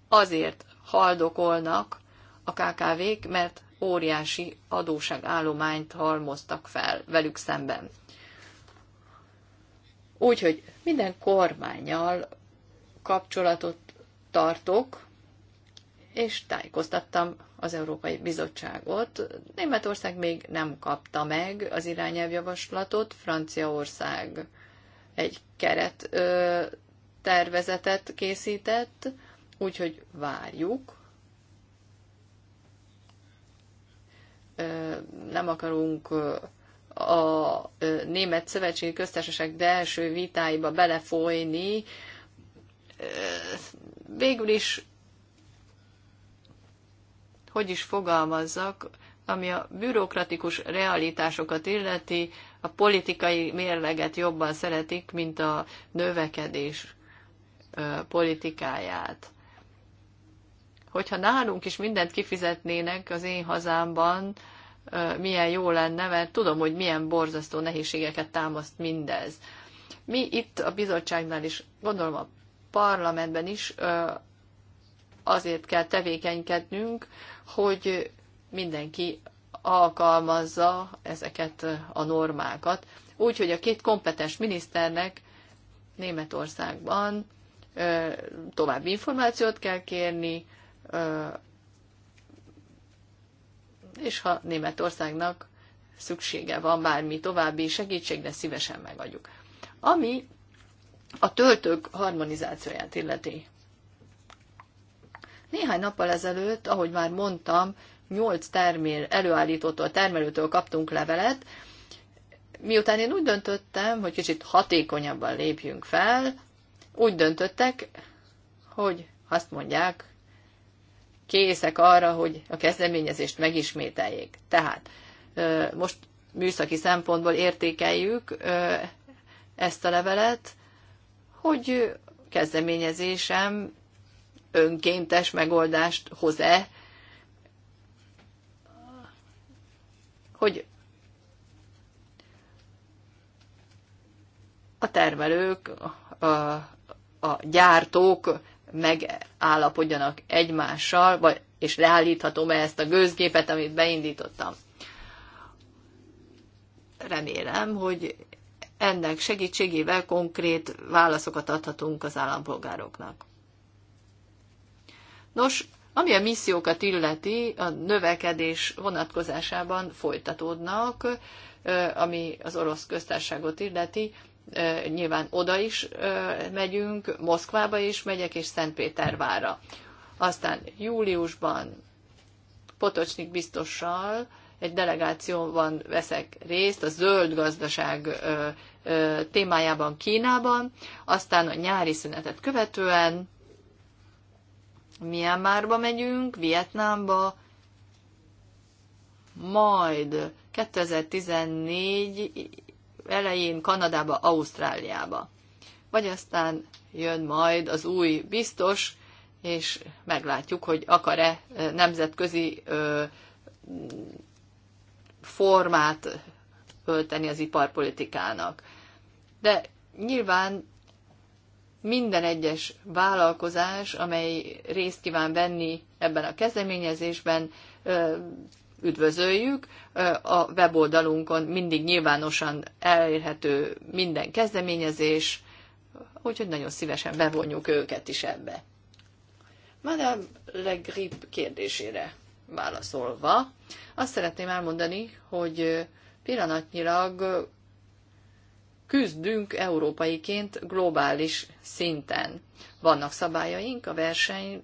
azért haldokolnak a KKV-k, mert óriási adóságállományt halmoztak fel velük szemben. Úgyhogy minden kormányjal kapcsolatot tartok, és tájékoztattam az Európai Bizottságot. Németország még nem kapta meg az irányelvjavaslatot, Franciaország egy keret ö, tervezetet készített, úgyhogy várjuk. Ö, nem akarunk ö, a Német Szövetségi Köztársaság belső vitáiba belefolyni, végül is, hogy is fogalmazzak, ami a bürokratikus realitásokat illeti, a politikai mérleget jobban szeretik, mint a növekedés politikáját. Hogyha nálunk is mindent kifizetnének az én hazámban, milyen jó lenne, mert tudom, hogy milyen borzasztó nehézségeket támaszt mindez. Mi itt a bizottságnál is, gondolom a parlamentben is azért kell tevékenykednünk, hogy mindenki alkalmazza ezeket a normákat. Úgy, hogy a két kompetens miniszternek Németországban további információt kell kérni és ha Németországnak szüksége van bármi további segítségre, szívesen megadjuk. Ami a töltők harmonizációját illeti. Néhány nappal ezelőtt, ahogy már mondtam, 8 termél, előállítótól, termelőtől kaptunk levelet, miután én úgy döntöttem, hogy kicsit hatékonyabban lépjünk fel, úgy döntöttek, hogy azt mondják, készek arra, hogy a kezdeményezést megismételjék. Tehát most műszaki szempontból értékeljük ezt a levelet, hogy kezdeményezésem önkéntes megoldást hoz-e, hogy a termelők, a, a gyártók megállapodjanak egymással, vagy, és leállíthatom-e ezt a gőzgépet, amit beindítottam. Remélem, hogy ennek segítségével konkrét válaszokat adhatunk az állampolgároknak. Nos, ami a missziókat illeti, a növekedés vonatkozásában folytatódnak, ami az orosz köztársaságot illeti nyilván oda is megyünk, Moszkvába is megyek, és Szentpétervára. Aztán júliusban Potocsnik biztossal egy delegációban veszek részt a zöld gazdaság témájában Kínában, aztán a nyári szünetet követően Myanmarba megyünk, Vietnámba, majd 2014 elején Kanadába, Ausztráliába. Vagy aztán jön majd az új biztos, és meglátjuk, hogy akar-e nemzetközi formát ölteni az iparpolitikának. De nyilván minden egyes vállalkozás, amely részt kíván venni ebben a kezdeményezésben, üdvözöljük. A weboldalunkon mindig nyilvánosan elérhető minden kezdeményezés, úgyhogy nagyon szívesen bevonjuk őket is ebbe. Madame Le Grip kérdésére válaszolva, azt szeretném elmondani, hogy pillanatnyilag küzdünk európaiként globális szinten. Vannak szabályaink a verseny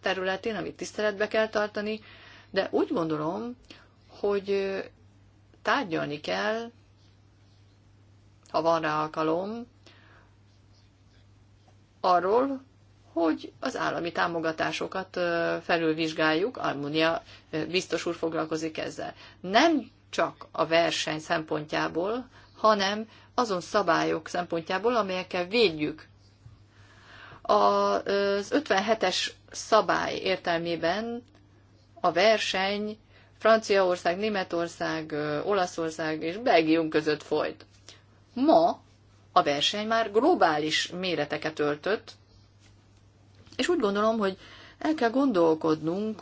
területén, amit tiszteletbe kell tartani, de úgy gondolom, hogy tárgyalni kell, ha van rá alkalom, arról, hogy az állami támogatásokat felülvizsgáljuk, Almunia biztos úr foglalkozik ezzel. Nem csak a verseny szempontjából, hanem azon szabályok szempontjából, amelyekkel védjük. Az 57-es szabály értelmében a verseny Franciaország, Németország, Olaszország és Belgium között folyt. Ma a verseny már globális méreteket öltött, és úgy gondolom, hogy el kell gondolkodnunk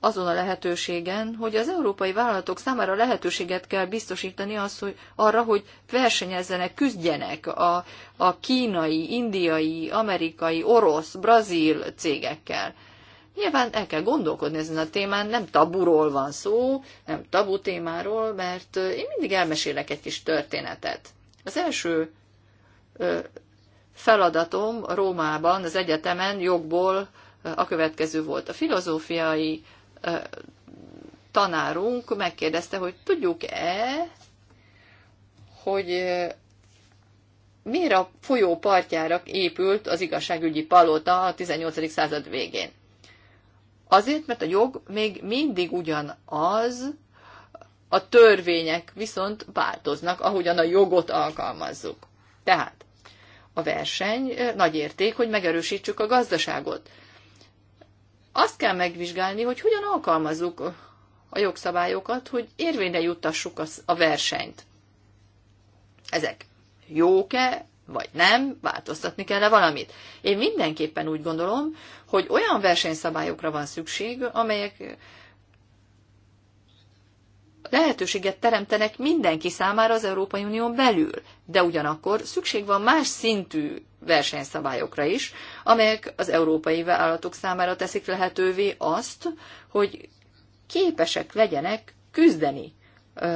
azon a lehetőségen, hogy az európai vállalatok számára lehetőséget kell biztosítani az, hogy arra, hogy versenyezzenek, küzdjenek a, a kínai, indiai, amerikai, orosz, brazil cégekkel. Nyilván el kell gondolkodni ezen a témán, nem taburól van szó, nem tabu témáról, mert én mindig elmesélek egy kis történetet. Az első feladatom Rómában, az egyetemen jogból a következő volt. A filozófiai tanárunk megkérdezte, hogy tudjuk-e, hogy miért a folyó partjára épült az igazságügyi palota a 18. század végén. Azért, mert a jog még mindig ugyanaz, a törvények viszont változnak, ahogyan a jogot alkalmazzuk. Tehát a verseny eh, nagy érték, hogy megerősítsük a gazdaságot. Azt kell megvizsgálni, hogy hogyan alkalmazzuk a jogszabályokat, hogy érvényre juttassuk a versenyt. Ezek jók-e, vagy nem, változtatni kell-e valamit. Én mindenképpen úgy gondolom, hogy olyan versenyszabályokra van szükség, amelyek lehetőséget teremtenek mindenki számára az Európai Unión belül, de ugyanakkor szükség van más szintű versenyszabályokra is, amelyek az európai vállalatok számára teszik lehetővé azt, hogy képesek legyenek küzdeni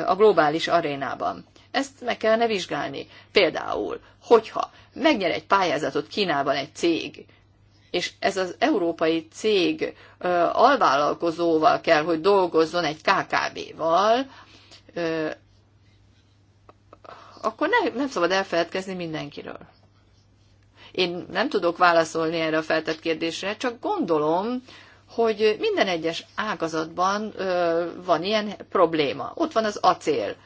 a globális arénában. Ezt meg kellene vizsgálni. Például, hogyha megnyer egy pályázatot Kínában egy cég, és ez az európai cég ö, alvállalkozóval kell, hogy dolgozzon egy KKV-val, akkor ne, nem szabad elfeledkezni mindenkiről. Én nem tudok válaszolni erre a feltett kérdésre, csak gondolom, hogy minden egyes ágazatban ö, van ilyen probléma. Ott van az acél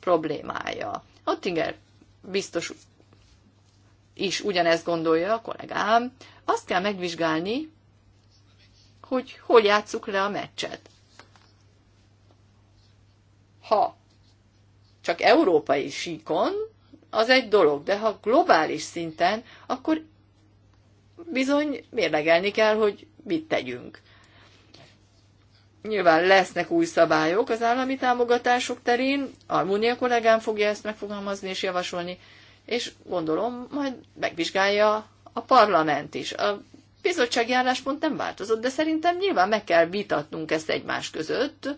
problémája. Ottinger biztos is ugyanezt gondolja a kollégám. Azt kell megvizsgálni, hogy hogy játsszuk le a meccset. Ha csak európai síkon, az egy dolog, de ha globális szinten, akkor bizony mérlegelni kell, hogy mit tegyünk. Nyilván lesznek új szabályok az állami támogatások terén, Almunia kollégám fogja ezt megfogalmazni és javasolni, és gondolom majd megvizsgálja a parlament is. A bizottsági álláspont nem változott, de szerintem nyilván meg kell vitatnunk ezt egymás között.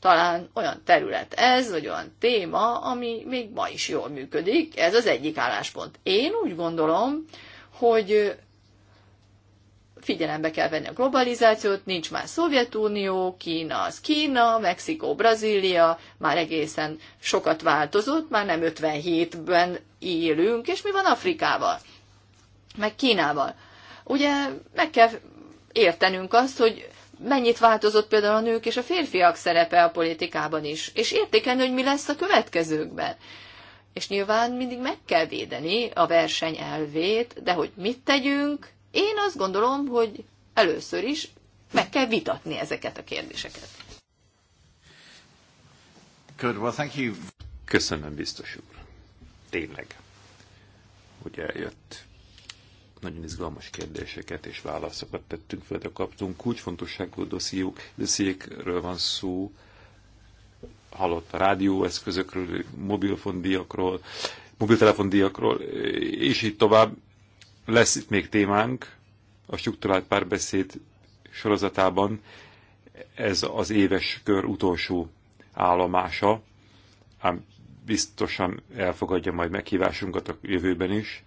Talán olyan terület ez, vagy olyan téma, ami még ma is jól működik. Ez az egyik álláspont. Én úgy gondolom, hogy figyelembe kell venni a globalizációt, nincs már Szovjetunió, Kína az Kína, Mexikó, Brazília, már egészen sokat változott, már nem 57-ben élünk, és mi van Afrikával, meg Kínával. Ugye meg kell értenünk azt, hogy mennyit változott például a nők és a férfiak szerepe a politikában is, és értékelni, hogy mi lesz a következőkben. És nyilván mindig meg kell védeni a verseny elvét, de hogy mit tegyünk, én azt gondolom, hogy először is meg kell vitatni ezeket a kérdéseket. Good, well, thank you. Köszönöm, biztos úr. Tényleg, hogy eljött. Nagyon izgalmas kérdéseket és válaszokat tettünk fel, de kaptunk kulcsfontosságú dossziók, dossziékről van szó, hallott a rádióeszközökről, mobilfondiakról, mobiltelefondiakról, és így tovább lesz itt még témánk a struktúrált párbeszéd sorozatában. Ez az éves kör utolsó állomása, ám biztosan elfogadja majd meghívásunkat a jövőben is.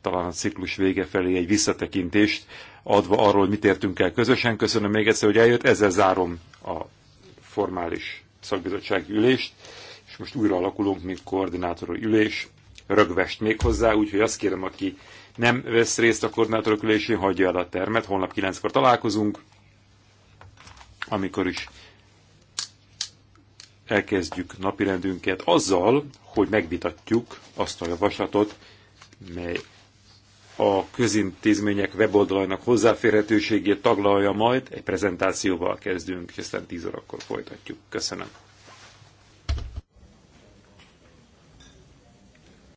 Talán a ciklus vége felé egy visszatekintést adva arról, hogy mit értünk el közösen. Köszönöm még egyszer, hogy eljött. Ezzel zárom a formális szakbizottsági ülést, és most újra alakulunk, mint koordinátor ülés rögvest még hozzá, úgyhogy azt kérem, aki nem vesz részt a koordinátorok ülésén, hagyja el a termet. Holnap kilenckor találkozunk, amikor is elkezdjük napirendünket azzal, hogy megvitatjuk azt a javaslatot, mely a közintézmények weboldalainak hozzáférhetőségét taglalja majd, egy prezentációval kezdünk, és aztán 10 órakor folytatjuk. Köszönöm.